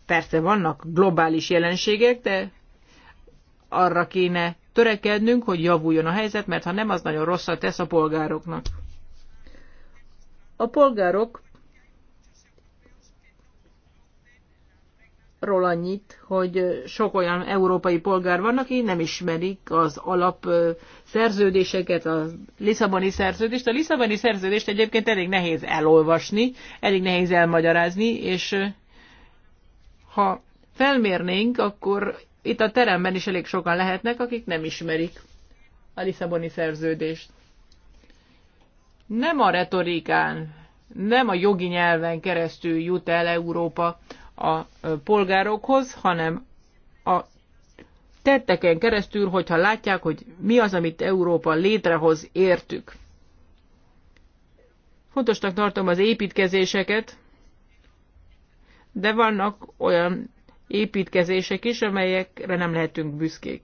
Persze vannak globális jelenségek, de arra kéne törekednünk, hogy javuljon a helyzet, mert ha nem, az nagyon rosszat tesz a polgároknak. A polgárok ról annyit, hogy sok olyan európai polgár van, aki nem ismerik az alap szerződéseket, a Lisszaboni szerződést. A Lisszaboni szerződést egyébként elég nehéz elolvasni, elég nehéz elmagyarázni, és ha felmérnénk, akkor itt a teremben is elég sokan lehetnek, akik nem ismerik a Lisszaboni szerződést. Nem a retorikán, nem a jogi nyelven keresztül jut el Európa a polgárokhoz, hanem a tetteken keresztül, hogyha látják, hogy mi az, amit Európa létrehoz értük. Fontosnak tartom az építkezéseket, de vannak olyan építkezések is, amelyekre nem lehetünk büszkék.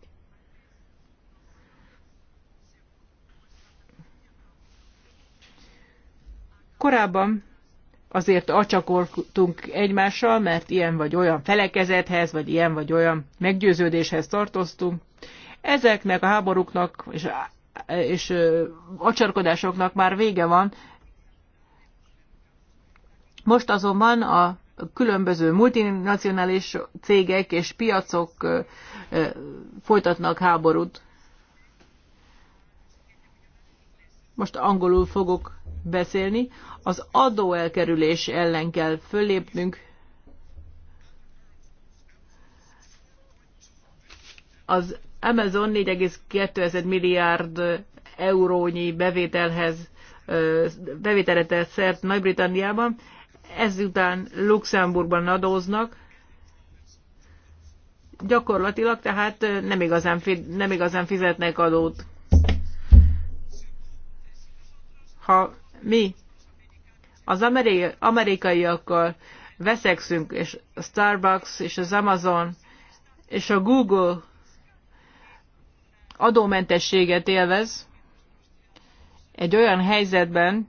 Korábban azért acsakoltunk egymással, mert ilyen vagy olyan felekezethez, vagy ilyen vagy olyan meggyőződéshez tartoztunk. Ezeknek a háborúknak és, és acsarkodásoknak már vége van. Most azonban a különböző multinacionális cégek és piacok folytatnak háborút. most angolul fogok beszélni, az adóelkerülés ellen kell fölépnünk. Az Amazon 4,2 milliárd eurónyi bevételhez tett szert Nagy-Britanniában, ezután Luxemburgban adóznak, gyakorlatilag tehát nem igazán, nem igazán fizetnek adót. Ha mi az amerikaiakkal veszekszünk, és a Starbucks, és az Amazon, és a Google adómentességet élvez, egy olyan helyzetben,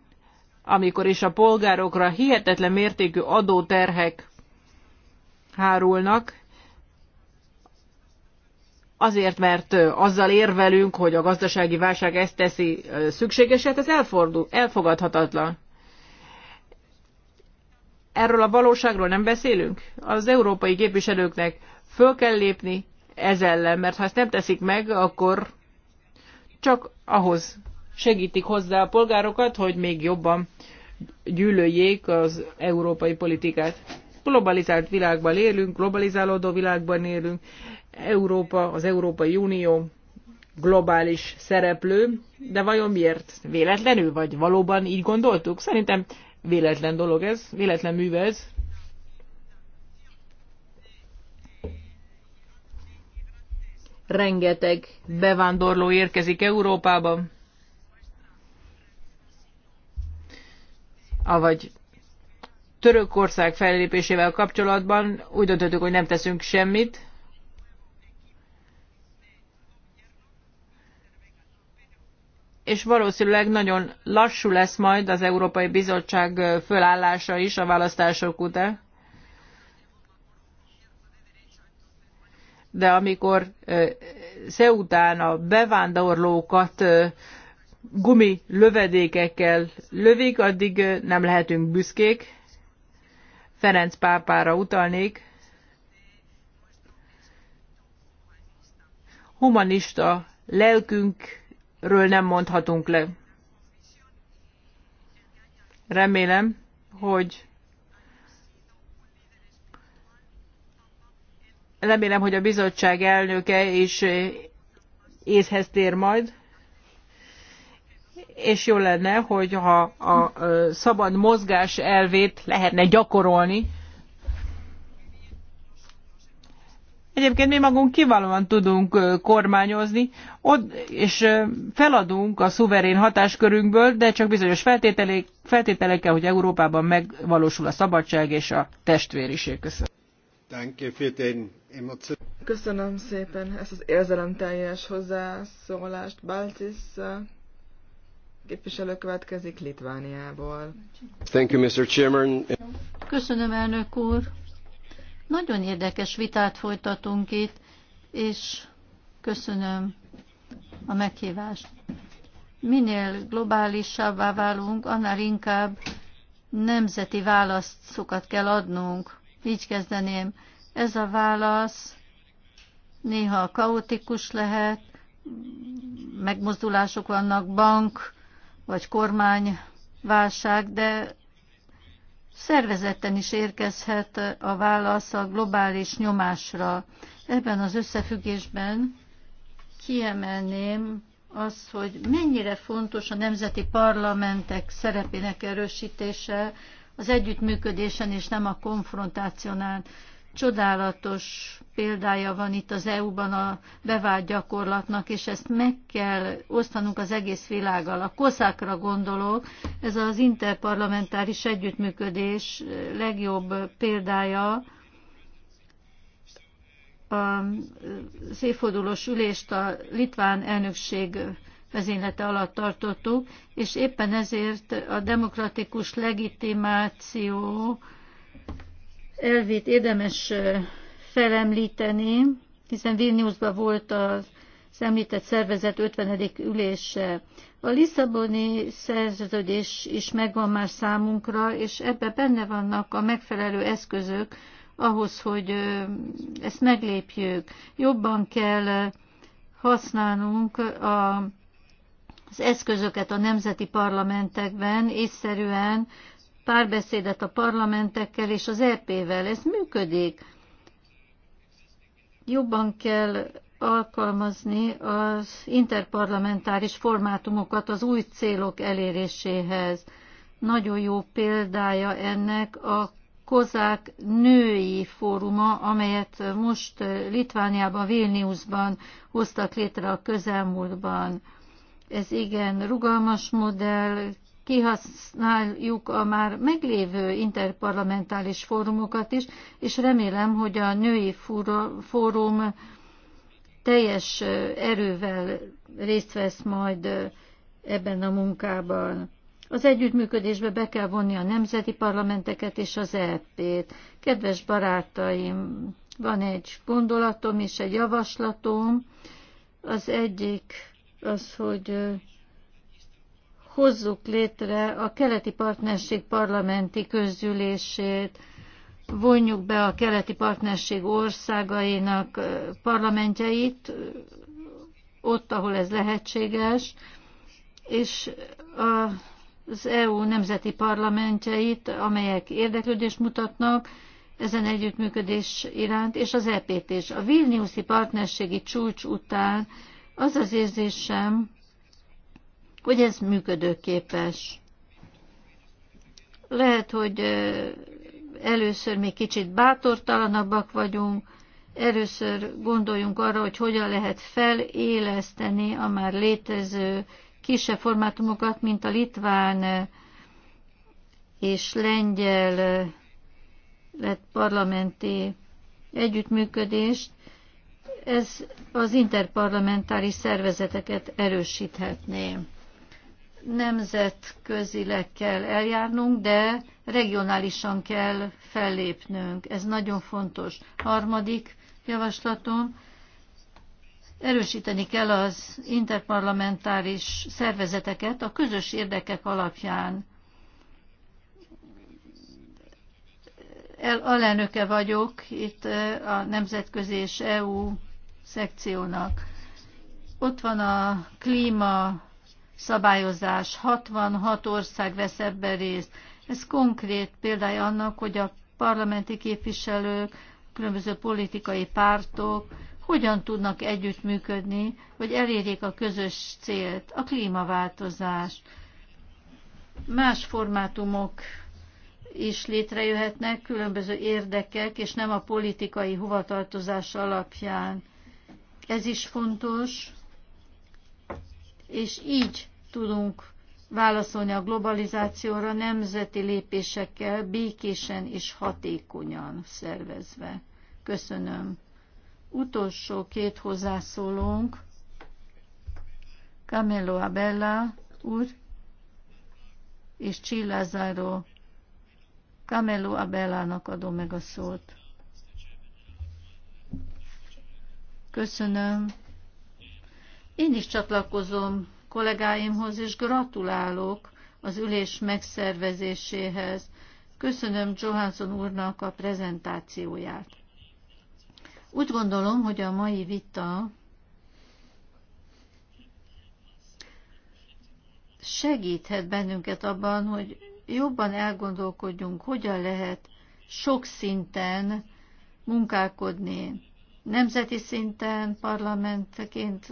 amikor is a polgárokra hihetetlen mértékű adóterhek hárulnak, azért, mert azzal érvelünk, hogy a gazdasági válság ezt teszi szükségeset, hát ez elfordul, elfogadhatatlan. Erről a valóságról nem beszélünk? Az európai képviselőknek föl kell lépni ez ellen, mert ha ezt nem teszik meg, akkor csak ahhoz segítik hozzá a polgárokat, hogy még jobban gyűlöljék az európai politikát. Globalizált világban élünk, globalizálódó világban élünk, Európa, az Európai Unió globális szereplő, de vajon miért? Véletlenül, vagy valóban így gondoltuk? Szerintem véletlen dolog ez, véletlen műve ez. Rengeteg bevándorló érkezik Európába, avagy Törökország fellépésével kapcsolatban úgy döntöttük, hogy nem teszünk semmit, és valószínűleg nagyon lassú lesz majd az Európai Bizottság fölállása is a választások után. De amikor Szeután a bevándorlókat gumi lövedékekkel lövik, addig nem lehetünk büszkék. Ferenc pápára utalnék. Humanista lelkünk ről nem mondhatunk le. Remélem, hogy remélem, hogy a bizottság elnöke is észhez tér majd, és jó lenne, hogyha a szabad mozgás elvét lehetne gyakorolni, Egyébként mi magunk kiválóan tudunk kormányozni, és feladunk a szuverén hatáskörünkből, de csak bizonyos feltételekkel, hogy Európában megvalósul a szabadság és a testvériség. Köszönöm. Köszönöm szépen ezt az érzelemteljes hozzászólást. Baltis képviselő következik Litvániából. Thank you, Mr. Chairman. Köszönöm, elnök úr. Nagyon érdekes vitát folytatunk itt, és köszönöm a meghívást. Minél globálisabbá válunk, annál inkább nemzeti válaszokat kell adnunk. Így kezdeném. Ez a válasz néha kaotikus lehet, megmozdulások vannak, bank vagy kormányválság, de szervezetten is érkezhet a válasz a globális nyomásra. Ebben az összefüggésben kiemelném azt, hogy mennyire fontos a nemzeti parlamentek szerepének erősítése az együttműködésen és nem a konfrontációnál csodálatos példája van itt az EU-ban a bevált gyakorlatnak, és ezt meg kell osztanunk az egész világgal. A koszákra gondolok, ez az interparlamentáris együttműködés legjobb példája, a évfordulós ülést a litván elnökség vezénylete alatt tartottuk, és éppen ezért a demokratikus legitimáció elvét érdemes felemlíteni, hiszen Vilniusban volt az említett szervezet 50. ülése. A Lisszaboni szerződés is megvan már számunkra, és ebben benne vannak a megfelelő eszközök ahhoz, hogy ezt meglépjük. Jobban kell használnunk a, az eszközöket a nemzeti parlamentekben, észszerűen párbeszédet a parlamentekkel és az EP-vel. Ez működik. Jobban kell alkalmazni az interparlamentáris formátumokat az új célok eléréséhez. Nagyon jó példája ennek a Kozák női fóruma, amelyet most Litvániában, Vilniusban hoztak létre a közelmúltban. Ez igen rugalmas modell, kihasználjuk a már meglévő interparlamentális fórumokat is, és remélem, hogy a női fórum teljes erővel részt vesz majd ebben a munkában. Az együttműködésbe be kell vonni a nemzeti parlamenteket és az EP-t. Kedves barátaim, van egy gondolatom és egy javaslatom. Az egyik az, hogy hozzuk létre a keleti partnerség parlamenti közgyűlését, vonjuk be a keleti partnerség országainak parlamentjeit, ott, ahol ez lehetséges, és az EU nemzeti parlamentjeit, amelyek érdeklődést mutatnak ezen együttműködés iránt, és az EPT-s. A Vilniuszi partnerségi csúcs után az az érzésem, hogy ez működőképes. Lehet, hogy először még kicsit bátortalanabbak vagyunk, először gondoljunk arra, hogy hogyan lehet feléleszteni a már létező kisebb formátumokat, mint a litván és lengyel lett parlamenti együttműködést, ez az interparlamentári szervezeteket erősíthetné nemzetközileg kell eljárnunk, de regionálisan kell fellépnünk. Ez nagyon fontos. Harmadik javaslatom, erősíteni kell az interparlamentáris szervezeteket a közös érdekek alapján. El, alelnöke vagyok itt a Nemzetközi és EU szekciónak. Ott van a klíma szabályozás. 66 ország vesz ebben részt. Ez konkrét példája annak, hogy a parlamenti képviselők, különböző politikai pártok hogyan tudnak együttműködni, hogy elérjék a közös célt, a klímaváltozást. Más formátumok is létrejöhetnek, különböző érdekek, és nem a politikai hovatartozás alapján. Ez is fontos, és így tudunk válaszolni a globalizációra nemzeti lépésekkel, békésen és hatékonyan szervezve. Köszönöm. Utolsó két hozzászólónk, Camelo Abella úr és Csillázáró. Camelo Abellának adom meg a szót. Köszönöm. Én is csatlakozom kollégáimhoz, és gratulálok az ülés megszervezéséhez. Köszönöm Johansson úrnak a prezentációját. Úgy gondolom, hogy a mai vita segíthet bennünket abban, hogy jobban elgondolkodjunk, hogyan lehet sok szinten munkálkodni nemzeti szinten, parlamentként,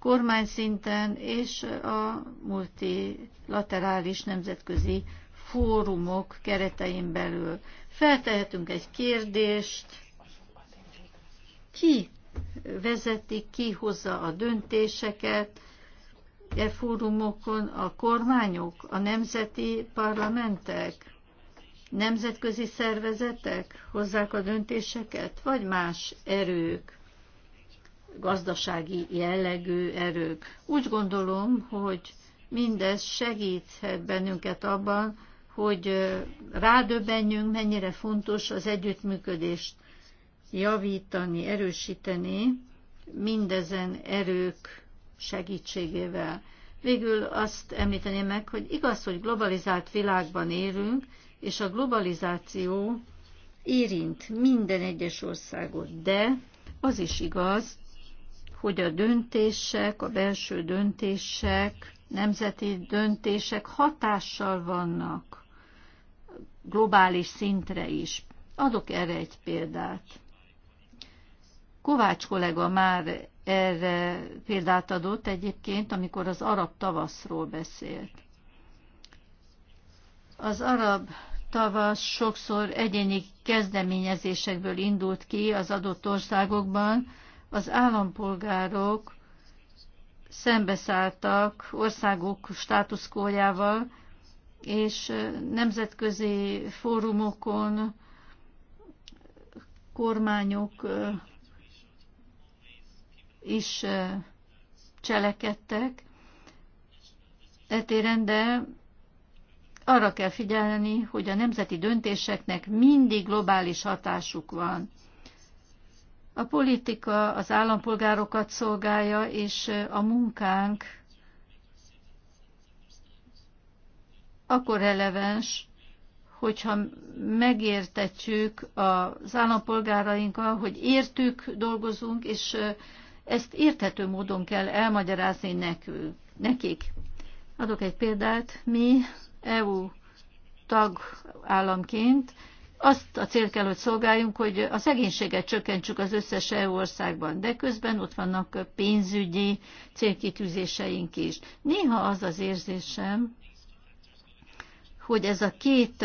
kormány szinten és a multilaterális nemzetközi fórumok keretein belül. Feltehetünk egy kérdést, ki vezeti, ki hozza a döntéseket, e fórumokon a kormányok, a nemzeti parlamentek, nemzetközi szervezetek hozzák a döntéseket, vagy más erők, gazdasági jellegű erők. Úgy gondolom, hogy mindez segíthet bennünket abban, hogy rádöbbenjünk, mennyire fontos az együttműködést javítani, erősíteni mindezen erők segítségével. Végül azt említeném meg, hogy igaz, hogy globalizált világban élünk, és a globalizáció érint minden egyes országot, de az is igaz, hogy a döntések, a belső döntések, nemzeti döntések hatással vannak globális szintre is. Adok erre egy példát. Kovács kollega már erre példát adott egyébként, amikor az arab tavaszról beszélt. Az arab tavasz sokszor egyéni kezdeményezésekből indult ki az adott országokban, az állampolgárok szembeszálltak országok státuszkójával, és nemzetközi fórumokon kormányok is cselekedtek. Etérende de arra kell figyelni, hogy a nemzeti döntéseknek mindig globális hatásuk van. A politika az állampolgárokat szolgálja, és a munkánk akkor releváns, hogyha megértetjük az állampolgárainkkal, hogy értük, dolgozunk, és ezt érthető módon kell elmagyarázni nekünk, nekik. Adok egy példát, mi EU tagállamként azt a cél kell, hogy szolgáljunk, hogy a szegénységet csökkentsük az összes EU országban, de közben ott vannak pénzügyi célkitűzéseink is. Néha az az érzésem, hogy ez a két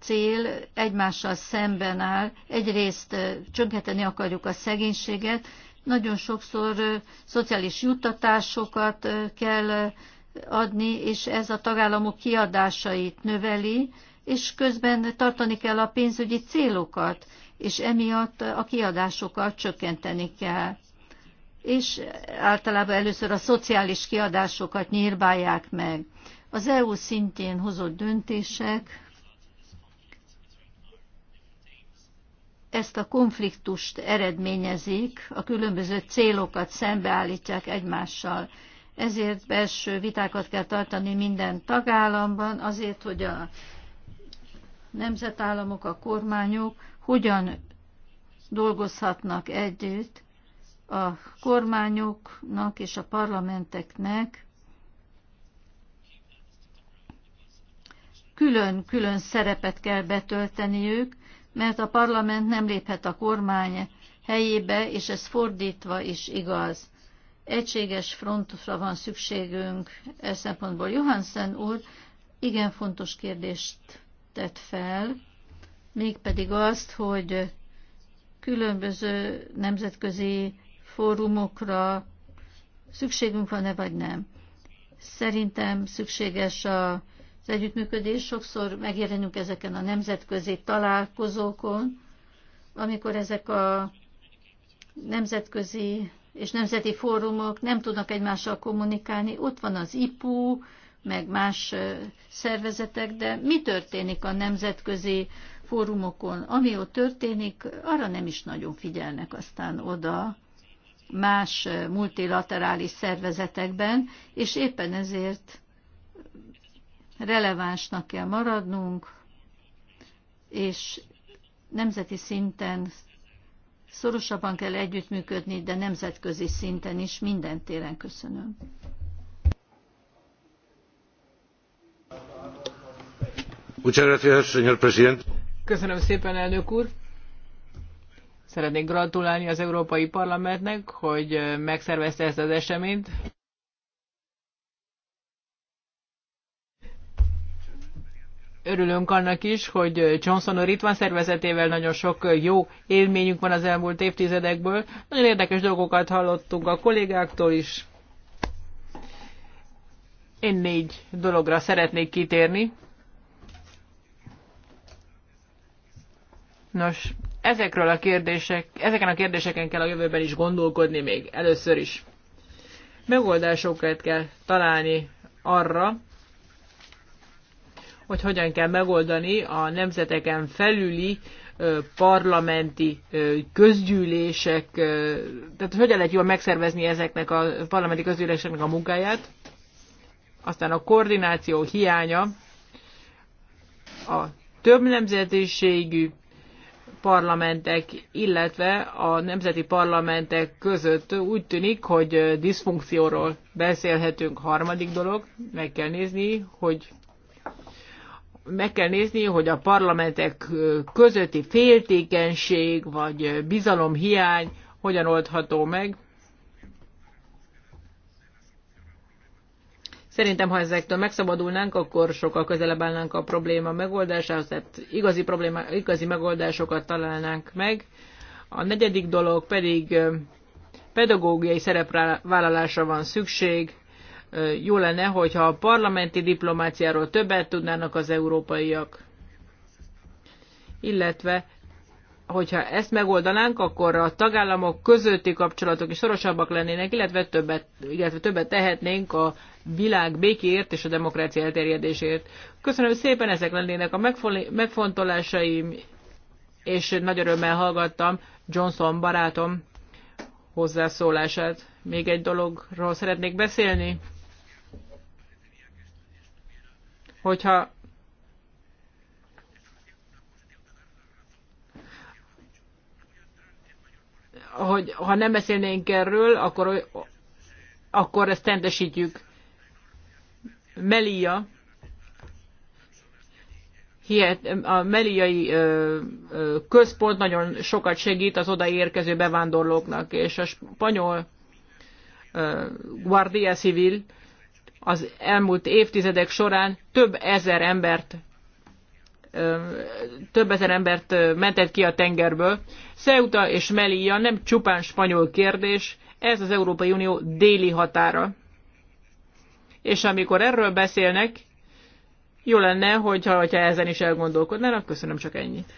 cél egymással szemben áll. Egyrészt csökkenteni akarjuk a szegénységet, nagyon sokszor szociális juttatásokat kell adni, és ez a tagállamok kiadásait növeli, és közben tartani kell a pénzügyi célokat, és emiatt a kiadásokat csökkenteni kell. És általában először a szociális kiadásokat nyírbálják meg. Az EU szintén hozott döntések ezt a konfliktust eredményezik, a különböző célokat szembeállítják egymással ezért belső vitákat kell tartani minden tagállamban, azért, hogy a nemzetállamok, a kormányok hogyan dolgozhatnak együtt a kormányoknak és a parlamenteknek külön-külön szerepet kell betölteniük, mert a parlament nem léphet a kormány helyébe, és ez fordítva is igaz egységes frontra van szükségünk e szempontból. Johansen úr igen fontos kérdést tett fel, mégpedig azt, hogy különböző nemzetközi fórumokra szükségünk van-e vagy nem. Szerintem szükséges az együttműködés, sokszor megjelenünk ezeken a nemzetközi találkozókon, amikor ezek a nemzetközi és nemzeti fórumok nem tudnak egymással kommunikálni. Ott van az IPU, meg más szervezetek, de mi történik a nemzetközi fórumokon? Ami ott történik, arra nem is nagyon figyelnek aztán oda más multilaterális szervezetekben, és éppen ezért relevánsnak kell maradnunk, és nemzeti szinten Szorosabban kell együttműködni, de nemzetközi szinten is minden téren köszönöm. Köszönöm szépen, elnök úr! Szeretnék gratulálni az Európai Parlamentnek, hogy megszervezte ezt az eseményt. örülünk annak is, hogy Johnson a van szervezetével nagyon sok jó élményünk van az elmúlt évtizedekből. Nagyon érdekes dolgokat hallottunk a kollégáktól is. Én négy dologra szeretnék kitérni. Nos, ezekről a kérdések, ezeken a kérdéseken kell a jövőben is gondolkodni még először is. Megoldásokat kell találni arra, hogy hogyan kell megoldani a nemzeteken felüli parlamenti közgyűlések, tehát hogyan lehet jól megszervezni ezeknek a parlamenti közgyűléseknek a munkáját. Aztán a koordináció hiánya, a több nemzetiségű parlamentek, illetve a nemzeti parlamentek között úgy tűnik, hogy diszfunkcióról beszélhetünk. Harmadik dolog, meg kell nézni, hogy meg kell nézni, hogy a parlamentek közötti féltékenység vagy bizalomhiány hogyan oldható meg. Szerintem, ha ezektől megszabadulnánk, akkor sokkal közelebb állnánk a probléma megoldásához, tehát igazi, probléma, igazi megoldásokat találnánk meg. A negyedik dolog pedig pedagógiai szerepvállalásra van szükség jó lenne, hogyha a parlamenti diplomáciáról többet tudnának az európaiak. Illetve, hogyha ezt megoldanánk, akkor a tagállamok közötti kapcsolatok is szorosabbak lennének, illetve többet, illetve többet tehetnénk a világ békéért és a demokrácia elterjedésért. Köszönöm szépen, ezek lennének a megfontolásaim, és nagy örömmel hallgattam Johnson barátom hozzászólását. Még egy dologról szeretnék beszélni. hogyha hogy ha nem beszélnénk erről, akkor, akkor ezt tentesítjük. Melia, hihet, a meliai központ nagyon sokat segít az odaérkező bevándorlóknak, és a spanyol Guardia Civil az elmúlt évtizedek során több ezer embert több ezer embert mentett ki a tengerből. Ceuta és Melilla nem csupán spanyol kérdés, ez az Európai Unió déli határa. És amikor erről beszélnek, jó lenne, hogyha, hogyha ezen is elgondolkodnának. Köszönöm csak ennyit.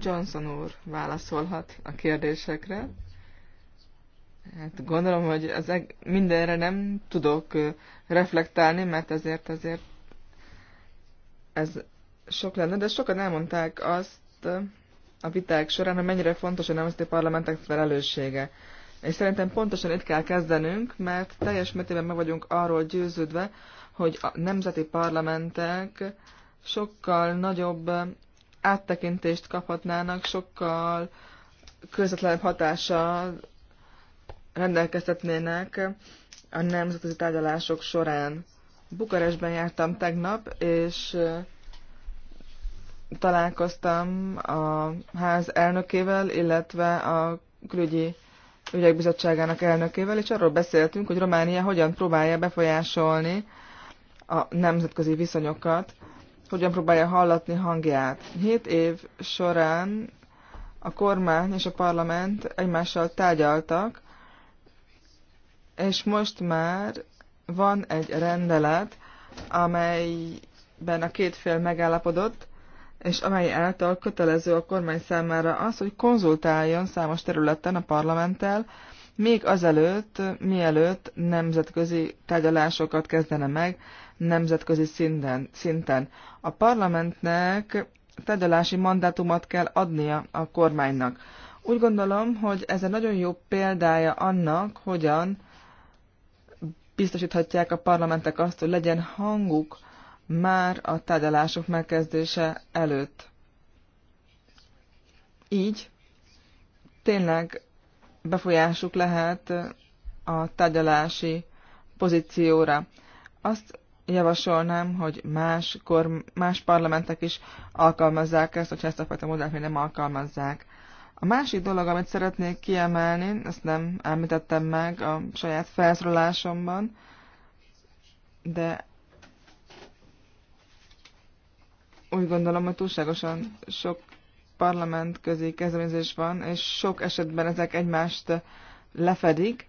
Johnson úr válaszolhat a kérdésekre. Hát gondolom, hogy az eg- mindenre nem tudok reflektálni, mert ezért azért ez sok lenne, de sokan elmondták azt a viták során, hogy mennyire fontos a nemzeti parlamentek felelőssége. És szerintem pontosan itt kell kezdenünk, mert teljes mértékben meg vagyunk arról győződve, hogy a nemzeti parlamentek sokkal nagyobb áttekintést kaphatnának, sokkal közvetlenebb hatása rendelkeztetnének a nemzetközi tárgyalások során. Bukarestben jártam tegnap, és eh, találkoztam a ház elnökével, illetve a külügyi ügyekbizottságának elnökével, és arról beszéltünk, hogy Románia hogyan próbálja befolyásolni a nemzetközi viszonyokat hogyan próbálja hallatni hangját. Hét év során a kormány és a parlament egymással tárgyaltak, és most már van egy rendelet, amelyben a két fél megállapodott, és amely által kötelező a kormány számára az, hogy konzultáljon számos területen a parlamenttel, még azelőtt, mielőtt nemzetközi tárgyalásokat kezdene meg nemzetközi szinten. szinten. A parlamentnek tárgyalási mandátumot kell adnia a kormánynak. Úgy gondolom, hogy ez egy nagyon jó példája annak, hogyan biztosíthatják a parlamentek azt, hogy legyen hanguk már a tárgyalások megkezdése előtt. Így tényleg befolyásuk lehet a tárgyalási pozícióra. Azt javasolnám, hogy más, korm, más parlamentek is alkalmazzák ezt, hogyha ezt a fajta modellt még nem alkalmazzák. A másik dolog, amit szeretnék kiemelni, ezt nem említettem meg a saját felszólalásomban, de úgy gondolom, hogy túlságosan sok parlament közé kezdeményezés van, és sok esetben ezek egymást lefedik.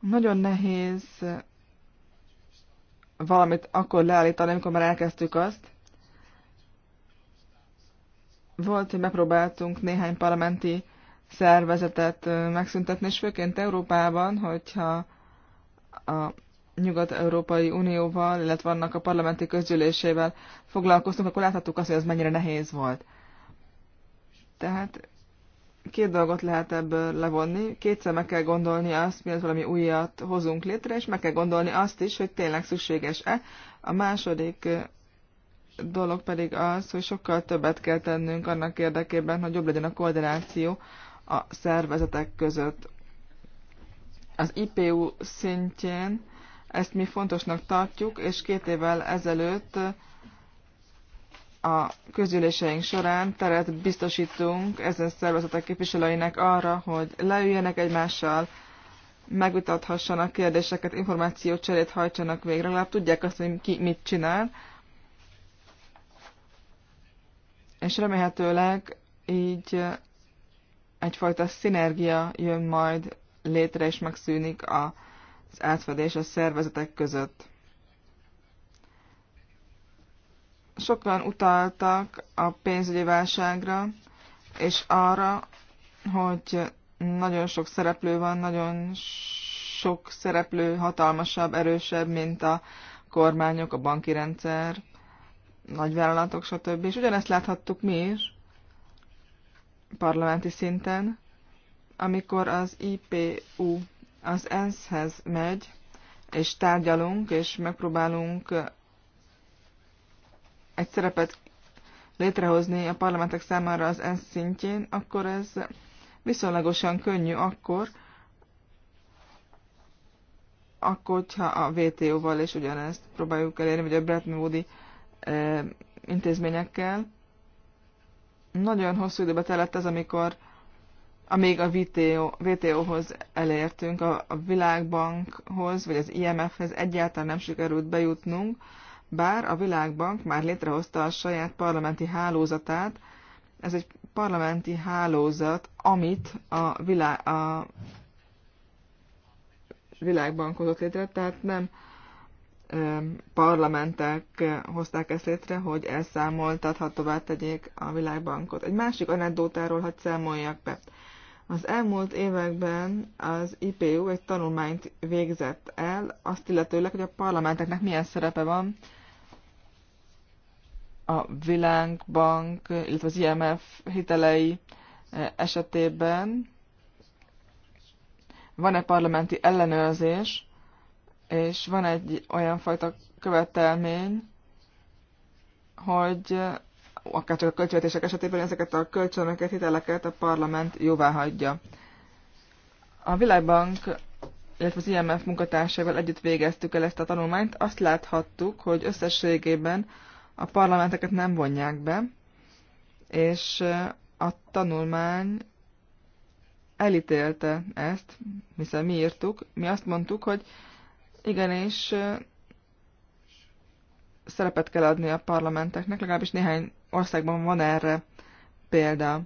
Nagyon nehéz valamit akkor leállítani, amikor már elkezdtük azt. Volt, hogy megpróbáltunk néhány parlamenti szervezetet megszüntetni, és főként Európában, hogyha a Nyugat-Európai Unióval, illetve annak a parlamenti közgyűlésével foglalkoztunk, akkor láthattuk azt, hogy ez mennyire nehéz volt. Tehát két dolgot lehet ebből levonni. Kétszer meg kell gondolni azt, miért valami újat hozunk létre, és meg kell gondolni azt is, hogy tényleg szükséges-e. A második dolog pedig az, hogy sokkal többet kell tennünk annak érdekében, hogy jobb legyen a koordináció a szervezetek között. Az IPU szintjén ezt mi fontosnak tartjuk, és két évvel ezelőtt a közüléseink során teret biztosítunk ezen szervezetek képviselőinek arra, hogy leüljenek egymással, megvitathassanak kérdéseket, cserét hajtsanak végre, legalább tudják azt, hogy ki mit csinál, és remélhetőleg így egyfajta szinergia jön majd létre, és megszűnik az átfedés a szervezetek között. Sokan utaltak a pénzügyi válságra, és arra, hogy nagyon sok szereplő van, nagyon sok szereplő hatalmasabb, erősebb, mint a kormányok, a banki rendszer, nagyvállalatok, stb. És ugyanezt láthattuk mi is parlamenti szinten, amikor az IPU az ENSZ-hez megy, és tárgyalunk, és megpróbálunk egy szerepet létrehozni a parlamentek számára az ENSZ szintjén, akkor ez viszonylagosan könnyű akkor, akkor, hogyha a WTO-val és ugyanezt próbáljuk elérni, vagy a Bretton Woods eh, intézményekkel. Nagyon hosszú időbe telett ez, amikor amíg a VTO WTO-hoz elértünk, a, a Világbankhoz, vagy az IMF-hez egyáltalán nem sikerült bejutnunk, bár a Világbank már létrehozta a saját parlamenti hálózatát, ez egy parlamenti hálózat, amit a, világ, a Világbank hozott létre, tehát nem parlamentek hozták ezt létre, hogy elszámoltathatóvá tegyék a világbankot. Egy másik anekdótáról hadd számoljak be. Az elmúlt években az IPU egy tanulmányt végzett el, azt illetőleg, hogy a parlamenteknek milyen szerepe van a Világbank, illetve az IMF hitelei eh, esetében van-e parlamenti ellenőrzés, és van egy olyan fajta követelmény, hogy eh, akár csak a költségvetések esetében ezeket a kölcsönöket, hiteleket a parlament jóvá hagyja. A Világbank, illetve az IMF munkatársával együtt végeztük el ezt a tanulmányt, azt láthattuk, hogy összességében a parlamenteket nem vonják be, és eh, a tanulmány elítélte ezt, hiszen mi írtuk, mi azt mondtuk, hogy igenis eh, szerepet kell adni a parlamenteknek, legalábbis néhány országban van erre példa.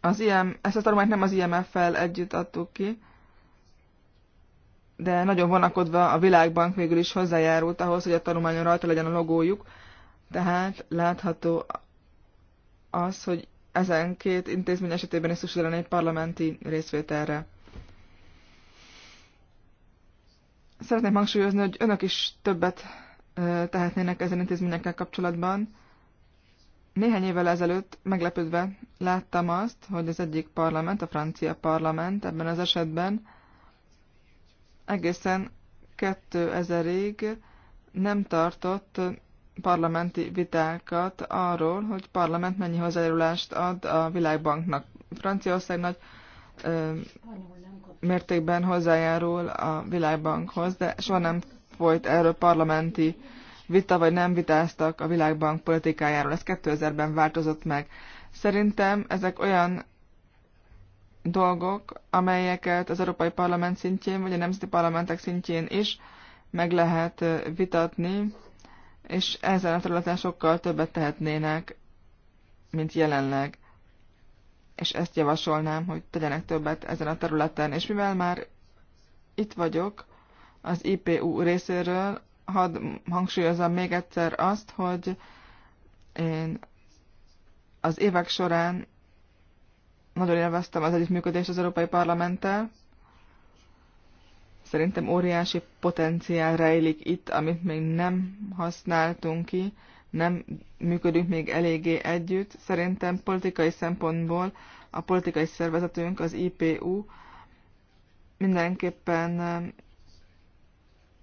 Az IM, ezt a tanulmányt nem az IMF-fel együtt adtuk ki, de nagyon vonakodva a világbank végül is hozzájárult ahhoz, hogy a tanulmányon rajta legyen a logójuk, tehát látható az, hogy ezen két intézmény esetében is szükség lenne egy parlamenti részvételre. Szeretném hangsúlyozni, hogy önök is többet tehetnének ezen intézményekkel kapcsolatban. Néhány évvel ezelőtt meglepődve láttam azt, hogy az egyik parlament, a francia parlament ebben az esetben egészen 2000-ig nem tartott parlamenti vitákat arról, hogy parlament mennyi hozzájárulást ad a világbanknak. Franciaország nagy ö, mértékben hozzájárul a világbankhoz, de soha nem folyt erről parlamenti vita, vagy nem vitáztak a világbank politikájáról. Ez 2000-ben változott meg. Szerintem ezek olyan dolgok, amelyeket az Európai Parlament szintjén, vagy a nemzeti parlamentek szintjén is meg lehet vitatni, és ezen a területen sokkal többet tehetnének, mint jelenleg. És ezt javasolnám, hogy tegyenek többet ezen a területen. És mivel már itt vagyok az IPU részéről, hadd hangsúlyozom még egyszer azt, hogy én az évek során nagyon élveztem az együttműködést az Európai Parlamenttel. Szerintem óriási potenciál rejlik itt, amit még nem használtunk ki, nem működünk még eléggé együtt. Szerintem politikai szempontból a politikai szervezetünk, az IPU mindenképpen eh,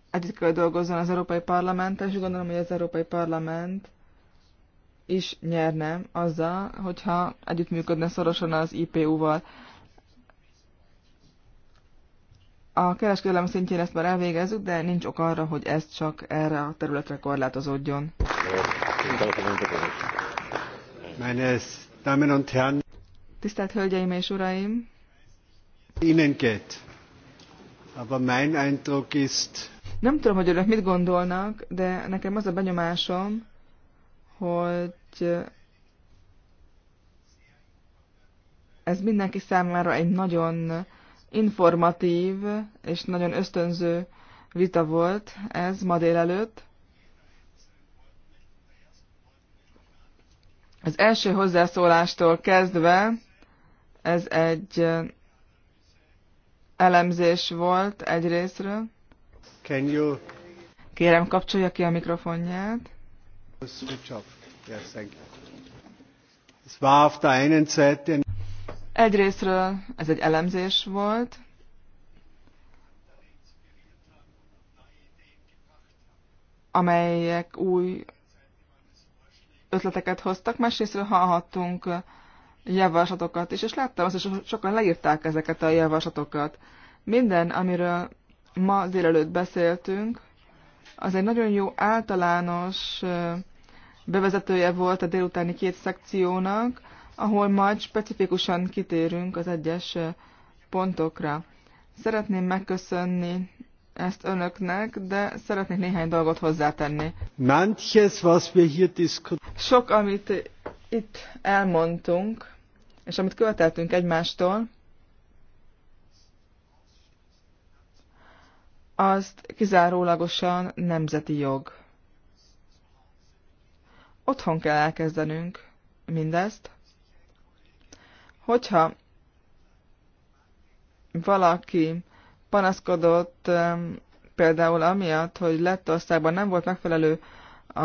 együtt kell dolgozzon az Európai Parlamenttel, és gondolom, hogy az Európai Parlament is nyerne azzal, hogyha együttműködne szorosan az IPU-val. A kereskedelem szintjén ezt már elvégezzük, de nincs ok arra, hogy ez csak erre a területre korlátozódjon. Tisztelt Hölgyeim és Uraim! Ihnen geht. Aber mein Eindruck ist... Nem tudom, hogy önök mit gondolnak, de nekem az a benyomásom, hogy ez mindenki számára egy nagyon informatív és nagyon ösztönző vita volt ez ma délelőtt. Az első hozzászólástól kezdve ez egy elemzés volt egyrésztről. Can you... Kérem, kapcsolja ki a mikrofonját. Egyrésztről ez egy elemzés volt, amelyek új ötleteket hoztak, másrésztről hallhattunk javaslatokat is, és láttam azt, hogy sokan leírták ezeket a javaslatokat. Minden, amiről ma délelőtt beszéltünk, az egy nagyon jó általános bevezetője volt a délutáni két szekciónak, ahol majd specifikusan kitérünk az egyes pontokra. Szeretném megköszönni ezt önöknek, de szeretnék néhány dolgot hozzátenni. Manches, was wir hier Sok, amit itt elmondtunk, és amit követeltünk egymástól, azt kizárólagosan nemzeti jog otthon kell elkezdenünk mindezt. Hogyha valaki panaszkodott például amiatt, hogy lett országban nem volt megfelelő a,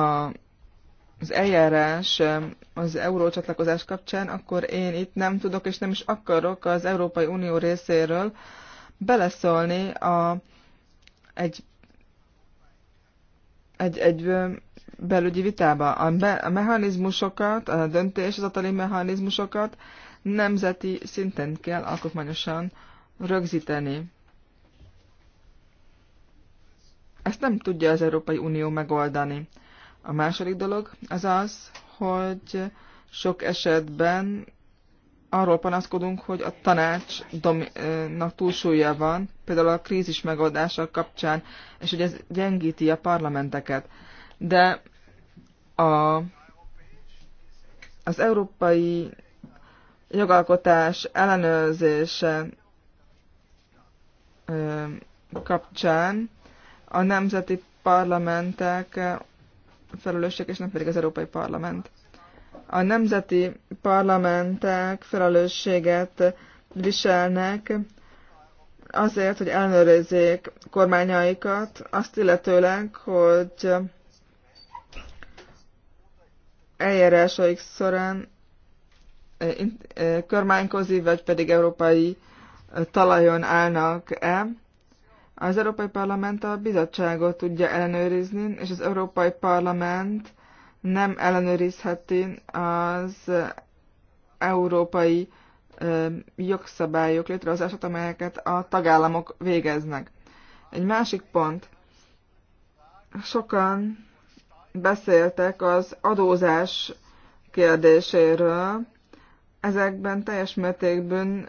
az eljárás az eurócsatlakozás kapcsán, akkor én itt nem tudok és nem is akarok az Európai Unió részéről beleszólni a, egy, egy, egy belügyi vitába. A, me- a mechanizmusokat, a atali mechanizmusokat nemzeti szinten kell alkotmányosan rögzíteni. Ezt nem tudja az Európai Unió megoldani. A második dolog az az, hogy sok esetben arról panaszkodunk, hogy a tanácsnak túlsúlya van, például a krízis megoldása kapcsán, és hogy ez gyengíti a parlamenteket de a, az európai jogalkotás ellenőrzése kapcsán a nemzeti parlamentek felelősek, és nem pedig az Európai Parlament. A nemzeti parlamentek felelősséget viselnek azért, hogy ellenőrizzék kormányaikat, azt illetőleg, hogy eljárásaik során eh, eh, kormánykozi, vagy pedig európai eh, talajon állnak-e. Az Európai Parlament a bizottságot tudja ellenőrizni, és az Európai Parlament nem ellenőrizheti az európai jogszabályok létrehozását, amelyeket a tagállamok végeznek. Egy másik pont. Sokan beszéltek az adózás kérdéséről. Ezekben teljes mértékben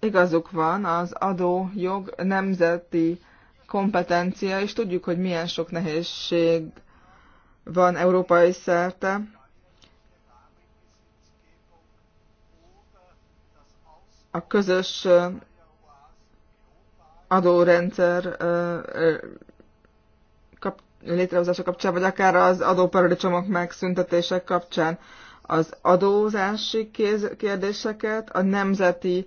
igazuk van, az adó jog nemzeti kompetencia, és tudjuk, hogy milyen sok nehézség van európai szerte. A közös adórendszer létrehozása kapcsán, vagy akár az adóparadicsomok megszüntetése kapcsán az adózási kérdéseket a nemzeti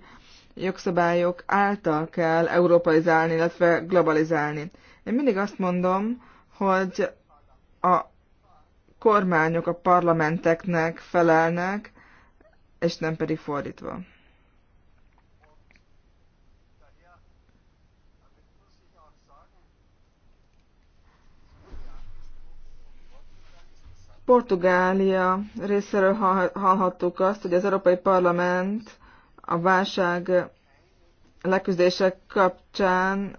jogszabályok által kell európaizálni, illetve globalizálni. Én mindig azt mondom, hogy a kormányok a parlamenteknek felelnek, és nem pedig fordítva. Portugália részéről hallhattuk azt, hogy az Európai Parlament a válság leküzdések kapcsán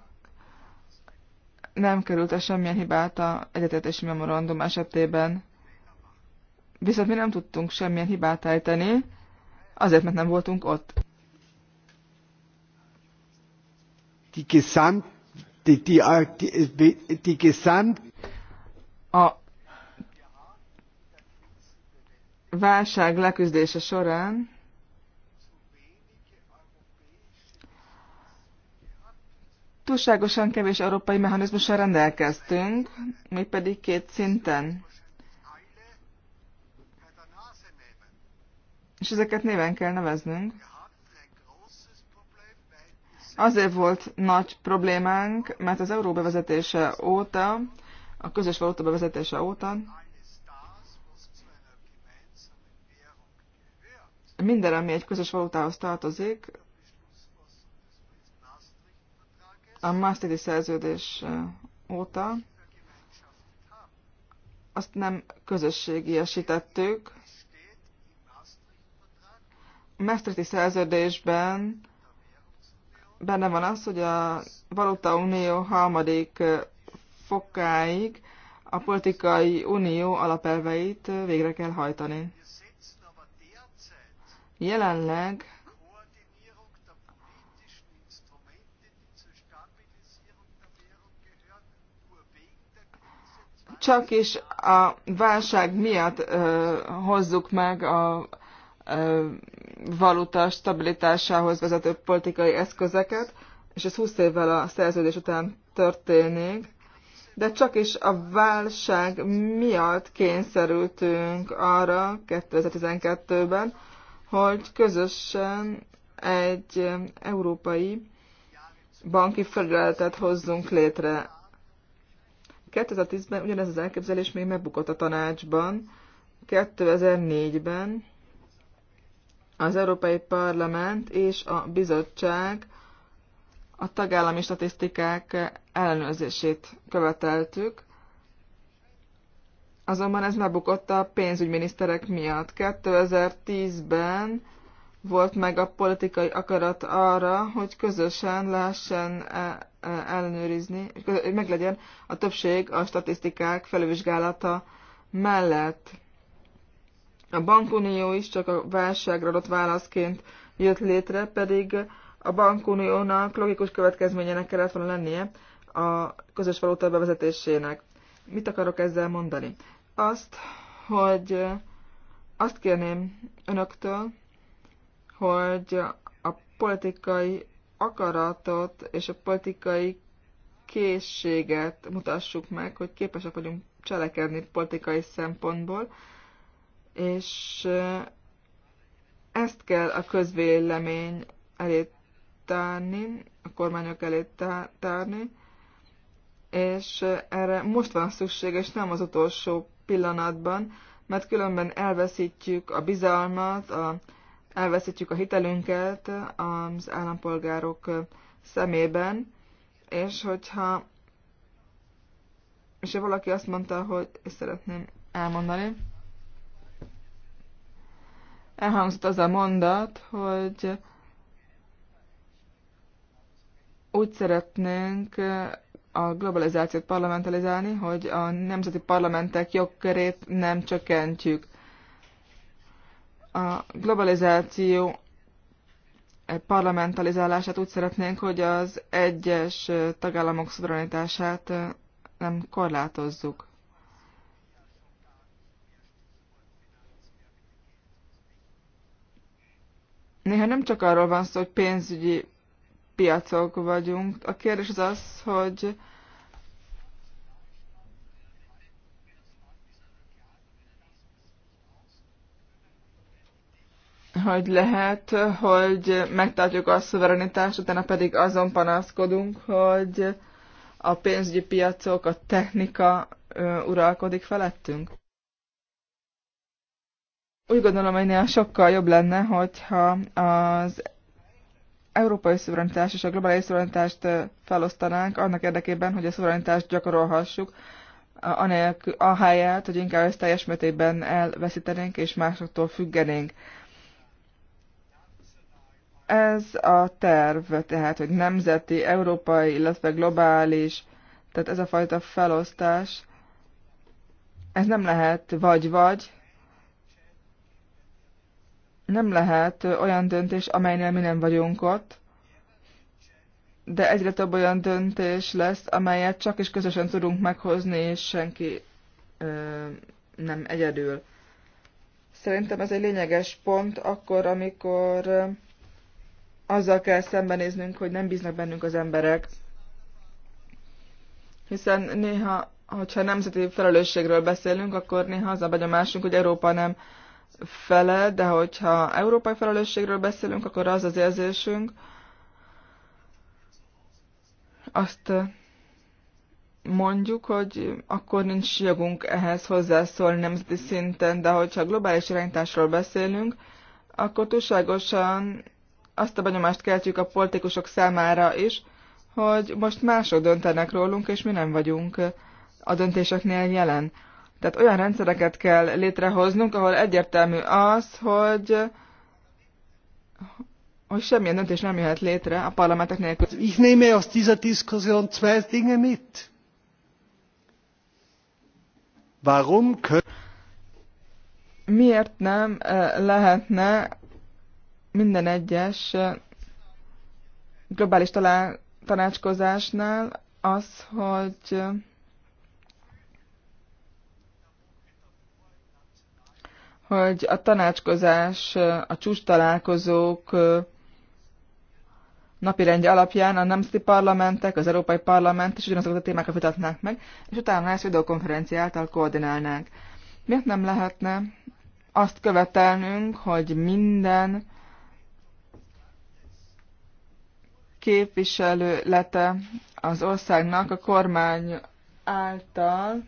nem került a semmilyen hibát a egyetetési memorandum esetében. Viszont mi nem tudtunk semmilyen hibát ejteni, azért, mert nem voltunk ott. Die gesamt, die, die, die, die gesamt... A válság leküzdése során túlságosan kevés európai mechanizmussal rendelkeztünk, mi pedig két szinten. És ezeket néven kell neveznünk. Azért volt nagy problémánk, mert az euró bevezetése óta, a közös valuta bevezetése óta minden, ami egy közös valutához tartozik, a Maastrichti szerződés óta, azt nem közösségiesítettük. A Maastrichti szerződésben benne van az, hogy a Valuta Unió harmadik fokáig a politikai unió alapelveit végre kell hajtani. Jelenleg csak is a válság miatt uh, hozzuk meg a uh, valuta stabilitásához vezető politikai eszközeket, és ez 20 évvel a szerződés után történik, de csak is a válság miatt kényszerültünk arra 2012-ben, hogy közösen egy európai banki felületet hozzunk létre. 2010-ben ugyanez az elképzelés még megbukott a tanácsban, 2004-ben az Európai Parlament és a bizottság a tagállami statisztikák ellenőrzését követeltük, Azonban ez megbukott a pénzügyminiszterek miatt. 2010-ben volt meg a politikai akarat arra, hogy közösen lehessen e, e, ellenőrizni, hogy meglegyen a többség a statisztikák felvizsgálata mellett. A bankunió is csak a válságra adott válaszként jött létre, pedig a bankuniónak logikus következményének kellett volna lennie a közös valóta bevezetésének. Mit akarok ezzel mondani? azt, hogy azt kérném önöktől, hogy a politikai akaratot és a politikai készséget mutassuk meg, hogy képesek vagyunk cselekedni politikai szempontból, és ezt kell a közvélemény elé tárni, a kormányok elé tárni, és erre most van szükség, és nem az utolsó pillanatban, mert különben elveszítjük a bizalmat, a, elveszítjük a hitelünket az állampolgárok szemében, és hogyha és valaki azt mondta, hogy ezt szeretném elmondani, elhangzott az a mondat, hogy úgy szeretnénk a globalizációt parlamentalizálni, hogy a nemzeti parlamentek jogkörét nem csökkentjük. A globalizáció parlamentalizálását úgy szeretnénk, hogy az egyes tagállamok szuverenitását nem korlátozzuk. Néha nem csak arról van szó, hogy pénzügyi piacok vagyunk. A kérdés az az, hogy hogy lehet, hogy megtartjuk a szuverenitást, utána pedig azon panaszkodunk, hogy a pénzügyi piacok, a technika uralkodik felettünk. Úgy gondolom, hogy néha sokkal jobb lenne, hogyha az európai szuverenitást és a globális szuverenitást felosztanánk annak érdekében, hogy a szuverenitást gyakorolhassuk, anélkül, a helyet, hogy inkább ezt teljes mértékben elveszítenénk és másoktól függenénk. Ez a terv, tehát, hogy nemzeti, európai, illetve globális, tehát ez a fajta felosztás, ez nem lehet vagy-vagy, nem lehet olyan döntés, amelynél mi nem vagyunk ott, de egyre több olyan döntés lesz, amelyet csak is közösen tudunk meghozni, és senki ö, nem egyedül. Szerintem ez egy lényeges pont akkor, amikor ö, azzal kell szembenéznünk, hogy nem bíznak bennünk az emberek. Hiszen néha, hogyha nemzeti felelősségről beszélünk, akkor néha az a benyomásunk, hogy Európa nem ö, fele, de hogyha európai felelősségről beszélünk, akkor az az érzésünk, azt mondjuk, hogy akkor nincs jogunk ehhez hozzászólni nemzeti szinten, de hogyha globális irányításról beszélünk, akkor túlságosan azt a benyomást keltjük a politikusok számára is, hogy most mások döntenek rólunk, és mi nem vagyunk a döntéseknél jelen. Tehát olyan rendszereket kell létrehoznunk, ahol egyértelmű az, hogy hogy semmilyen döntés nem jöhet létre a parlamentek nélkül. Hát ich nehme aus dieser Diskussion zwei Dinge mit. Warum Miért nem eh, lehetne minden egyes eh, globális tanácskozásnál az, hogy eh, hogy a tanácskozás, a csúcs találkozók napirendje alapján a nemzeti parlamentek, az Európai Parlament is ugyanazokat a témákat vitatnák meg, és utána ezt videokonferencia által koordinálnánk. Miért nem lehetne azt követelnünk, hogy minden képviselő lete az országnak a kormány által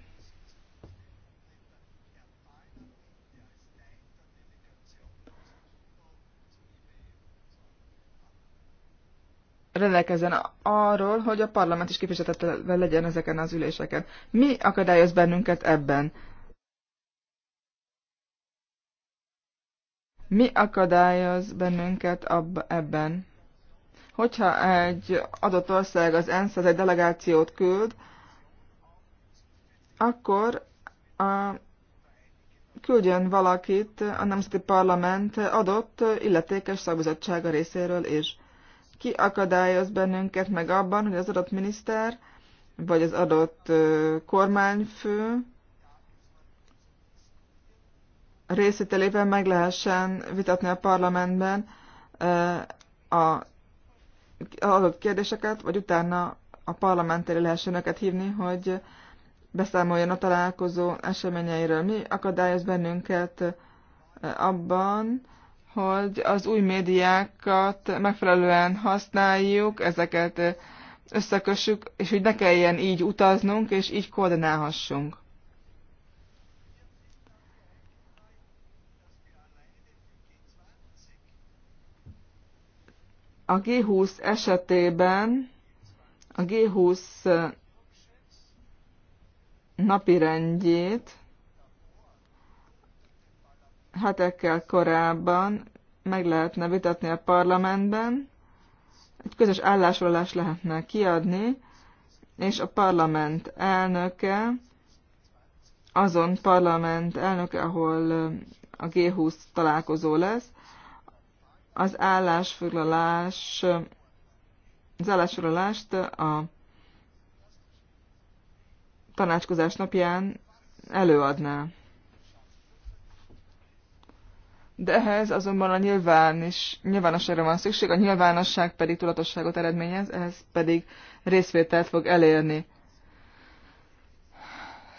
rendelkezzen arról, hogy a parlament is képviseltetve legyen ezeken az üléseken. Mi akadályoz bennünket ebben? Mi akadályoz bennünket ab, ebben? Hogyha egy adott ország az ENSZ az egy delegációt küld, akkor a, küldjön valakit a Nemzeti Parlament adott illetékes szakbizottsága részéről is ki akadályoz bennünket meg abban, hogy az adott miniszter vagy az adott kormányfő részételével meg lehessen vitatni a parlamentben a adott kérdéseket, vagy utána a parlament elé lehessen őket hívni, hogy beszámoljon a találkozó eseményeiről. Mi akadályoz bennünket abban, hogy az új médiákat megfelelően használjuk, ezeket összekössük, és hogy ne kelljen így utaznunk, és így koordinálhassunk. A G20 esetében a G20 napirendjét hetekkel korábban meg lehetne vitatni a parlamentben, egy közös állásfoglalást lehetne kiadni, és a parlament elnöke, azon parlament elnöke, ahol a G20 találkozó lesz, az állásfoglalás, az állásfoglalást a tanácskozás napján előadná de ehhez azonban a nyilván is, nyilvánosságra van szükség, a nyilvánosság pedig tudatosságot eredményez, ehhez pedig részvételt fog elérni.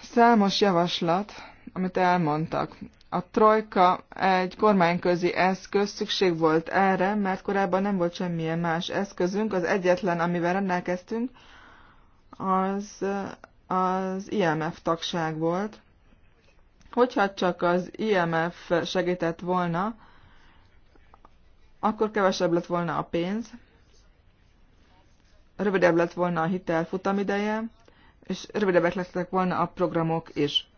Számos javaslat, amit elmondtak. A trojka egy kormányközi eszköz, szükség volt erre, mert korábban nem volt semmilyen más eszközünk, az egyetlen, amivel rendelkeztünk, az, az IMF tagság volt, Hogyha csak az IMF segített volna, akkor kevesebb lett volna a pénz, rövidebb lett volna a hitel futamideje, és rövidebbek lettek volna a programok is.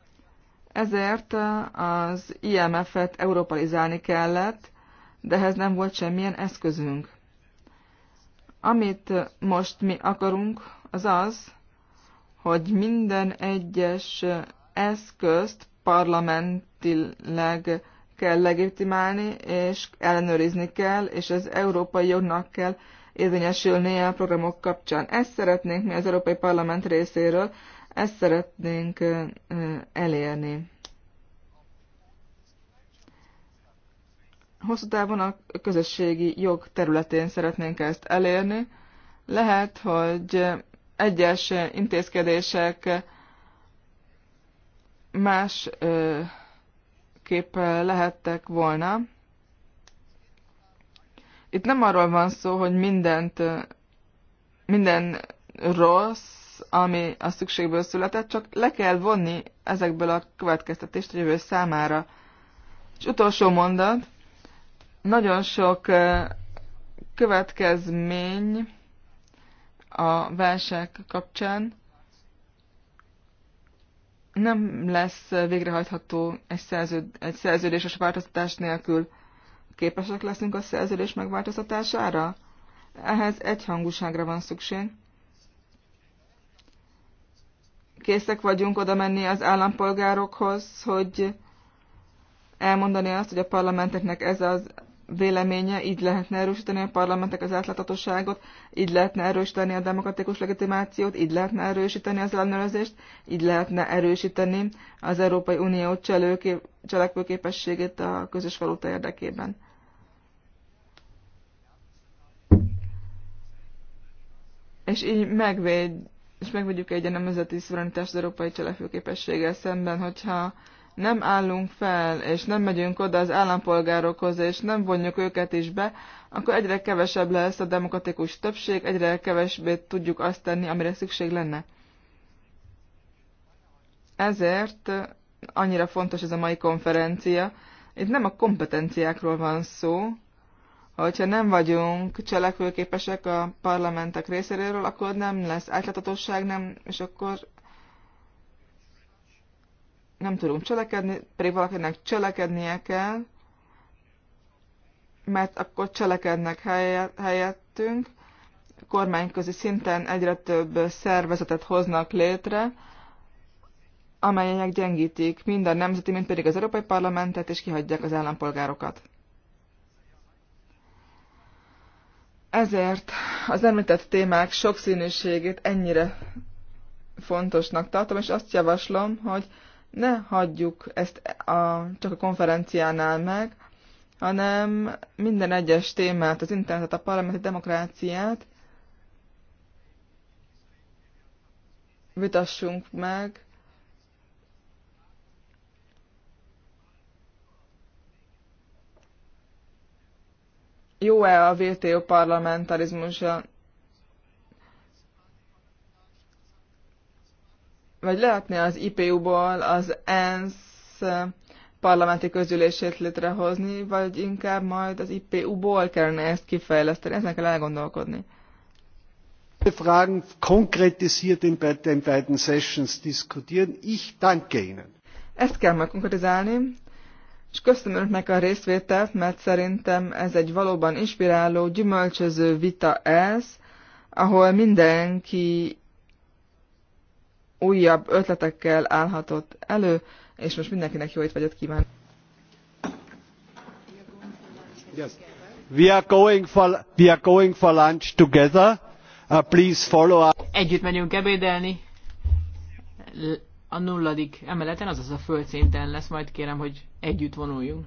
Ezért uh, az IMF-et európalizálni kellett, de ehhez nem volt semmilyen eszközünk. Amit most mi akarunk, az az, hogy minden egyes eszközt parlamentileg kell legitimálni, és ellenőrizni kell, és az európai jognak kell érvényesülnie a programok kapcsán. Ezt szeretnénk mi az Európai Parlament részéről, ezt szeretnénk elérni. Hosszú távon a közösségi jog területén szeretnénk ezt elérni. Lehet, hogy egyes intézkedések más kép lehettek volna. Itt nem arról van szó, hogy mindent, minden rossz, ami a szükségből született, csak le kell vonni ezekből a következtetést a jövő számára. És utolsó mondat, nagyon sok következmény a válság kapcsán nem lesz végrehajtható egy, szerződ, egy szerződéses változtatás nélkül. Képesek leszünk a szerződés megváltoztatására? Ehhez egyhangúságra van szükség. Készek vagyunk oda menni az állampolgárokhoz, hogy elmondani azt, hogy a parlamenteknek ez az véleménye, így lehetne erősíteni a parlamentek az átláthatóságot, így lehetne erősíteni a demokratikus legitimációt, így lehetne erősíteni az ellenőrzést, így lehetne erősíteni az Európai Unió cselekvőképességét a közös valóta érdekében. És így megvéd, és megvédjük egy nemzeti szuverenitást az európai cselekvőképességgel szemben, hogyha nem állunk fel, és nem megyünk oda az állampolgárokhoz, és nem vonjuk őket is be, akkor egyre kevesebb lesz a demokratikus többség, egyre kevesbé tudjuk azt tenni, amire szükség lenne. Ezért annyira fontos ez a mai konferencia. Itt nem a kompetenciákról van szó, hogyha nem vagyunk cselekvőképesek a parlamentek részéről, akkor nem lesz átláthatóság, nem, és akkor nem tudunk cselekedni, pedig valakinek cselekednie kell, mert akkor cselekednek helyettünk. Kormányközi szinten egyre több szervezetet hoznak létre, amelyek gyengítik mind a nemzeti, mind pedig az Európai Parlamentet, és kihagyják az állampolgárokat. Ezért az említett témák sokszínűségét ennyire fontosnak tartom, és azt javaslom, hogy ne hagyjuk ezt a, csak a konferenciánál meg, hanem minden egyes témát, az internetet, a parlamenti demokráciát vitassunk meg, jó-e a VTO parlamentarizmusa vagy lehetné az IPU-ból az ENSZ eh, parlamenti közülését létrehozni, vagy inkább majd az IPU-ból kellene ezt kifejleszteni, ezen kell elgondolkodni. Ezt kell majd konkretizálni, és köszönöm önöknek a részvételt, mert szerintem ez egy valóban inspiráló, gyümölcsöző vita ez, ahol mindenki újabb ötletekkel állhatott elő, és most mindenkinek jó étvágyat kíván. Yes. We are going for, we are going for lunch together. Uh, please follow up. Együtt megyünk ebédelni. A nulladik emeleten, azaz a földszinten lesz, majd kérem, hogy együtt vonuljunk.